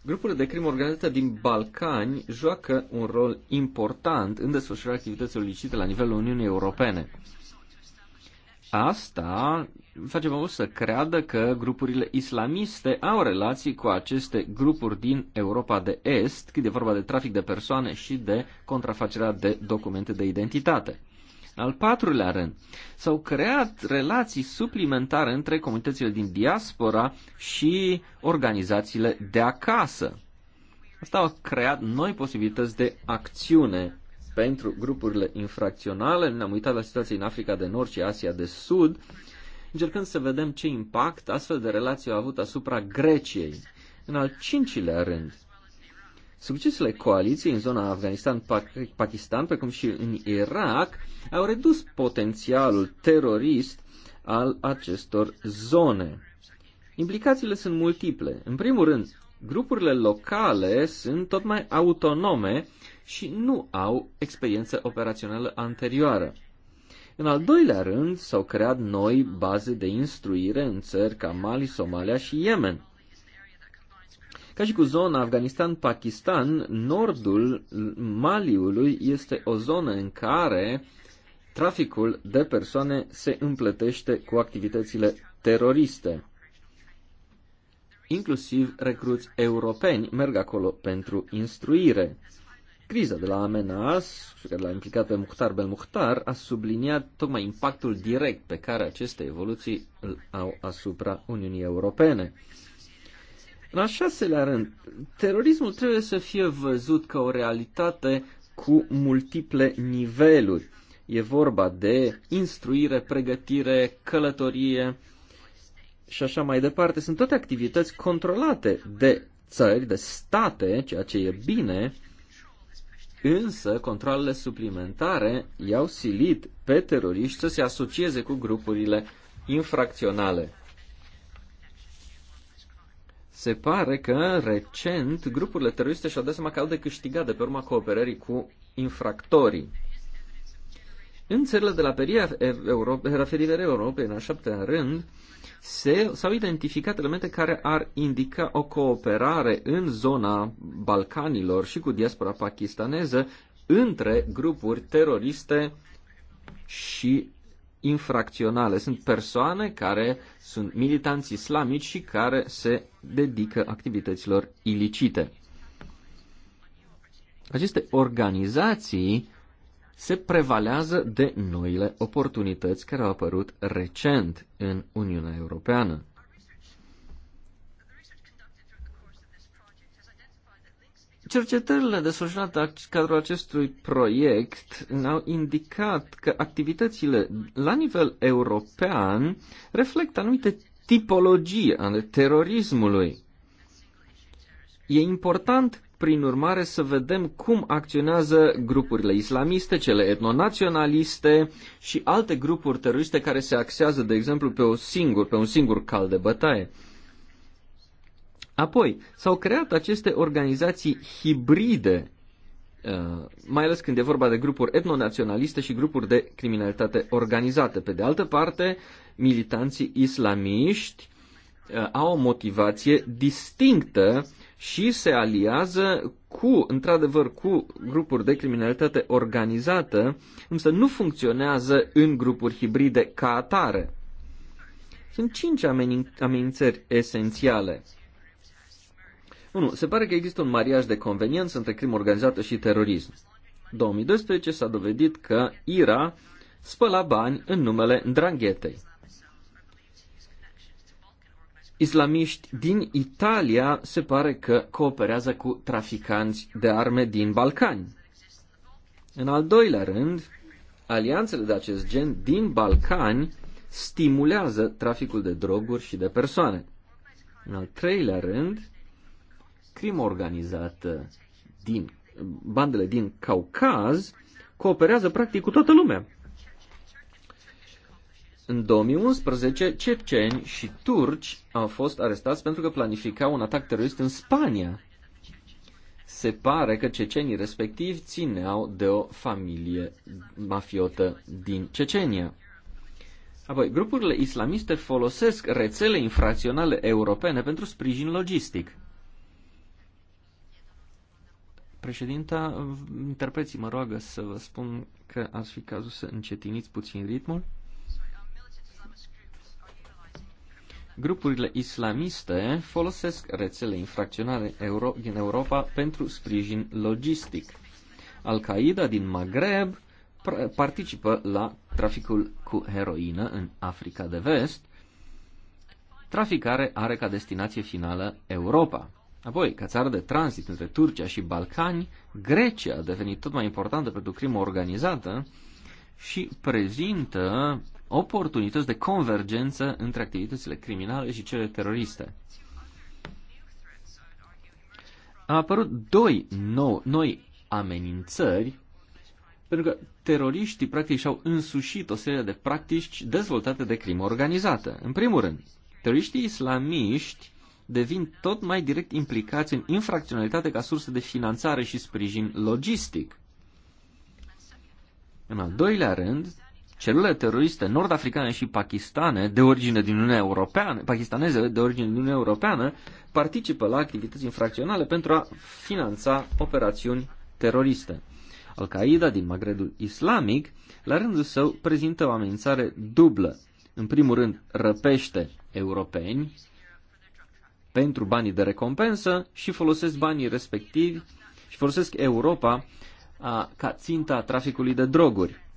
[SPEAKER 2] grupurile de crimă organizată din Balcani joacă un rol important în desfășurarea activităților licite la nivelul Uniunii Europene. Asta face oameni să creadă că grupurile islamiste au relații cu aceste grupuri din Europa de Est, cât e vorba de trafic de persoane și de contrafacerea de documente de identitate. În al patrulea rând, s-au creat relații suplimentare între comunitățile din diaspora și organizațiile de acasă. Asta a creat noi posibilități de acțiune pentru grupurile infracționale. Ne-am uitat la situația în Africa de Nord și Asia de Sud, încercând să vedem ce impact astfel de relații au avut asupra Greciei. În al cincilea rând, Succesele coaliției în zona Afganistan-Pakistan, precum și în Irak, au redus potențialul terorist al acestor zone. Implicațiile sunt multiple. În primul rând, grupurile locale sunt tot mai autonome și nu au experiență operațională anterioară. În al doilea rând, s-au creat noi baze de instruire în țări ca Mali, Somalia și Yemen. Ca și cu zona Afganistan-Pakistan, nordul Maliului este o zonă în care traficul de persoane se împletește cu activitățile teroriste. Inclusiv recruți europeni merg acolo pentru instruire. Criza de la Amenas, care l-a implicat pe Muhtar Bel Muhtar, a subliniat tocmai impactul direct pe care aceste evoluții îl au asupra Uniunii Europene. În a șaselea rând, terorismul trebuie să fie văzut ca o realitate cu multiple niveluri. E vorba de instruire, pregătire, călătorie și așa mai departe. Sunt toate activități controlate de țări, de state, ceea ce e bine, Însă, controlele suplimentare i-au silit pe teroriști să se asocieze cu grupurile infracționale. Se pare că, recent, grupurile teroriste și-au dat seama că au de câștigat de pe urma cooperării cu infractorii. În țările de la periferia Europei, în a șaptea rând, s-au identificat elemente care ar indica o cooperare în zona Balcanilor și cu diaspora pakistaneză între grupuri teroriste și infracționale. Sunt persoane care sunt militanți islamici și care se dedică activităților ilicite. Aceste organizații se prevalează de noile oportunități care au apărut recent în Uniunea Europeană. Cercetările desfășurate în cadrul acestui proiect ne-au indicat că activitățile la nivel european reflectă anumite tipologii ale terorismului. E important prin urmare, să vedem cum acționează grupurile islamiste, cele etnonaționaliste și alte grupuri teroriste care se axează, de exemplu, pe, o singur, pe un singur cal de bătaie. Apoi, s-au creat aceste organizații hibride, uh, mai ales când e vorba de grupuri etnonaționaliste și grupuri de criminalitate organizată. Pe de altă parte, militanții islamiști Uh, au o motivație distinctă și se aliază cu, într-adevăr, cu grupuri de criminalitate organizată, însă nu funcționează în grupuri hibride ca atare. Sunt cinci amenin- amenințări esențiale. 1. Se pare că există un mariaj de conveniență între crimă organizată și terorism. 2012 s-a dovedit că IRA spăla bani în numele Dranghetei islamiști din Italia se pare că cooperează cu traficanți de arme din Balcani. În al doilea rând, alianțele de acest gen din Balcani stimulează traficul de droguri și de persoane. În al treilea rând, crimă organizată din bandele din Caucaz cooperează practic cu toată lumea. În 2011, cepceni și turci au fost arestați pentru că planificau un atac terorist în Spania. Se pare că cecenii respectivi țineau de o familie mafiotă din Cecenia. Apoi, grupurile islamiste folosesc rețele infracționale europene pentru sprijin logistic. Președinta, interpreții mă roagă să vă spun că ar fi cazul să încetiniți puțin ritmul. grupurile islamiste folosesc rețele infracționale Euro- din Europa pentru sprijin logistic. Al-Qaeda din Maghreb participă la traficul cu heroină în Africa de Vest, traficare are ca destinație finală Europa. Apoi, ca țară de tranzit între Turcia și Balcani, Grecia a devenit tot mai importantă pentru crimă organizată și prezintă oportunități de convergență între activitățile criminale și cele teroriste. Au apărut doi nou, noi amenințări pentru că teroriștii practic și-au însușit o serie de practici dezvoltate de crimă organizată. În primul rând, teroriștii islamiști devin tot mai direct implicați în infracționalitate ca sursă de finanțare și sprijin logistic. În al doilea rând, celulele teroriste nord-africane și pakistane de origine din Uniunea Europeană, pakistaneze de origine din Uniunea Europeană, participă la activități infracționale pentru a finanța operațiuni teroriste. Al-Qaeda din Magrebul Islamic, la rândul său, prezintă o amenințare dublă. În primul rând, răpește europeni pentru banii de recompensă și folosesc banii respectivi și folosesc Europa a, ca ținta traficului de droguri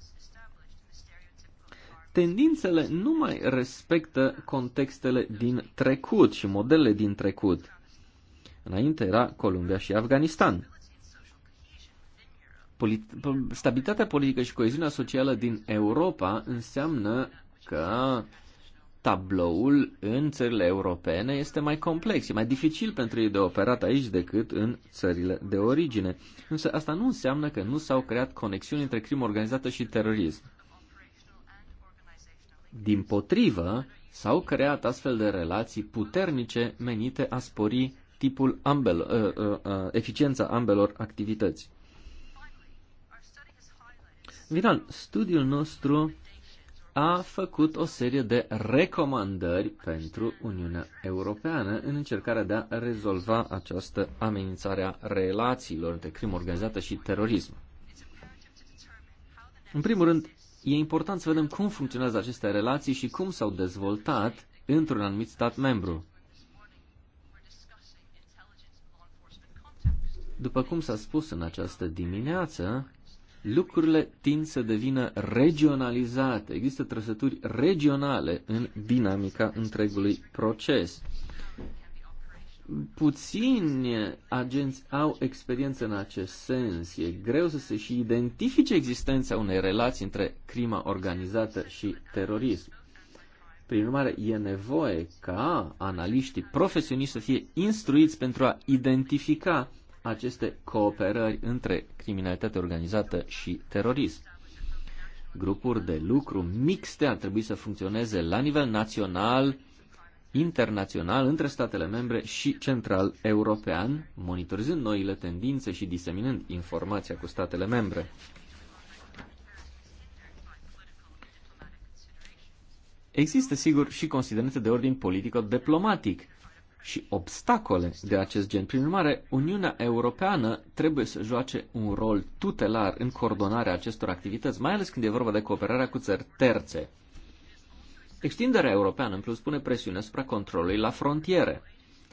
[SPEAKER 2] tendințele nu mai respectă contextele din trecut și modelele din trecut. Înainte era Columbia și Afganistan. Polit- stabilitatea politică și coeziunea socială din Europa înseamnă că tabloul în țările europene este mai complex, e mai dificil pentru ei de operat aici decât în țările de origine. Însă asta nu înseamnă că nu s-au creat conexiuni între crimă organizată și terorism. Din potrivă, s-au creat astfel de relații puternice menite a spori tipul ambelor, uh, uh, uh, eficiența ambelor activități. final, studiul nostru a făcut o serie de recomandări pentru Uniunea Europeană în încercarea de a rezolva această amenințare a relațiilor între crimă organizată și terorism. În primul rând, e important să vedem cum funcționează aceste relații și cum s-au dezvoltat într-un anumit stat membru. După cum s-a spus în această dimineață, lucrurile tind să devină regionalizate. Există trăsături regionale în dinamica întregului proces puțini agenți au experiență în acest sens. E greu să se și identifice existența unei relații între crima organizată și terorism. Prin urmare, e nevoie ca analiștii profesioniști să fie instruiți pentru a identifica aceste cooperări între criminalitate organizată și terorism. Grupuri de lucru mixte ar trebui să funcționeze la nivel național, internațional între statele membre și central european, monitorizând noile tendințe și diseminând informația cu statele membre. Există, sigur, și considerente de ordin politico-diplomatic și obstacole de acest gen. Prin urmare, Uniunea Europeană trebuie să joace un rol tutelar în coordonarea acestor activități, mai ales când e vorba de cooperarea cu țări terțe. Extinderea europeană, în plus, pune presiune asupra controlului la frontiere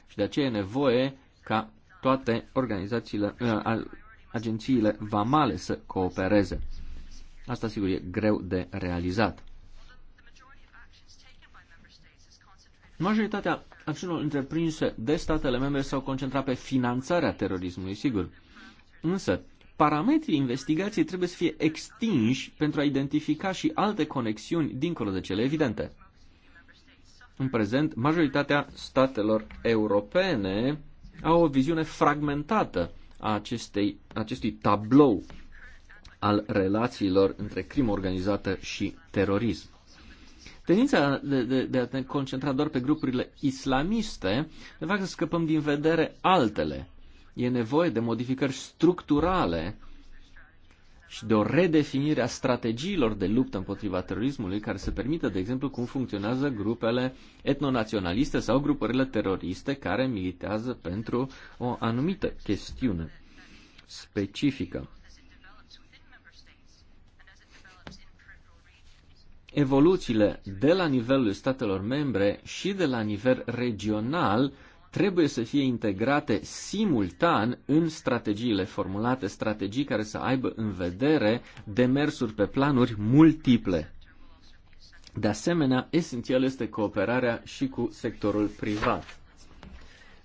[SPEAKER 2] și de aceea e nevoie ca toate organizațiile, uh, agențiile vamale să coopereze. Asta, sigur, e greu de realizat. Majoritatea acțiunilor întreprinse de statele membre s-au concentrat pe finanțarea terorismului, sigur. Însă, parametrii investigației trebuie să fie extinși pentru a identifica și alte conexiuni dincolo de cele evidente. În prezent, majoritatea statelor europene au o viziune fragmentată a acestei, acestui tablou al relațiilor între crimă organizată și terorism. Tendința de, de, de a ne concentra doar pe grupurile islamiste ne face să scăpăm din vedere altele. E nevoie de modificări structurale și de o redefinire a strategiilor de luptă împotriva terorismului care să permită, de exemplu, cum funcționează grupele etnonaționaliste sau grupările teroriste care militează pentru o anumită chestiune specifică. Evoluțiile de la nivelul statelor membre și de la nivel regional trebuie să fie integrate simultan în strategiile formulate, strategii care să aibă în vedere demersuri pe planuri multiple. De asemenea, esențial este cooperarea și cu sectorul privat.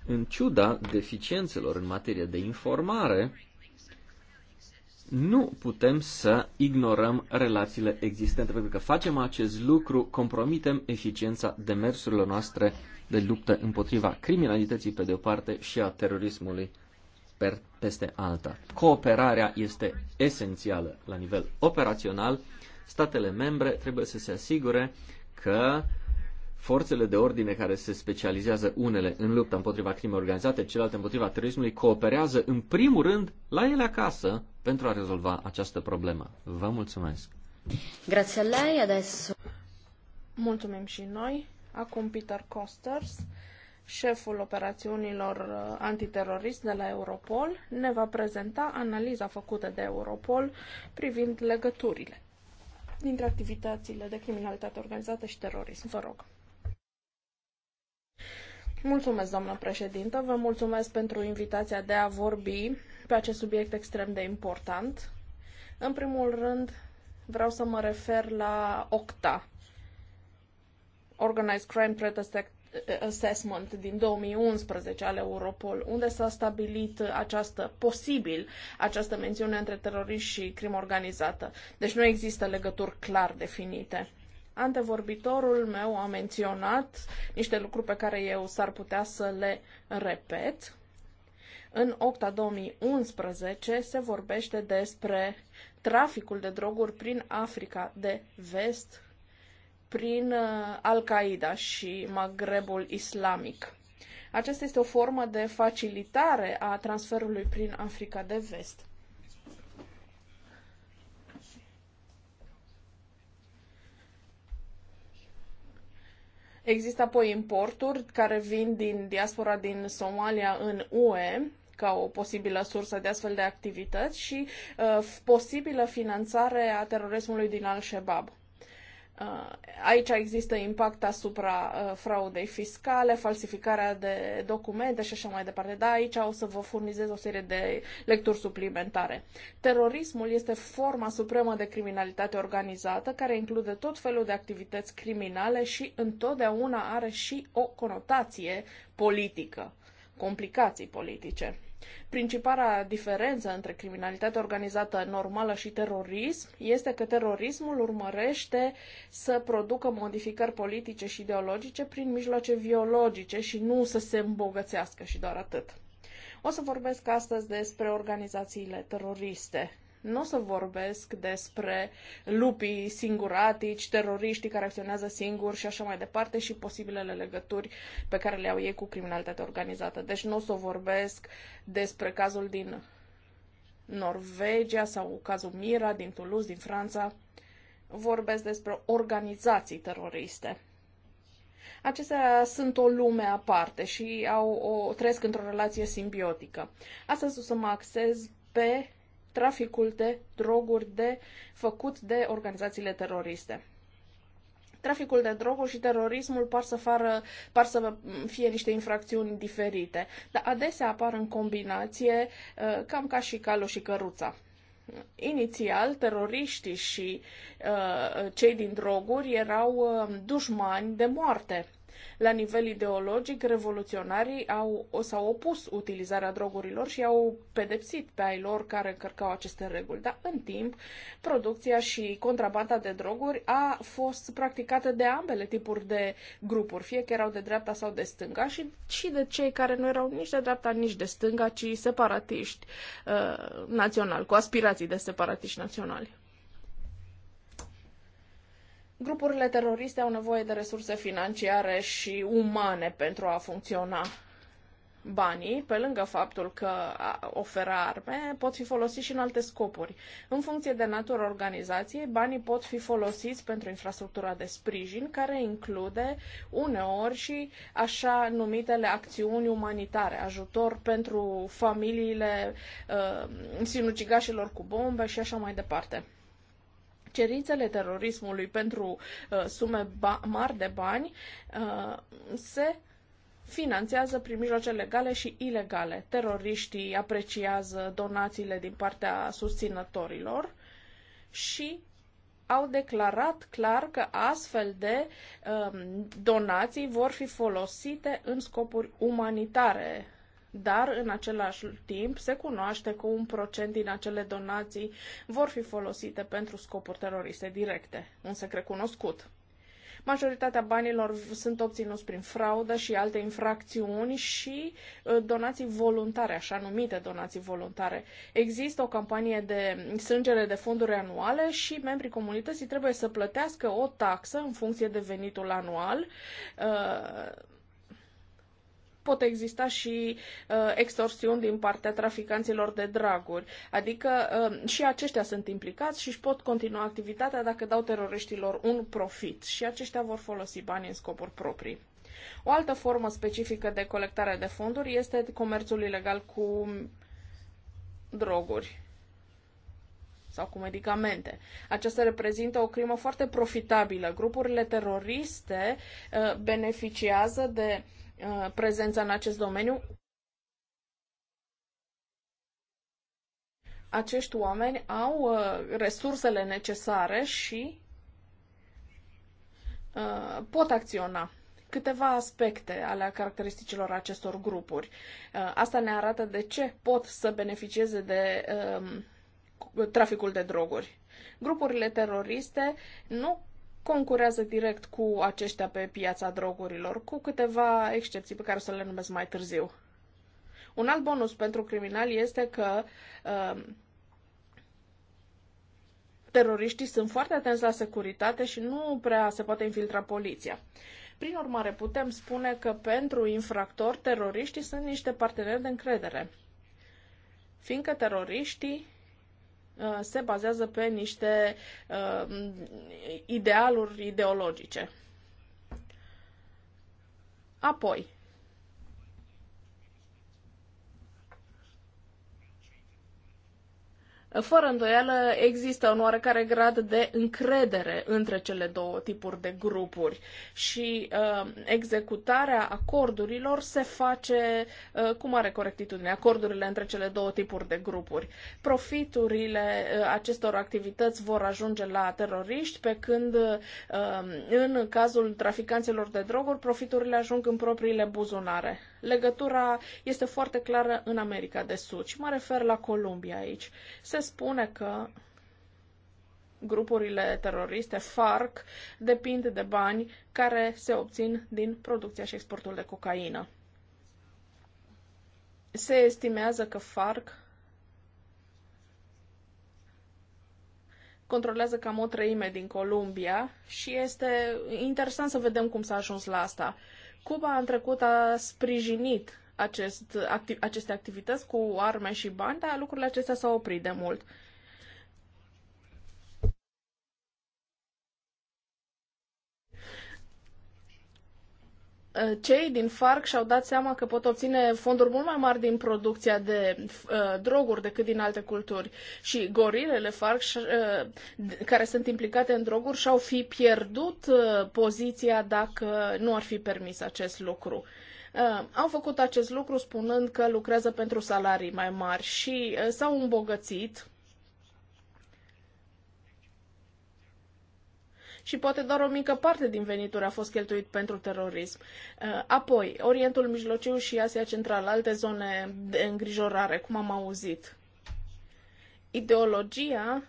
[SPEAKER 2] În ciuda deficiențelor în materie de informare, nu putem să ignorăm relațiile existente, pentru că facem acest lucru, compromitem eficiența demersurilor noastre de luptă împotriva criminalității pe de o parte și a terorismului per, peste alta. Cooperarea este esențială la nivel operațional. Statele membre trebuie să se asigure că uh, forțele de ordine care se specializează unele în lupta împotriva crimei organizate, celelalte împotriva terorismului, cooperează în primul rând la ele acasă pentru a rezolva această problemă. Vă mulțumesc! Grazie a lei, adesso.
[SPEAKER 1] Mulțumim și noi. Acum Peter Costers, șeful operațiunilor uh, antiterorist de la Europol, ne va prezenta analiza făcută de Europol privind legăturile dintre activitățile de criminalitate organizată și terorism. Vă rog. Mulțumesc, doamnă președintă, vă mulțumesc pentru invitația de a vorbi pe acest subiect extrem de important. În primul rând, vreau să mă refer la OCTA, Organized Crime Threat Assessment din 2011 al Europol, unde s-a stabilit această, posibil, această mențiune între teroriști și crimă organizată. Deci nu există legături clar definite. Antevorbitorul meu a menționat niște lucruri pe care eu s-ar putea să le repet. În octa 2011 se vorbește despre traficul de droguri prin Africa de vest, prin uh, Al-Qaeda și Maghrebul Islamic. Aceasta este o formă de facilitare a transferului prin Africa de vest. Există apoi importuri care vin din diaspora din Somalia în UE, ca o posibilă sursă de astfel de activități și uh, posibilă finanțare a terorismului din Al-Shabaab. Uh, aici există impact asupra uh, fraudei fiscale, falsificarea de documente și așa mai departe. Da, aici o să vă furnizez o serie de lecturi suplimentare. Terorismul este forma supremă de criminalitate organizată care include tot felul de activități criminale și întotdeauna are și o conotație politică, complicații politice. Principala diferență între criminalitatea organizată normală și terorism este că terorismul urmărește să producă modificări politice și ideologice prin mijloace biologice și nu să se îmbogățească și doar atât. O să vorbesc astăzi despre organizațiile teroriste nu o să vorbesc despre lupii singuratici, teroriștii care acționează singuri și așa mai departe și posibilele legături pe care le au ei cu criminalitatea organizată. Deci nu o să vorbesc despre cazul din Norvegia sau cazul Mira din Toulouse, din Franța. Vorbesc despre organizații teroriste acestea sunt o lume aparte și au o, trăiesc într-o relație simbiotică. Astăzi o să mă axez pe traficul de droguri de făcut de organizațiile teroriste. Traficul de droguri și terorismul par să, fară, par să fie niște infracțiuni diferite, dar adesea apar în combinație, uh, cam ca și calul și căruța. Inițial, teroriștii și uh, cei din droguri erau uh, dușmani de moarte la nivel ideologic, revoluționarii au, s-au opus utilizarea drogurilor și au pedepsit pe ai lor care încărcau aceste reguli. Dar în timp, producția și contrabanda de droguri a fost practicată de ambele tipuri de grupuri, fie că erau de dreapta sau de stânga și, și de cei care nu erau nici de dreapta, nici de stânga, ci separatiști uh, naționali, cu aspirații de separatiști naționali. Grupurile teroriste au nevoie de resurse financiare și umane pentru a funcționa. Banii, pe lângă faptul că oferă arme, pot fi folosiți și în alte scopuri. În funcție de natura organizației, banii pot fi folosiți pentru infrastructura de sprijin, care include uneori și așa numitele acțiuni umanitare, ajutor pentru familiile uh, sinucigașilor cu bombe și așa mai departe cerințele terorismului pentru uh, sume mari de bani uh, se finanțează prin mijloace legale și ilegale. Teroriștii apreciază donațiile din partea susținătorilor și au declarat clar că astfel de um, donații vor fi folosite în scopuri umanitare dar în același timp se cunoaște că un procent din acele donații vor fi folosite pentru scopuri teroriste directe, un secret cunoscut. Majoritatea banilor sunt obținuți prin fraudă și alte infracțiuni și uh, donații voluntare, așa numite donații voluntare. Există o campanie de strângere de fonduri anuale și membrii comunității trebuie să plătească o taxă în funcție de venitul anual uh, pot exista și uh, extorsiuni din partea traficanților de draguri. Adică uh, și aceștia sunt implicați și își pot continua activitatea dacă dau teroriștilor un profit și aceștia vor folosi banii în scopuri proprii. O altă formă specifică de colectare de fonduri este comerțul ilegal cu droguri sau cu medicamente. Aceasta reprezintă o crimă foarte profitabilă. Grupurile teroriste uh, beneficiază de uh, Uh, prezența în acest domeniu. Acești oameni au uh, resursele necesare și uh, pot acționa câteva aspecte ale caracteristicilor acestor grupuri. Asta ne arată de ce pot să beneficieze de um, traficul de droguri. Grupurile teroriste nu concurează direct cu aceștia pe piața drogurilor, cu câteva excepții pe care o să le numesc mai târziu. Un alt bonus pentru criminali este că uh, teroriștii sunt foarte atenți la securitate și nu prea se poate infiltra poliția. Prin urmare, putem spune că pentru infractori, teroriștii sunt niște parteneri de încredere, fiindcă teroriștii Uh, se bazează pe niște uh, idealuri ideologice. Apoi, Fără îndoială, există un oarecare grad de încredere între cele două tipuri de grupuri și uh, executarea acordurilor se face uh, cu mare corectitudine, acordurile între cele două tipuri de grupuri. Profiturile uh, acestor activități vor ajunge la teroriști, pe când uh, în cazul traficanților de droguri, profiturile ajung în propriile buzunare. Legătura este foarte clară în America de Sud și mă refer la Columbia aici. Se spune că grupurile teroriste FARC depind de bani care se obțin din producția și exportul de cocaină. Se estimează că FARC controlează cam o treime din Columbia și este interesant să vedem cum s-a ajuns la asta. Uh, Cuba în trecut a sprijinit acest, acti, aceste activități cu arme și bani, dar lucrurile acestea s-au oprit de mult. Uh, cei din FARC și-au dat seama că pot obține fonduri mult mai mari din producția de uh, droguri decât din alte culturi. Și gorilele FARC uh, care sunt implicate în droguri și-au fi pierdut uh, poziția dacă nu ar fi permis acest lucru. Uh, au făcut acest lucru spunând că lucrează pentru salarii mai mari și uh, s-au îmbogățit și poate doar o mică parte din venituri a fost cheltuit pentru terorism. Uh, apoi, Orientul Mijlociu și Asia Centrală, alte zone de îngrijorare, cum am auzit. Ideologia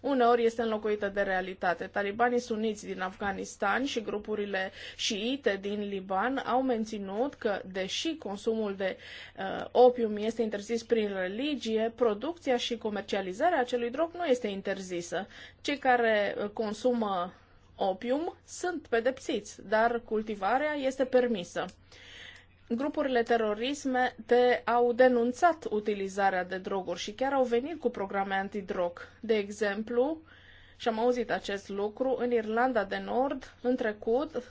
[SPEAKER 1] uneori este înlocuită de realitate. Talibanii suniți din Afganistan și grupurile șiite din Liban au menținut că, deși consumul de uh, opium este interzis prin religie, producția și comercializarea acelui drog nu este interzisă. Cei care uh, consumă opium sunt pedepsiți, dar cultivarea este permisă grupurile terorisme te au denunțat utilizarea de droguri și chiar au venit cu programe antidrog. De exemplu, și am auzit acest lucru, în Irlanda de Nord, în trecut, uh,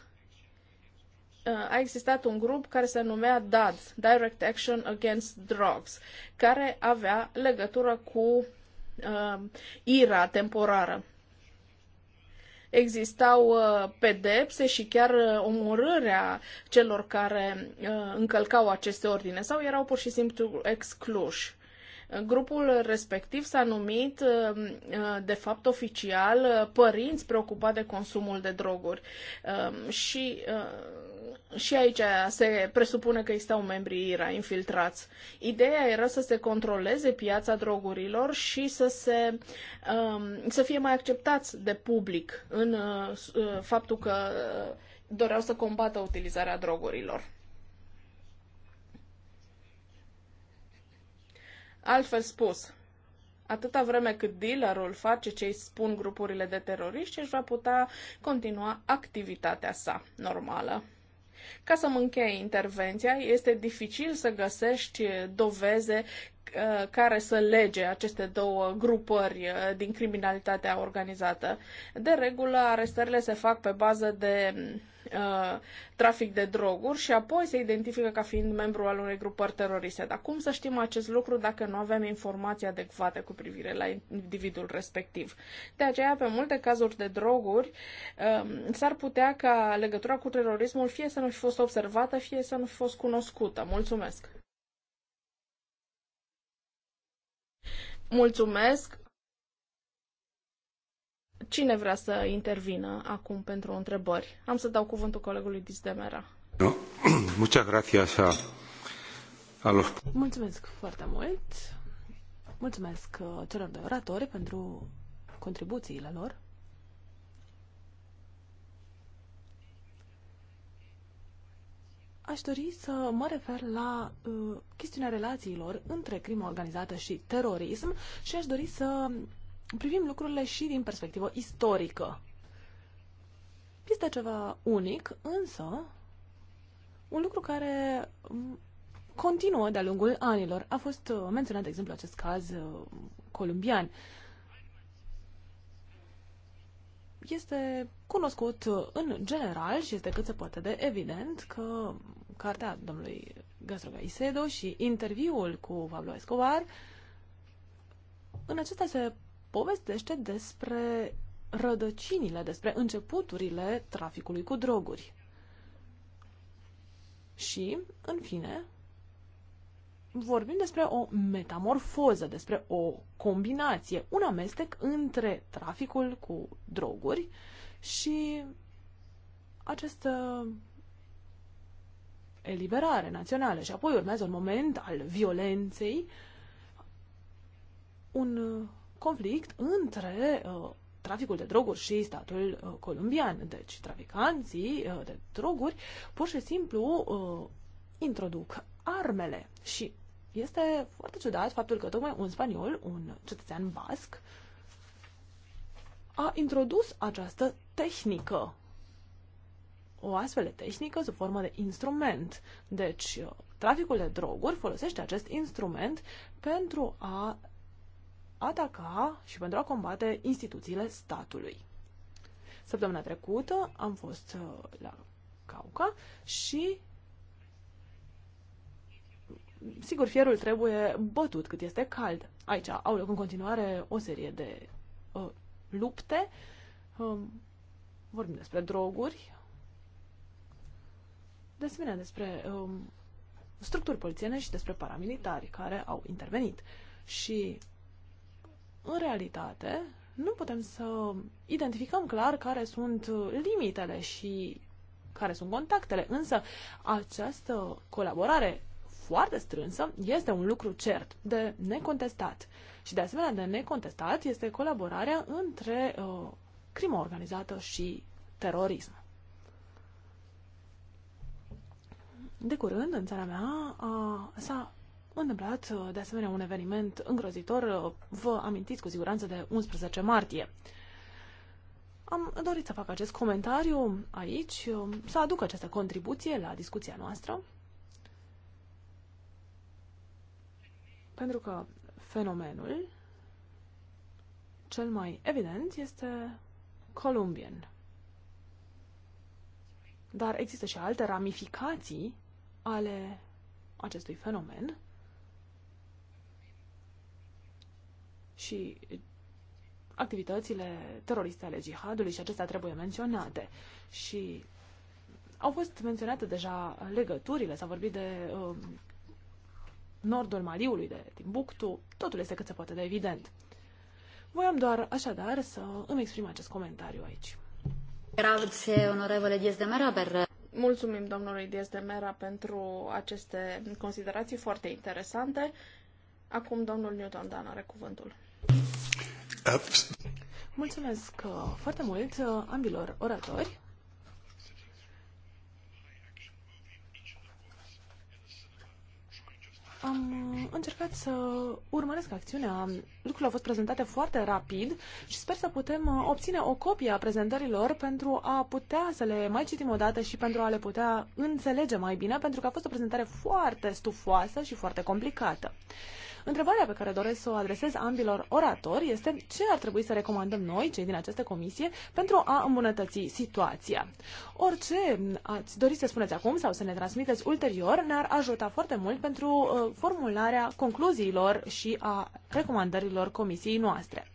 [SPEAKER 1] a existat un grup care se numea DAD, Direct Action Against Drugs, care avea legătură cu uh, ira temporară existau uh, pedepse și chiar uh, omorârea celor care uh, încălcau aceste ordine sau erau pur și simplu excluși. Grupul respectiv s-a numit, uh, uh, de fapt oficial, uh, părinți preocupați de consumul de droguri. Um, și, și aici se presupune că existau membrii IRA infiltrați. Ideea era să se controleze piața drogurilor și să, se, um, să fie mai acceptați de public în faptul că doreau să combată utilizarea drogurilor. Altfel spus, atâta vreme cât dealerul face ce îi spun grupurile de teroriști, își va putea continua activitatea sa normală. Ca să mă încheie intervenția, este dificil să găsești doveze Uh, care să lege aceste două grupări uh, din criminalitatea organizată. De regulă, arestările se fac pe bază de uh, trafic de droguri și apoi se identifică ca fiind membru al unei grupări teroriste. Dar cum să știm acest lucru dacă nu avem informații adecvate cu privire la individul respectiv? De aceea, pe multe cazuri de droguri, um, s-ar putea ca legătura cu terorismul fie să nu fi fost observată, fie să nu fi fost cunoscută. Mulțumesc! Mulțumesc. Cine vrea să intervină acum pentru întrebări? Am să dau cuvântul colegului Dizdemera.
[SPEAKER 3] No. Muchas gracias a... los... Mulțumesc foarte mult. Mulțumesc uh, celor de oratori pentru contribuțiile lor. aș dori să mă refer la uh, chestiunea relațiilor între crimă organizată și terorism și aș dori să privim lucrurile și din perspectivă istorică. Este ceva unic, însă un lucru care mm, continuă de-a lungul anilor. A fost uh, menționat, de exemplu, acest caz uh, columbian. Este cunoscut uh, în general și este cât se poate de evident că cartea domnului Gastroga Isedo și interviul cu Pablo Escobar, în acesta se povestește despre rădăcinile, despre începuturile traficului cu droguri. Și, în fine, vorbim despre o metamorfoză, despre o combinație, un amestec între traficul cu droguri și acest eliberare națională și apoi urmează un moment al violenței, un uh, conflict între uh, traficul de droguri și statul uh, columbian. colombian. Deci, traficanții de droguri pur și simplu introduc armele și este foarte ciudat faptul că tocmai un spaniol, un cetățean basc, a introdus această tehnică o astfel de tehnică sub formă de instrument. Deci, uh, traficul de droguri folosește acest instrument pentru a ataca și pentru a combate instituțiile statului. Săptămâna trecută am fost uh, la Cauca și sigur, fierul trebuie bătut cât este cald. Aici au loc în continuare o serie de uh, lupte. Uh, vorbim despre droguri, de asemenea despre um, structuri polițiene și despre paramilitari care au intervenit. Și, în realitate, nu putem să identificăm clar care sunt uh, limitele și care sunt contactele, însă această colaborare foarte strânsă este un lucru cert, de necontestat. Și de asemenea de necontestat este colaborarea între uh, crimă organizată și terorism. De curând, în țara mea, s-a întâmplat uh, de asemenea un eveniment îngrozitor. Uh, vă amintiți cu siguranță de 11 martie. Am dorit să fac acest comentariu aici, uh, să aduc această contribuție la discuția noastră, pentru că fenomenul cel mai evident este Columbian. Dar există și alte ramificații ale acestui fenomen și activitățile teroriste ale jihadului și acestea trebuie menționate. Și au fost menționate deja legăturile, s-a vorbit de um, nordul Maliului, de Timbuktu, totul este cât se poate de evident. Voiam doar așadar să îmi exprim acest comentariu aici.
[SPEAKER 1] Grazie,
[SPEAKER 2] onorevole Diez de Meraber.
[SPEAKER 1] Mulțumim domnului Diez de Mera pentru aceste considerații foarte interesante. Acum domnul Newton Dan are cuvântul.
[SPEAKER 3] Mulțumesc uh, foarte mult uh, ambilor oratori. am uh, încercat să urmăresc acțiunea. Lucrurile au fost prezentate foarte rapid și sper să putem uh, obține o copie a prezentărilor pentru a putea să le mai citim o dată și pentru a le putea înțelege mai bine, pentru că a fost o prezentare foarte stufoasă și foarte complicată. Întrebarea pe care doresc să o adresez ambilor oratori este ce ar trebui să recomandăm noi, cei din această comisie, pentru a îmbunătăți situația. Orice ați dori să spuneți acum sau să ne transmiteți ulterior ne-ar ajuta foarte mult pentru uh, formularea concluziilor și a recomandărilor comisiei noastre.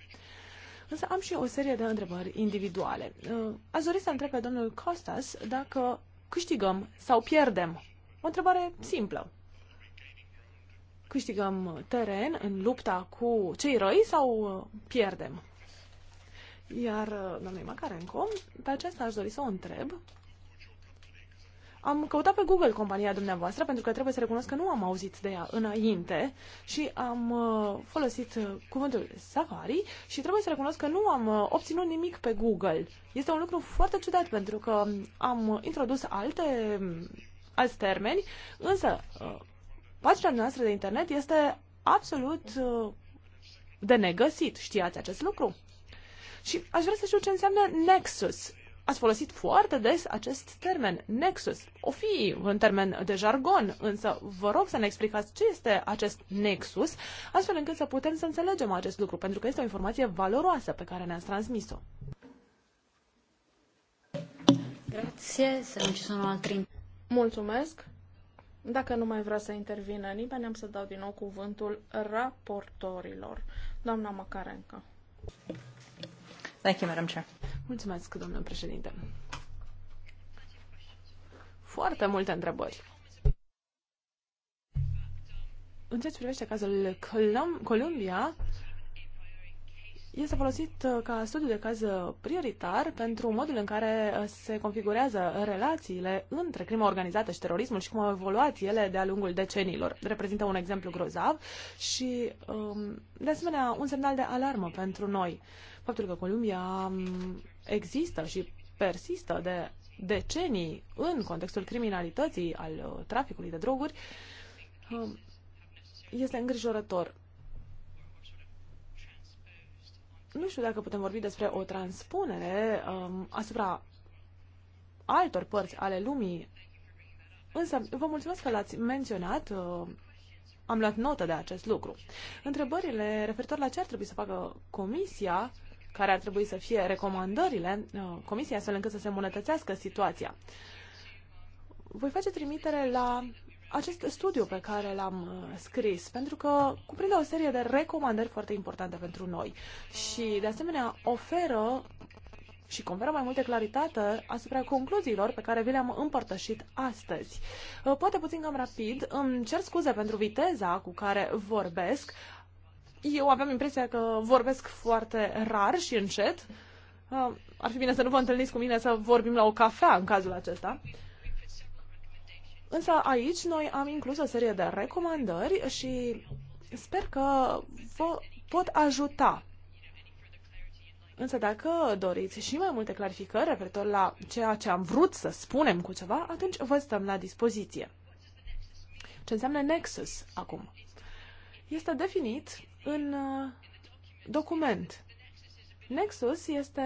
[SPEAKER 3] Însă am și o serie de întrebări individuale. Uh, ați dori să întreb pe domnul Costas dacă câștigăm sau pierdem. O întrebare simplă câștigăm teren în lupta cu cei răi sau uh, pierdem? Iar uh, doamnei Macarenco, pe aceasta aș dori să o întreb. Am căutat pe Google compania dumneavoastră pentru că trebuie să recunosc că nu am auzit de ea înainte și am uh, folosit cuvântul Safari și trebuie să recunosc că nu am obținut nimic pe Google. Este un lucru foarte ciudat pentru că am introdus alte mm, alți termeni, însă Pagina noastră de internet este absolut uh, de negăsit. Știați acest lucru? Și aș vrea să știu ce înseamnă nexus. Ați folosit foarte des acest termen, nexus. O fi un termen de jargon, însă vă rog să ne explicați ce este acest nexus, astfel încât să putem să înțelegem acest lucru, pentru că este o informație valoroasă pe care ne-ați transmis-o. Grazie, să nu ci sono altri. Mulțumesc. Dacă nu mai vrea să
[SPEAKER 1] intervină nimeni, am să dau din nou cuvântul raportorilor. Doamna Macarenca.
[SPEAKER 3] Thank you, Madam Chair. Mulțumesc, domnule președinte. Foarte multe întrebări. În ce privește cazul Columbia, este folosit uh, ca studiu de caz uh, prioritar pentru modul în care uh, se configurează relațiile între crima organizată și terorismul și cum au evoluat ele de-a lungul decenilor. Reprezintă un exemplu grozav și, um, de asemenea, un semnal de alarmă pentru noi. Faptul că Columbia um, există și persistă de decenii în contextul criminalității al traficului de droguri um, este îngrijorător nu știu dacă putem vorbi despre o transpunere um, asupra altor părți ale lumii, însă vă mulțumesc că l-ați menționat, uh, am luat notă de acest lucru. Întrebările referitor la ce ar trebui să facă Comisia, care ar trebui să fie recomandările uh, Comisiei, astfel încât să se îmbunătățească situația. Voi face trimitere la acest studiu pe care l-am uh, scris, pentru că cuprinde o serie de recomandări foarte importante pentru noi și, de asemenea, oferă și conferă mai multe claritate asupra concluziilor pe care vi le-am împărtășit astăzi. Uh, poate puțin cam rapid, îmi cer scuze pentru viteza cu care vorbesc. Eu aveam impresia că vorbesc foarte rar și încet. Uh, ar fi bine să nu vă întâlniți cu mine să vorbim la o cafea în cazul acesta. Însă aici noi am inclus o serie de recomandări și sper că vă pot ajuta. Însă dacă doriți și mai multe clarificări referitor la ceea ce am vrut să spunem cu ceva, atunci vă stăm la dispoziție. Ce înseamnă nexus acum? Este definit în uh, document. Nexus este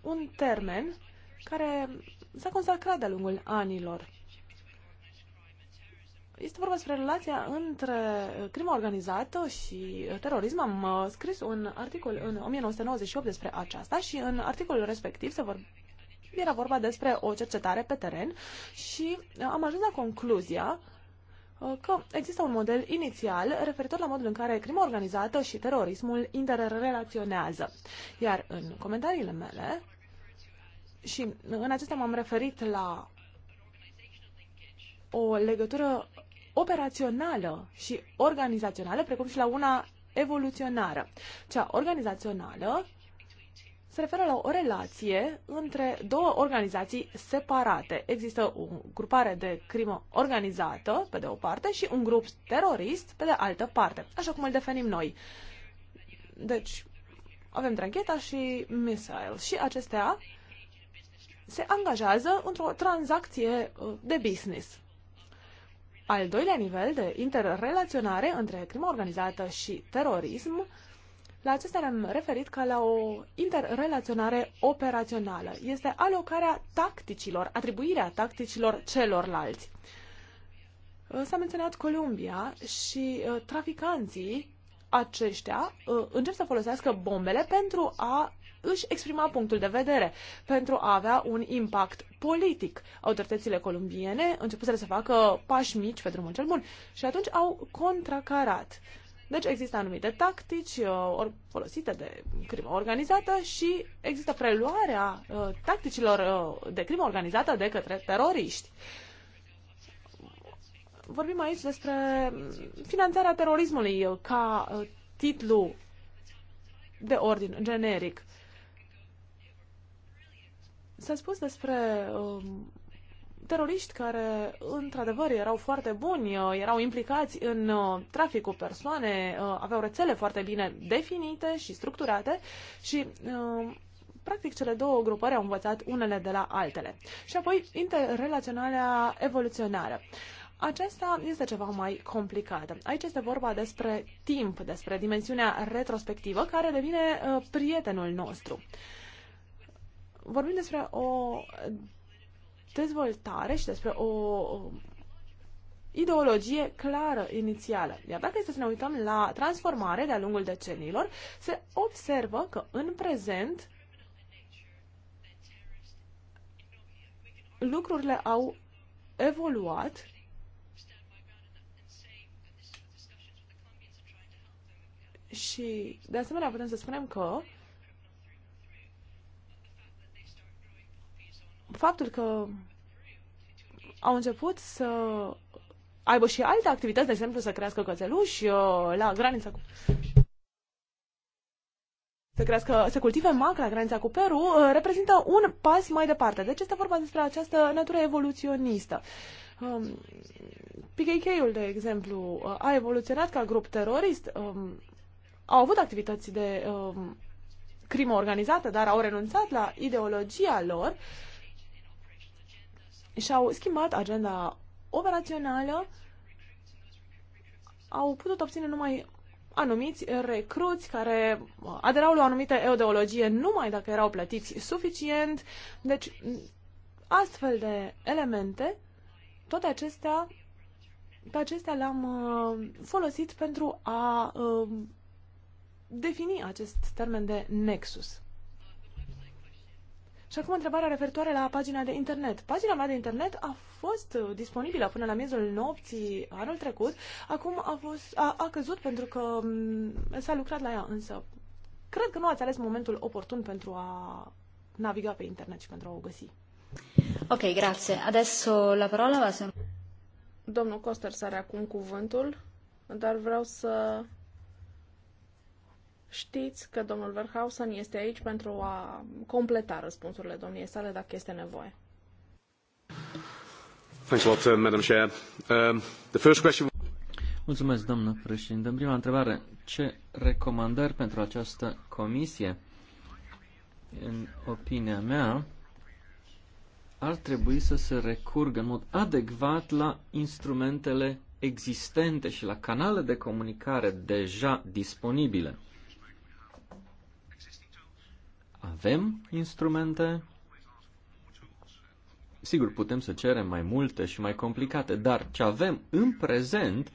[SPEAKER 3] un termen care s-a consacrat de-a lungul anilor. Este vorba despre relația între crima organizată și terorism. Am uh, scris un articol în 1998 despre aceasta și în articolul respectiv se vorbește era vorba despre o cercetare pe teren și uh, am ajuns la concluzia uh, că există un model inițial referitor la modul în care crima organizată și terorismul interrelaționează. Iar în comentariile mele și în acestea m-am referit la o legătură operațională și organizațională, precum și la una evoluționară. Cea organizațională se referă la o relație între două organizații separate. Există o grupare de crimă organizată, pe de o parte, și un grup terorist, pe de altă parte, așa cum îl definim noi. Deci, avem drangheta și missile și acestea se angajează într-o tranzacție uh, de business al doilea nivel de interrelaționare între crimă organizată și terorism, la acesta ne-am referit ca la o interrelaționare operațională. Este alocarea tacticilor, atribuirea tacticilor celorlalți. Uh, s-a menționat Columbia și uh, traficanții aceștia uh, încep să folosească bombele pentru a își exprima punctul de vedere pentru a avea un impact politic. Autoritățile columbiene începuseră să facă pași mici pe drumul cel bun și atunci au contracarat. Deci există anumite tactici uh, or, folosite de crimă organizată și există preluarea uh, tacticilor uh, de crimă organizată de către teroriști vorbim aici despre finanțarea terorismului ca uh, titlu de ordin generic. S-a spus despre um, teroriști care, într-adevăr, erau foarte buni, uh, erau implicați în uh, trafic cu persoane, uh, aveau rețele foarte bine definite și structurate și, um, practic, cele două grupări au învățat unele de la altele. Și apoi, interrelaționarea evoluționară. Aceasta este ceva mai complicată. Aici este vorba despre timp, despre dimensiunea retrospectivă, care devine prietenul nostru. Uh, vorbim despre o dezvoltare și despre o ideologie clară inițială. Iar dacă este să ne uităm la transformare de-a lungul decenilor, se observă că în prezent lucrurile au evoluat și de asemenea putem să spunem că faptul că au început să aibă și alte activități, de exemplu să crească cățeluși uh, la granița cu... Să crească, să cultive mac la granița cu Peru, uh, reprezintă un pas mai departe. Deci este vorba despre această natură evoluționistă. Um, PKK-ul, de exemplu, uh, a evoluționat ca grup terorist, um, au avut activități de um, crimă organizată, dar au renunțat la ideologia lor uh, și-au schimbat agenda operațională, au putut obține numai anumiți recruți care uh, aderau la o anumită ideologie numai dacă erau plătiți suficient. Deci, astfel de elemente, toate acestea, pe acestea le-am uh, folosit pentru a uh, defini acest termen de nexus. Și acum întrebarea referitoare la pagina de internet. Pagina mea de internet a fost uh, disponibilă până la miezul nopții anul trecut. Acum a, fost, a, a căzut pentru că mm, s-a lucrat la ea, însă cred că nu ați ales momentul oportun pentru a naviga pe internet și pentru a o găsi.
[SPEAKER 1] Ok, grazie. Adesso la parola va să...
[SPEAKER 3] Domnul Coster are acum
[SPEAKER 1] cuvântul, dar vreau să Știți că domnul Verhausen este aici pentru a completa răspunsurile domniei sale dacă este nevoie.
[SPEAKER 2] Uh, um, Mulțumesc, doamnă președinte. În prima întrebare, ce recomandări pentru această comisie? În opinia mea, ar trebui să se recurgă în mod adecvat la instrumentele existente și la canale de comunicare deja disponibile. Avem instrumente. Sigur, putem să cerem mai multe și mai complicate, dar ce avem în prezent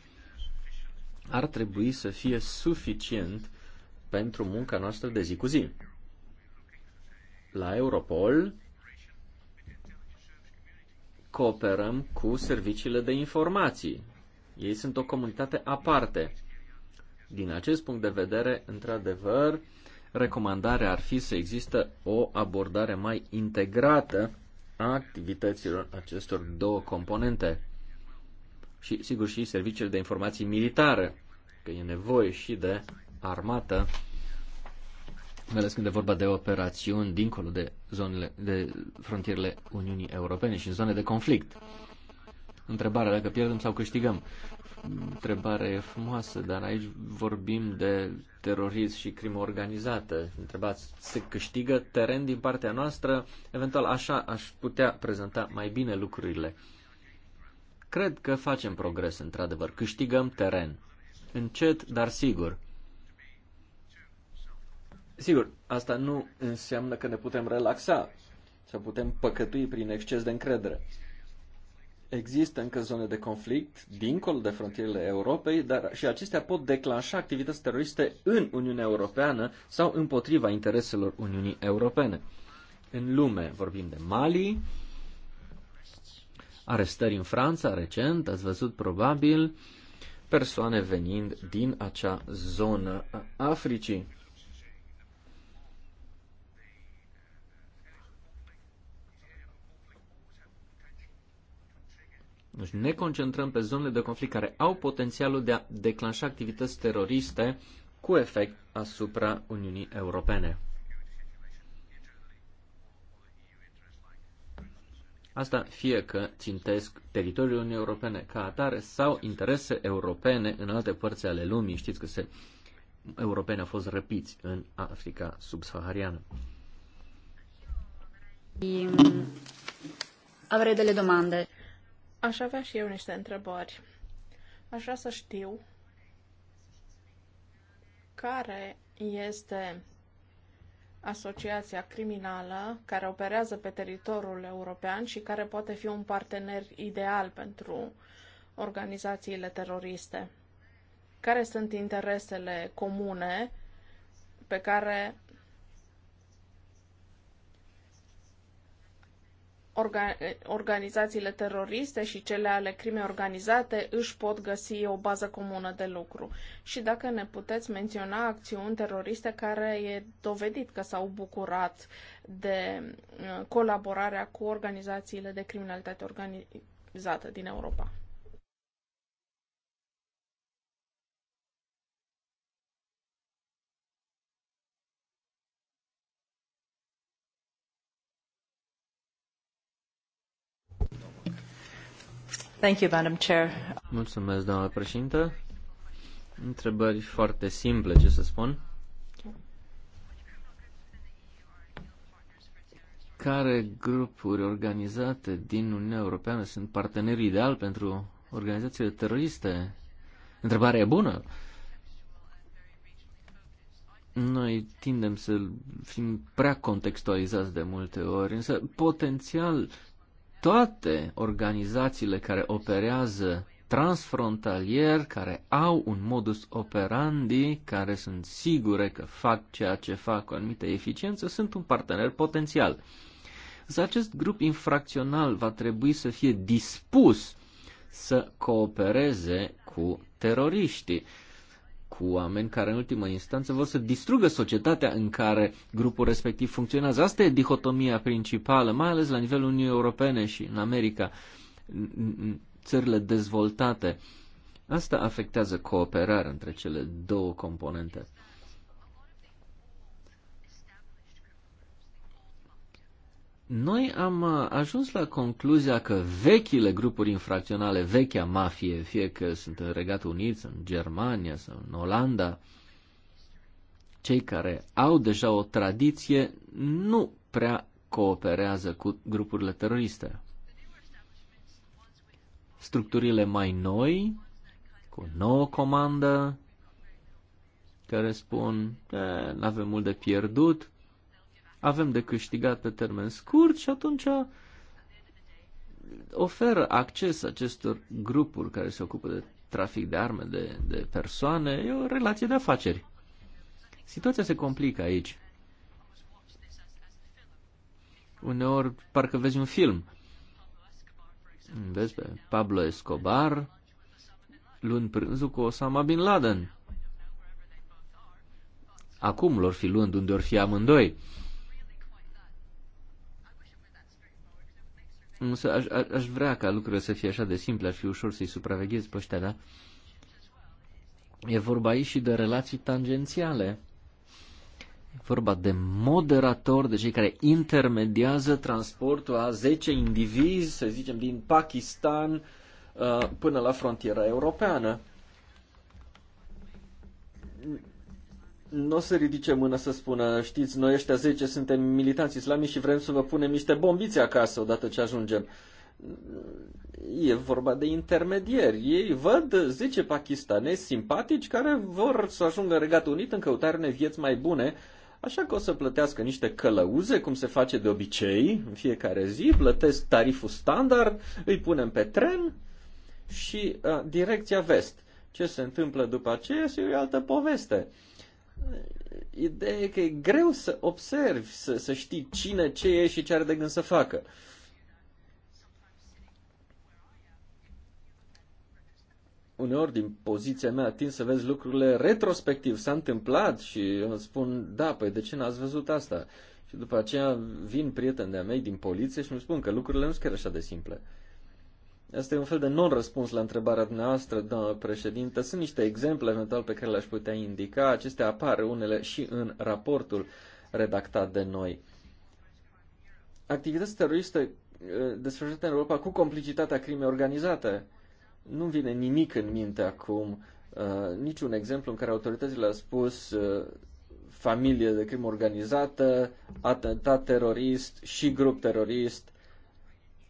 [SPEAKER 2] ar trebui să fie suficient pentru munca noastră de zi cu zi. La Europol cooperăm cu serviciile de informații. Ei sunt o comunitate aparte. Din acest punct de vedere, într-adevăr, Recomandarea ar fi să există o abordare mai integrată a activităților acestor două componente. Și, sigur, și serviciile de informații militare, că e nevoie și de armată, mai ales când e vorba de operațiuni dincolo de zonele, de frontierele Uniunii Europene și în zone de conflict. Întrebarea dacă pierdem sau câștigăm întrebare e frumoasă, dar aici vorbim de terorism și crimă organizată. Întrebați, se câștigă teren din partea noastră? Eventual așa aș putea prezenta mai bine lucrurile. Cred că facem progres, într-adevăr. Câștigăm teren. Încet, dar sigur. Sigur, asta nu înseamnă că ne putem relaxa sau putem păcătui prin exces de încredere. Există încă zone de conflict dincolo de frontierele Europei, dar și acestea pot declanșa activități teroriste în Uniunea Europeană sau împotriva intereselor Uniunii Europene. În lume vorbim de Mali, arestări în Franța recent, ați văzut probabil persoane venind din acea zonă a Africii. Deci ne concentrăm pe zonele de conflict care au potențialul de a declanșa activități teroriste cu efect asupra Uniunii Europene. Asta fie că țintesc teritoriul Uniunii Europene ca atare sau interese europene în alte părți ale lumii. Știți că se, europene au fost răpiți în Africa subsahariană.
[SPEAKER 1] Avrei delle domande. Aș avea și eu niște întrebări. Aș vrea să știu care este asociația criminală care operează pe teritoriul european și care poate fi un partener ideal pentru organizațiile teroriste. Care sunt interesele comune pe care orga, organizațiile teroriste și cele ale crimei organizate își pot găsi o bază comună de lucru. Și dacă ne puteți menționa acțiuni teroriste care e dovedit că s-au bucurat de uh, colaborarea cu organizațiile de criminalitate organizată din Europa.
[SPEAKER 2] Mulțumesc, doamnă președintă. Întrebări foarte simple, ce să spun. Care grupuri organizate din Uniunea Europeană sunt partenerii ideal pentru organizațiile teroriste? Întrebarea e bună. Noi tindem să fim prea contextualizați de multe ori, însă potențial toate organizațiile care operează transfrontalier, care au un modus operandi, care sunt sigure că fac ceea ce fac cu anumită eficiență, sunt un partener potențial. Însă acest grup infracțional va trebui să fie dispus să coopereze cu teroriștii cu oameni care în ultimă instanță vor să distrugă societatea în care grupul respectiv funcționează. Asta e dihotomia principală, mai ales la nivelul Uniunii Europene și în America, în țările dezvoltate. Asta afectează cooperarea între cele două componente. Noi am uh, ajuns la concluzia că vechile grupuri infracționale, vechea mafie, fie că sunt în Regatul Unit, în Germania sau în Olanda, cei care au deja o tradiție nu prea cooperează cu grupurile teroriste. Structurile mai noi, cu nouă comandă, care spun, eh, nu avem mult de pierdut, avem de câștigat pe termen scurt și atunci oferă acces acestor grupuri care se ocupă de trafic de arme, de, de persoane, e o relație de afaceri. Situația se complică aici. Uneori parcă vezi un film. Vezi pe Pablo Escobar, luând prânzul cu Osama Bin Laden. Acum lor fi luând unde or fi amândoi. Însă aș, aș vrea ca lucrurile să fie așa de simple, ar fi ușor să-i supraveghezi pe ăștia, da? E vorba aici și de relații tangențiale. E vorba de moderator, de cei care intermediază transportul a 10 indivizi, să zicem, din Pakistan uh, până la frontiera europeană nu o să ridice mâna să spună, știți, noi ăștia 10 suntem militanți islamici și vrem să vă punem niște bombițe acasă odată ce ajungem. E vorba de intermedieri. Ei văd 10 pakistanezi simpatici care vor să ajungă în Regatul Unit în căutarea unei vieți mai bune, așa că o să plătească niște călăuze, cum se face de obicei în fiecare zi, plătesc tariful standard, îi punem pe tren și uh, direcția vest. Ce se întâmplă după aceea este o altă poveste. Uh, Ideea e că e greu să observi, să, să știi cine, ce e și ce are de gând să facă. uneori din poziția mea tin să vezi lucrurile retrospectiv. S-a întâmplat și îmi spun, da, păi de ce n-ați văzut asta? Și după aceea vin prieteni de-a mei din poliție și îmi spun că lucrurile nu sunt chiar așa de simple. Asta e un fel de non-răspuns la întrebarea dumneavoastră, doamnă președinte. Sunt niște exemple eventual pe care le-aș putea indica. Acestea apar unele și în raportul redactat de noi. Activități teroriste eh, desfășurate în Europa cu complicitatea crimei organizate. Nu vine nimic în minte acum, eh, niciun exemplu în care autoritățile au spus eh, familie de crimă organizată, atentat terorist și grup terorist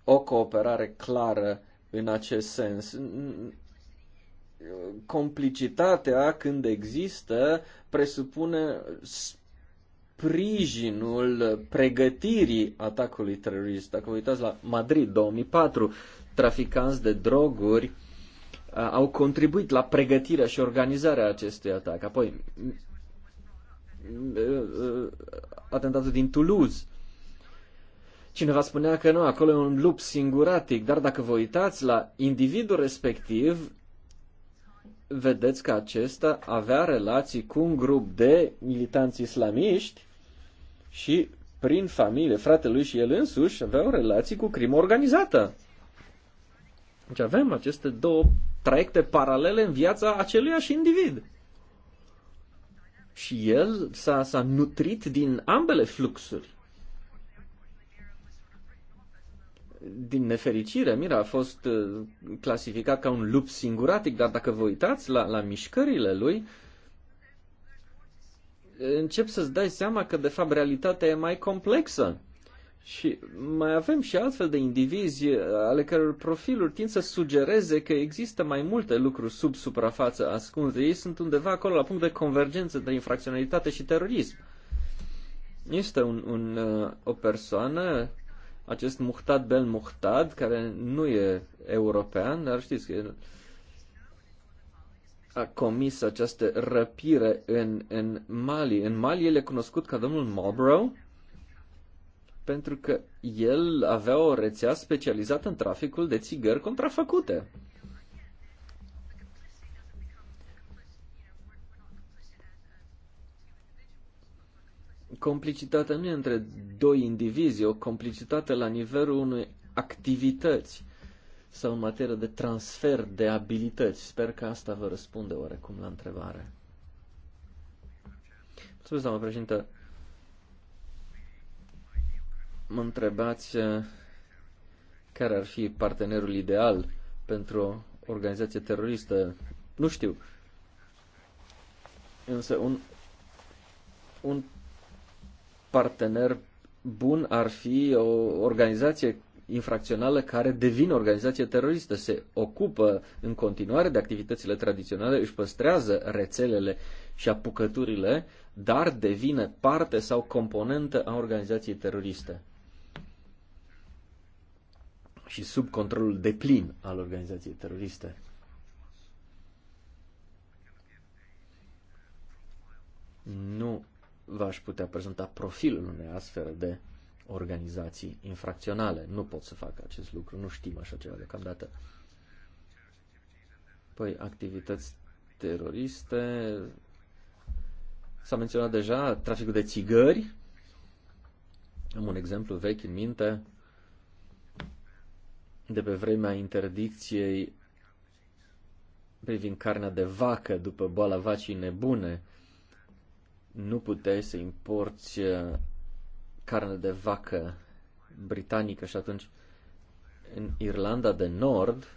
[SPEAKER 2] o cooperare clară în acest sens. Complicitatea, când există, presupune sprijinul pregătirii atacului terorist. Dacă vă uitați la Madrid 2004, traficanți de droguri uh, au contribuit la pregătirea și organizarea acestui atac. Apoi, uh, uh, atentatul din Toulouse Cineva spunea că nu, acolo e un lup singuratic, dar dacă vă uitați la individul respectiv, vedeți că acesta avea relații cu un grup de militanți islamiști și prin familie, fratele lui și el însuși aveau relații cu crimă organizată. Deci avem aceste două traiecte paralele în viața aceluiași individ. Și el s-a, s-a nutrit din ambele fluxuri. din nefericire, Mira a fost uh, clasificat ca un lup singuratic, dar dacă vă uitați la, la mișcările lui, încep să-ți dai seama că, de fapt, realitatea e mai complexă. Și mai avem și altfel de indivizi uh, ale căror profiluri tind să sugereze că există mai multe lucruri sub suprafață ascunse. Ei sunt undeva acolo la punct de convergență între infracționalitate și terorism. Este un, un, uh, o persoană acest Muhtad Bel Muhtad, care nu e european, dar știți că el a comis această răpire în, în Mali. În Mali el e cunoscut ca domnul Marlborough, pentru că el avea o rețea specializată în traficul de țigări contrafăcute. complicitatea nu e între doi indivizi, o complicitate la nivelul unei activități sau în materie de transfer de abilități. Sper că asta vă răspunde oarecum la întrebare. Mulțumesc, doamnă președintă. Mă întrebați eh, care ar fi partenerul ideal pentru o organizație teroristă. Nu știu. Însă un, un partener bun ar fi o organizație infracțională care devine organizație teroristă, se ocupă în continuare de activitățile tradiționale, își păstrează rețelele și apucăturile, dar devine parte sau componentă a organizației teroriste și sub controlul deplin al organizației teroriste. Nu v-aș putea prezenta profilul unei astfel de organizații infracționale. Nu pot să fac acest lucru, nu știm așa ceva deocamdată. Păi, activități teroriste. S-a menționat deja traficul de țigări. Am un exemplu vechi în minte de pe vremea interdicției privind carnea de vacă după boala vacii nebune nu puteai să importi uh, carne de vacă britanică și atunci în Irlanda de Nord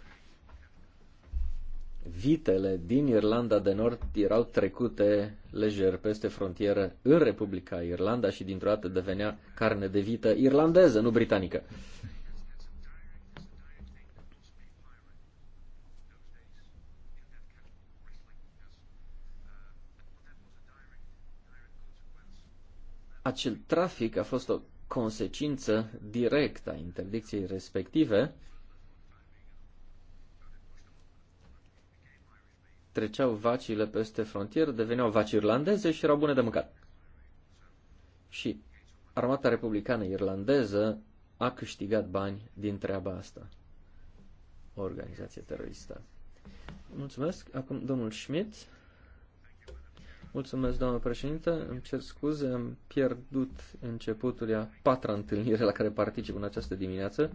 [SPEAKER 2] vitele din Irlanda de Nord erau trecute lejer peste frontieră în Republica Irlanda și dintr-o dată devenea carne de vită irlandeză, nu britanică. acel trafic a fost o consecință directă a interdicției respective. Treceau vacile peste frontieră, deveneau vaci irlandeze și erau bune de mâncat. Și armata republicană irlandeză a câștigat bani din treaba asta. O organizație teroristă. Mulțumesc. Acum domnul Schmidt. Mulțumesc, doamnă președinte. Îmi cer scuze, am pierdut începutul a patra întâlnire la care particip în această dimineață.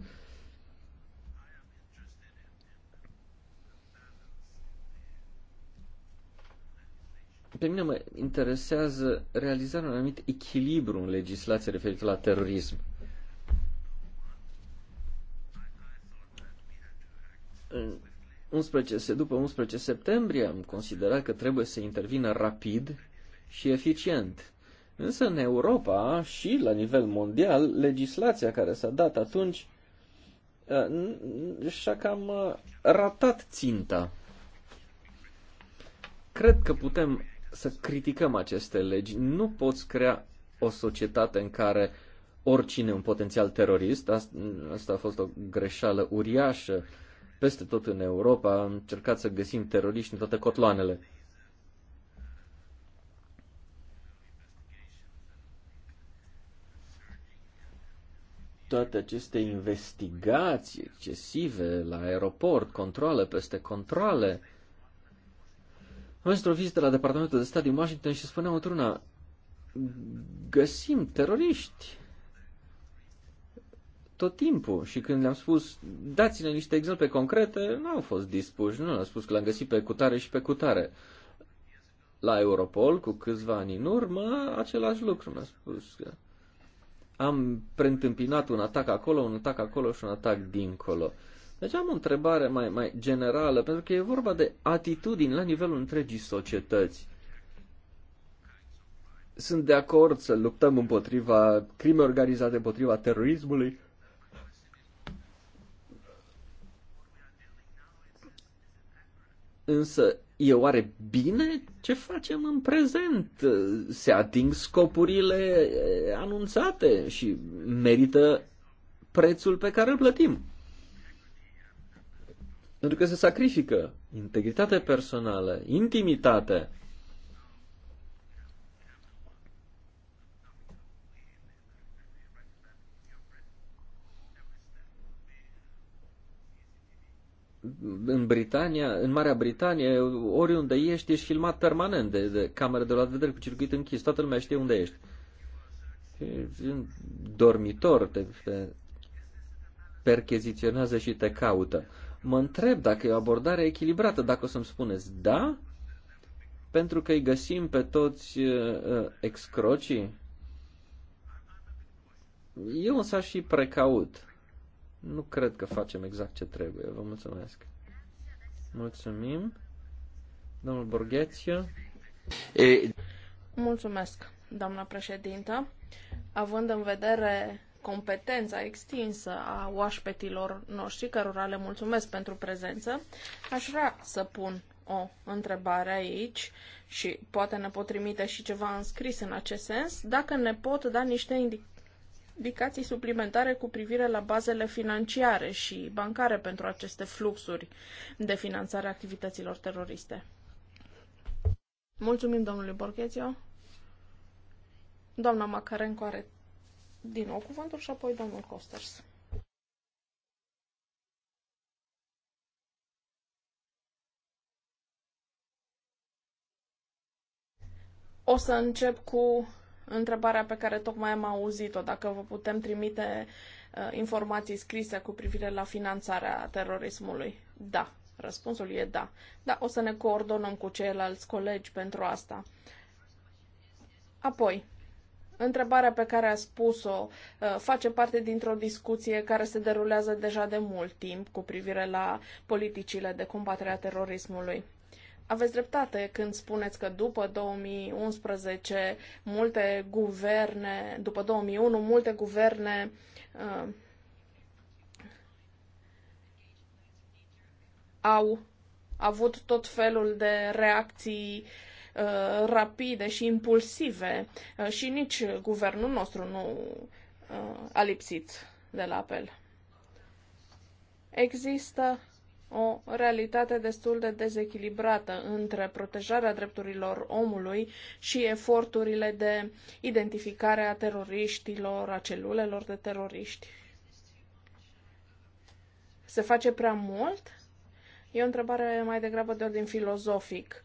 [SPEAKER 2] Pe mine mă interesează realizarea unui anumit echilibru în legislație referitor la terorism. În 11, după 11 septembrie am considerat că trebuie să intervină rapid și eficient. Însă în Europa și la nivel mondial, legislația care s-a dat atunci uh, și-a cam uh, ratat ținta. Cred că putem să criticăm aceste legi. Nu poți crea o societate în care oricine un potențial terorist, asta a fost o greșeală uriașă, peste tot în Europa am încercat să găsim teroriști în toate cotloanele. toate aceste investigații excesive la aeroport, controle peste controle. Am într-o vizită la Departamentul de Stat din Washington și spuneam într-una, găsim teroriști tot timpul și când le-am spus dați-ne niște exemple concrete, nu au fost dispuși, nu l-am spus că l-am găsit pe cutare și pe cutare. La Europol, cu câțiva ani în urmă, același lucru mi-a spus că am preîntâmpinat un atac acolo, un atac acolo și un atac dincolo. Deci am o întrebare mai, mai generală, pentru că e vorba de atitudini la nivelul întregii societăți sunt de acord să luptăm împotriva crimei organizate, împotriva terorismului, Însă e oare bine ce facem în prezent? Se ating scopurile eh, anunțate și merită prețul pe care îl plătim. Pentru că se sacrifică integritate personală, intimitate, în Britania, în Marea Britanie, oriunde ești, ești filmat permanent de, de cameră de la vedere cu circuit închis, toată lumea știe unde ești. Ești în dormitor, te, te percheziționează și te caută. Mă întreb dacă e o abordare echilibrată, dacă o să-mi spuneți da, pentru că îi găsim pe toți uh, uh excrocii. Eu însă și precaut nu cred că facem exact ce trebuie. Vă mulțumesc. Mulțumim. Domnul Borghețiu.
[SPEAKER 1] Mulțumesc, doamna președintă. Având în vedere competența extinsă a oașpetilor noștri, cărora le mulțumesc pentru prezență, aș vrea să pun o întrebare aici și poate ne pot trimite și ceva înscris în acest sens, dacă ne pot da niște indicații indicații suplimentare cu privire la bazele financiare și bancare pentru aceste fluxuri de finanțare a activităților teroriste. Mulțumim, domnule Borghezio. Doamna Macarenco are din nou cuvântul și apoi domnul Costers. O să încep cu întrebarea pe care tocmai am auzit-o, dacă vă putem trimite uh, informații scrise cu privire la finanțarea terorismului. Da, răspunsul e da. Da, o să ne coordonăm cu ceilalți colegi pentru asta. Apoi, întrebarea pe care a spus-o uh, face parte dintr-o discuție care se derulează deja de mult timp cu privire la politicile de combatere a terorismului. Aveți dreptate când spuneți că după 2011 multe guverne, după 2001 multe guverne uh, au avut tot felul de reacții uh, rapide și impulsive uh, și nici guvernul nostru nu uh, a lipsit de la apel. Există o realitate destul de dezechilibrată între protejarea drepturilor omului și eforturile de identificare a teroriștilor, a celulelor de teroriști. Se face prea mult? E o întrebare mai degrabă de ordin filozofic.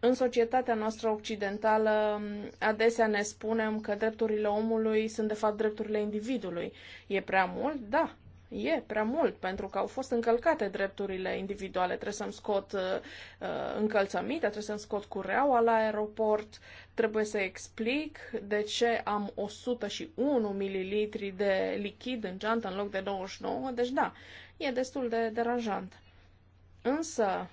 [SPEAKER 1] În societatea noastră occidentală, adesea ne spunem că drepturile omului sunt de fapt drepturile individului. E prea mult? Da, E prea mult, pentru că au fost încălcate drepturile individuale. Trebuie să-mi scot uh, uh încălțămintea, trebuie să-mi scot cureaua la aeroport, trebuie să explic de ce am 101 ml de lichid în geantă în loc de 99. Deci da, e destul de deranjant. Însă,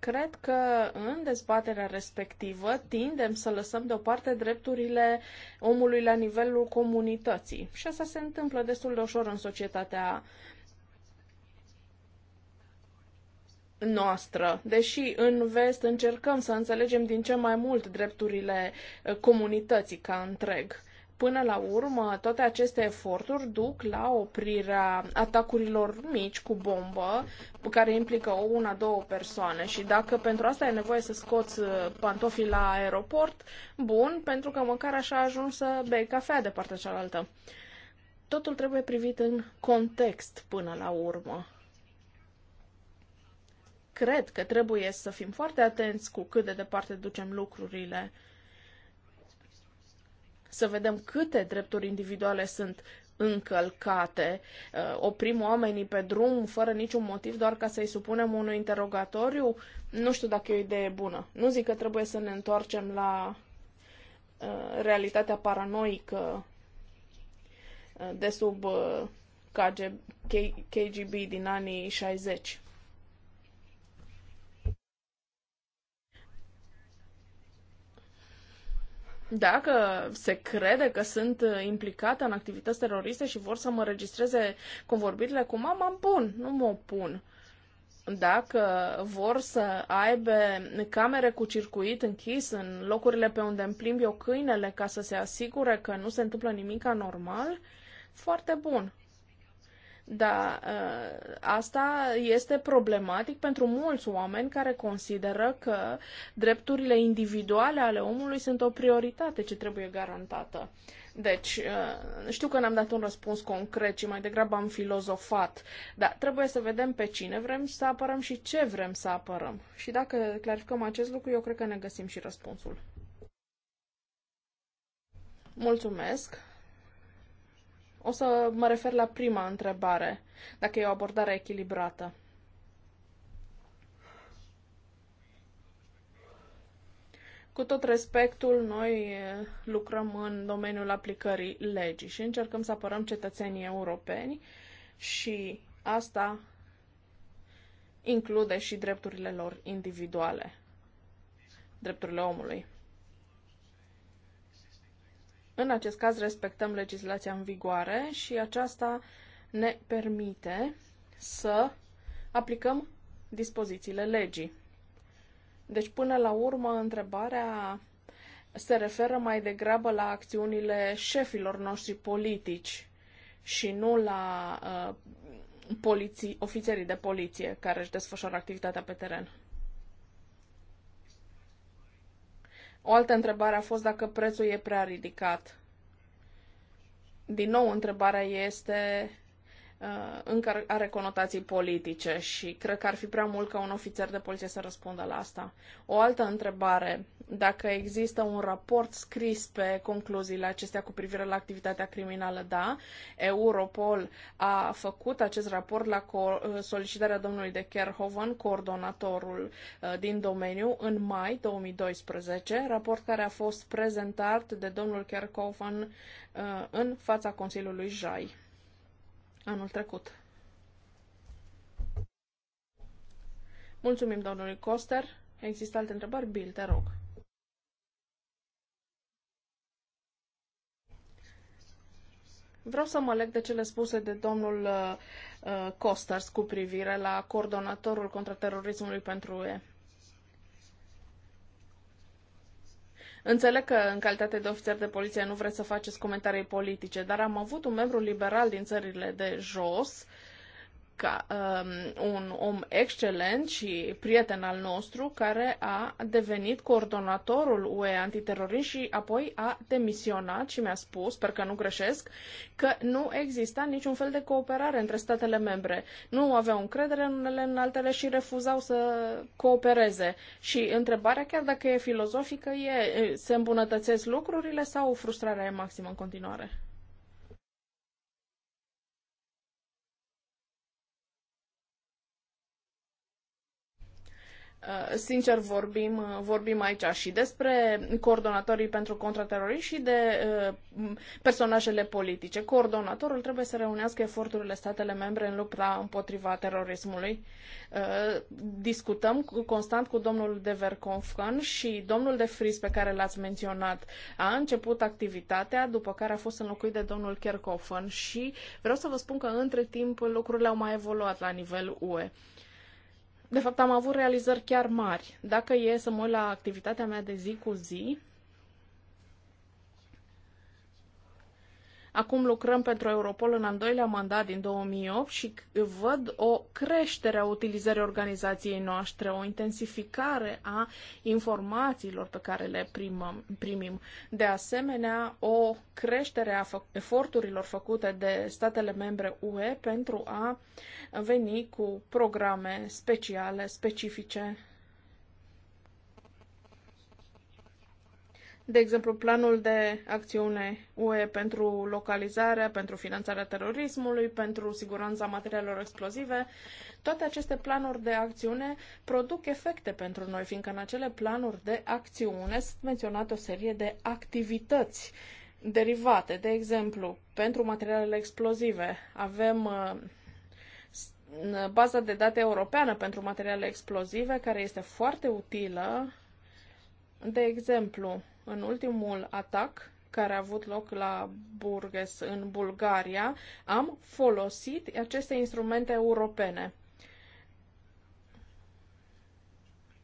[SPEAKER 1] Cred că în dezbaterea respectivă tindem să lăsăm deoparte drepturile omului la nivelul comunității. Și asta se întâmplă destul de ușor în societatea noastră. Deși în vest încercăm să înțelegem din ce mai mult drepturile comunității ca întreg. Până la urmă, toate aceste eforturi duc la oprirea atacurilor mici cu bombă, care implică o, una, două persoane. Și dacă pentru asta e nevoie să scoți uh, pantofii la aeroport, bun, pentru că măcar așa ajuns să bei cafea de partea cealaltă. Totul trebuie privit în context până la urmă cred că trebuie să fim foarte atenți cu cât de departe ducem lucrurile să vedem câte drepturi individuale sunt încălcate. Uh, oprim oamenii pe drum fără niciun motiv doar ca să-i supunem unui interogatoriu? Nu știu dacă e o idee bună. Nu zic că trebuie să ne întoarcem la uh, realitatea paranoică uh, de sub KGB din anii 60. Dacă se crede că sunt implicată în activități teroriste și vor să mă registreze convorbirile cu mama, bun, nu mă opun dacă vor să aibă camere cu circuit închis în locurile pe unde îmi plimb eu câinele ca să se asigure că nu se întâmplă nimic anormal, foarte bun. Da, ă, asta este problematic pentru mulți oameni care consideră că drepturile individuale ale omului sunt o prioritate ce trebuie garantată. Deci, ă, știu că n-am dat un răspuns concret, ci mai degrabă am filozofat, dar trebuie să vedem pe cine vrem să apărăm și ce vrem să apărăm. Și dacă clarificăm acest lucru, eu cred că ne găsim și răspunsul. Mulțumesc! O să mă refer la prima întrebare, dacă e o abordare echilibrată. Cu tot respectul, noi lucrăm în domeniul aplicării legii și încercăm să apărăm cetățenii europeni și asta include și drepturile lor individuale, drepturile omului. În acest caz respectăm legislația în vigoare și aceasta ne permite să aplicăm dispozițiile legii. Deci, până la urmă, întrebarea se referă mai degrabă la acțiunile șefilor noștri politici și nu la uh, poliții, ofițerii de poliție care își desfășoară activitatea pe teren. O altă întrebare a fost dacă prețul e prea ridicat. Din nou, întrebarea este Uh, încă are conotații politice și cred că ar fi prea mult ca un ofițer de poliție să răspundă la asta. O altă întrebare, dacă există un raport scris pe concluziile acestea cu privire la activitatea criminală, da, Europol a făcut acest raport la uh, solicitarea domnului de Kerhoven, coordonatorul uh, din domeniu, în mai 2012, raport care a fost prezentat de domnul Kerhoven în fața Consiliului Jai anul trecut. Mulțumim domnului Coster. Există alte întrebări? Bill, te rog. Vreau să mă leg de cele spuse de domnul uh, uh Costas cu privire la coordonatorul contraterorismului pentru UE. Înțeleg că în calitate de ofițer de poliție nu vreți să faceți comentarii politice, dar am avut un membru liberal din țările de jos ca um, un om excelent și prieten al nostru care a devenit coordonatorul UE antiterorist și apoi a demisionat și mi-a spus, sper că nu greșesc, că nu exista niciun fel de cooperare între statele membre. Nu aveau încredere în unele în altele și refuzau să coopereze. Și întrebarea, chiar dacă e filozofică, e se îmbunătățesc lucrurile sau frustrarea e maximă în continuare? Uh, sincer vorbim, uh, vorbim aici și despre coordonatorii pentru contraterorism și de uh, personajele politice. Coordonatorul trebuie să reunească eforturile statele membre în lupta împotriva terorismului. Discutăm constant cu domnul de Verconfcan și domnul de Fris pe care l-ați menționat a început activitatea, după care a fost înlocuit de domnul Kerkofen și vreau să vă spun că între timp lucrurile au mai evoluat la nivel UE de fapt, am avut realizări chiar mari. Dacă e să mă uit la activitatea mea de zi cu zi, Acum lucrăm pentru Europol în al doilea mandat din 2008 și văd o creștere a utilizării organizației noastre, o intensificare a informațiilor pe care le primăm, primim. De asemenea, o creștere a fă- eforturilor făcute de statele membre UE pentru a veni cu programe speciale, specifice de exemplu, planul de acțiune UE pentru localizare, pentru finanțarea terorismului, pentru siguranța materialelor explozive, toate aceste planuri de acțiune produc efecte pentru noi, fiindcă în acele planuri de acțiune sunt menționate o serie de activități derivate. De exemplu, pentru materialele explozive avem uh, baza de date europeană pentru materiale explozive, care este foarte utilă. De exemplu, în ultimul atac care a avut loc la Burges în Bulgaria, am folosit aceste instrumente europene.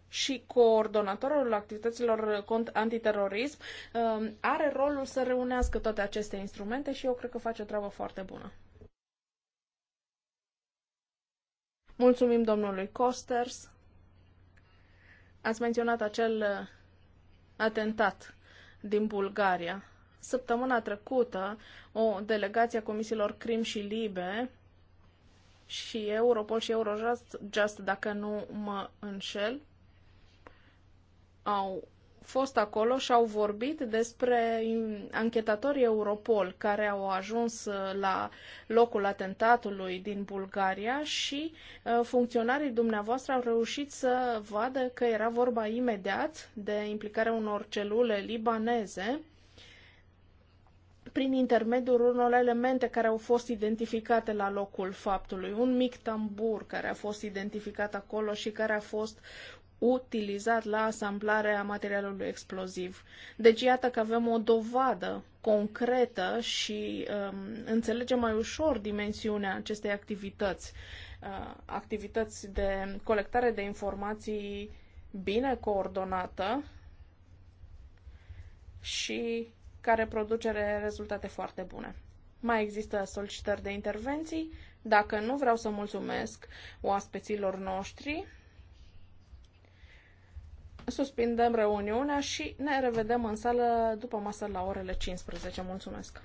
[SPEAKER 1] și coordonatorul activităților antiterorism um, are rolul să reunească toate aceste instrumente și eu cred că face o treabă foarte bună. Mulțumim domnului Costers. Ați menționat acel atentat din Bulgaria. Săptămâna trecută, o delegație a comisiilor Crim și Libe și Europol și Eurojust, just dacă nu mă înșel, au fost acolo și au vorbit despre anchetatorii Europol care au ajuns uh, la locul atentatului din Bulgaria și uh, funcționarii dumneavoastră au reușit să vadă că era vorba imediat de implicarea unor celule libaneze prin intermediul unor elemente care au fost identificate la locul faptului. Un mic tambur care a fost identificat acolo și care a fost utilizat la asamblarea materialului exploziv. Deci iată că avem o dovadă concretă și um, înțelegem mai ușor dimensiunea acestei activități, uh, activități de colectare de informații bine coordonată și care produce rezultate foarte bune. Mai există solicitări de intervenții. Dacă nu vreau să mulțumesc oaspeților noștri, Suspendăm reuniunea și ne revedem în sală după masă la orele 15. Mulțumesc!